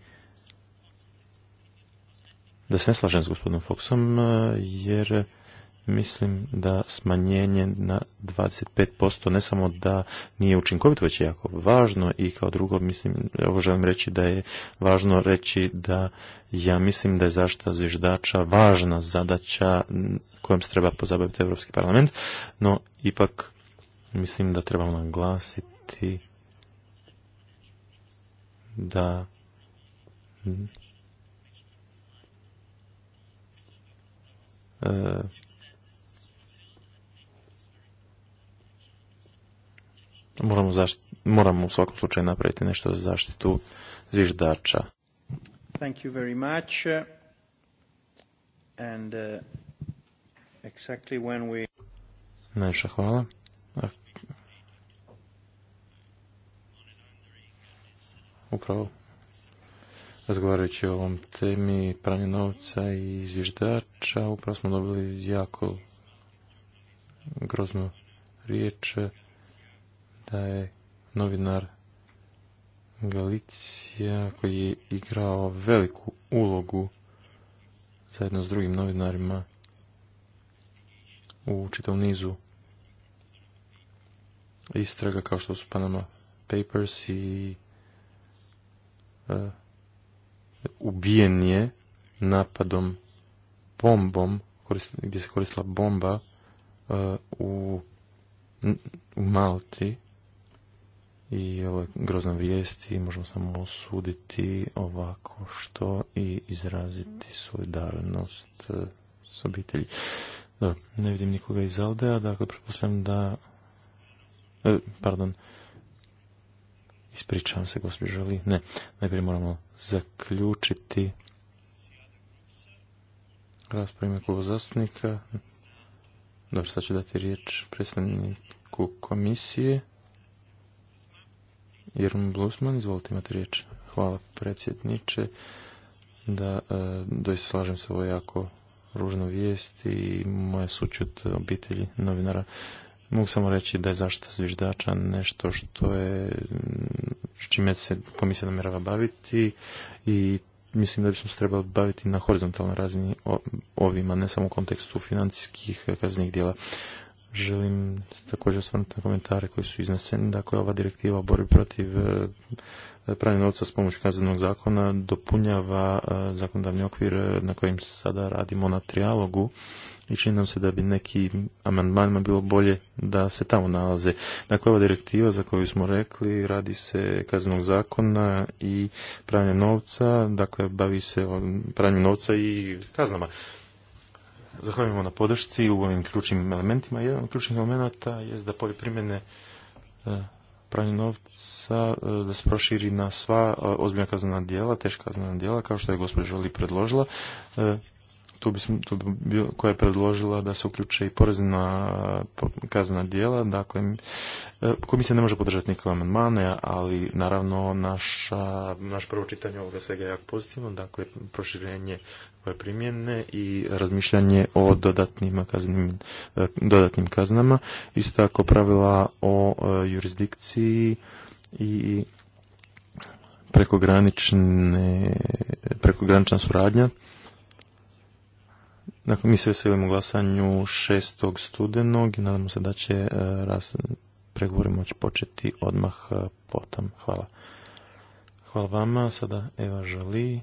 da se ne slažem s gospodinom Foxom, jer mislim da smanjenje na 25% ne samo da nije učinkovito, već je jako važno i kao drugo mislim, ovo želim reći da je važno reći da ja mislim da je zaštita zviždača važna zadaća kojom se treba pozabaviti Europski parlament, no ipak mislim da trebamo naglasiti da e, Moramo, moramo u svakom slučaju napraviti nešto za zaštitu zviždača. Thank you very much. And, uh, exactly when we... Najviše hvala. Upravo razgovarajući o ovom temi pranje novca i zviždača, upravo smo dobili jako groznu riječ da je novinar Galicija koji je igrao veliku ulogu zajedno s drugim novinarima u čitav nizu istraga kao što su Panama Papers i e, ubijen je napadom bombom gdje se koristila bomba e, u Malti i ovo je grozna vijest i možemo samo osuditi ovako što i izraziti solidarnost e, s obitelji. Da, ne vidim nikoga iz Aldea, dakle pretpostavljam da... E, pardon, ispričavam se gospođo želi. ne, najprije moramo zaključiti ime kluba zastupnika. Dobro, sad ću dati riječ predstavniku komisije. Jerman Blusman, izvolite imati riječ. Hvala predsjedniče. Da, e, doista slažem se ovo jako ružno vijesti i moja sučut obitelji novinara. Mogu samo reći da je zaštita zviždača nešto što je, s čime se komisija namjerava baviti i mislim da bismo se trebali baviti na horizontalnoj razini ovima, ne samo u kontekstu financijskih kaznih djela želim također osvrnuti na komentare koji su izneseni. Dakle, ova direktiva o borbi protiv e, pranja novca s pomoć kaznenog zakona dopunjava e, zakonodavni okvir e, na kojem sada radimo na trialogu i čini nam se da bi neki amandmanima bilo bolje da se tamo nalaze. Dakle, ova direktiva za koju smo rekli radi se kaznenog zakona i pranja novca, dakle, bavi se pranjem novca i kaznama zahvaljujemo na podršci u ovim ključnim elementima. Jedan od ključnih elemenata je da primjene e, pranje novca e, da se proširi na sva e, ozbiljna kaznena djela, teška kaznena djela, kao što je gospođa Žoli predložila. Tu, bismo, bi, koja je predložila da se uključe i porezna kaznena djela. Dakle, komisija ne može podržati nikakve amandmane, ali naravno naš prvo čitanje ovoga svega je jako pozitivno. Dakle, proširenje koje primjene i razmišljanje o dodatnim, kaznim, e, dodatnim kaznama, isto tako pravila o e, jurisdikciji i prekogranične, prekogranična suradnja. Dakle, mi se veselimo glasanju 6. studenog i nadamo se da će e, pregovori moći početi odmah potom. Hvala. Hvala vama. Sada Eva Žali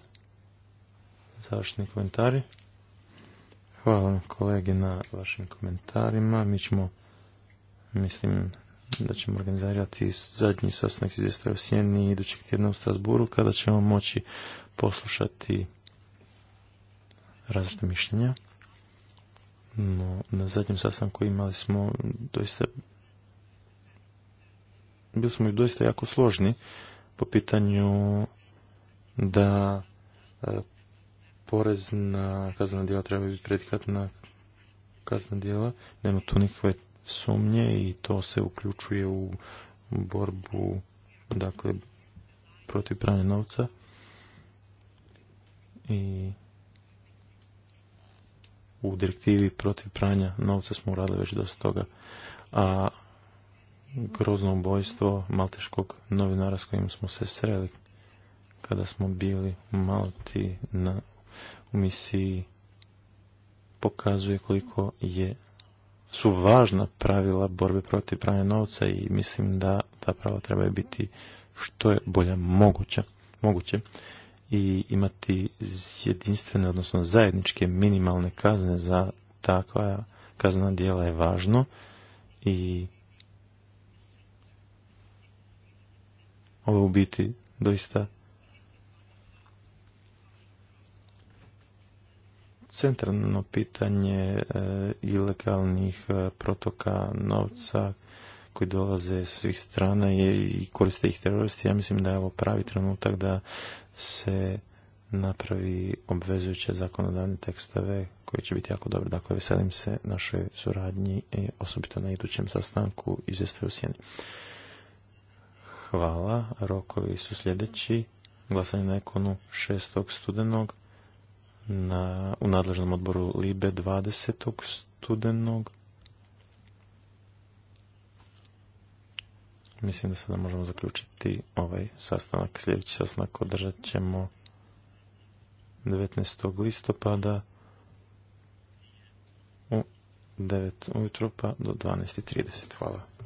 završni komentari. Hvala vam kolege na vašim komentarima. Mi ćemo, mislim, da ćemo organizirati zadnji sastanak izvjestaja u Sjeni idućeg tjedna u Strasburu kada ćemo moći poslušati različite mišljenja. No, na zadnjem sastanku imali smo doista bili smo i doista jako složni po pitanju da e, Porez na kaznena djela trebaju biti na kaznena djela. Nema tu nikakve sumnje i to se uključuje u borbu dakle protiv pranja novca i u direktivi protiv pranja novca smo uradili već dosta toga a grozno ubojstvo malteškog novinara s kojim smo se sreli kada smo bili Malti na u misiji pokazuje koliko je su važna pravila borbe protiv pranja novca i mislim da ta prava treba biti što je bolja moguća, moguće i imati jedinstvene, odnosno zajedničke minimalne kazne za takva kazna djela je važno i ovo u biti doista centralno pitanje e, ilegalnih e, protoka novca koji dolaze s svih strana i koriste ih teroristi. Ja mislim da je ovo pravi trenutak da se napravi obvezujuće zakonodavne tekstove koji će biti jako dobri. Dakle, veselim se našoj suradnji, i osobito na idućem sastanku izvjestve u Sjeni. Hvala. Rokovi su sljedeći. Glasanje na ekonu 6. studenog na, u nadležnom odboru Libe 20. studenog. Mislim da sada možemo zaključiti ovaj sastanak. Sljedeći sastanak održat ćemo 19. listopada u 9 ujutru pa do 12.30. Hvala.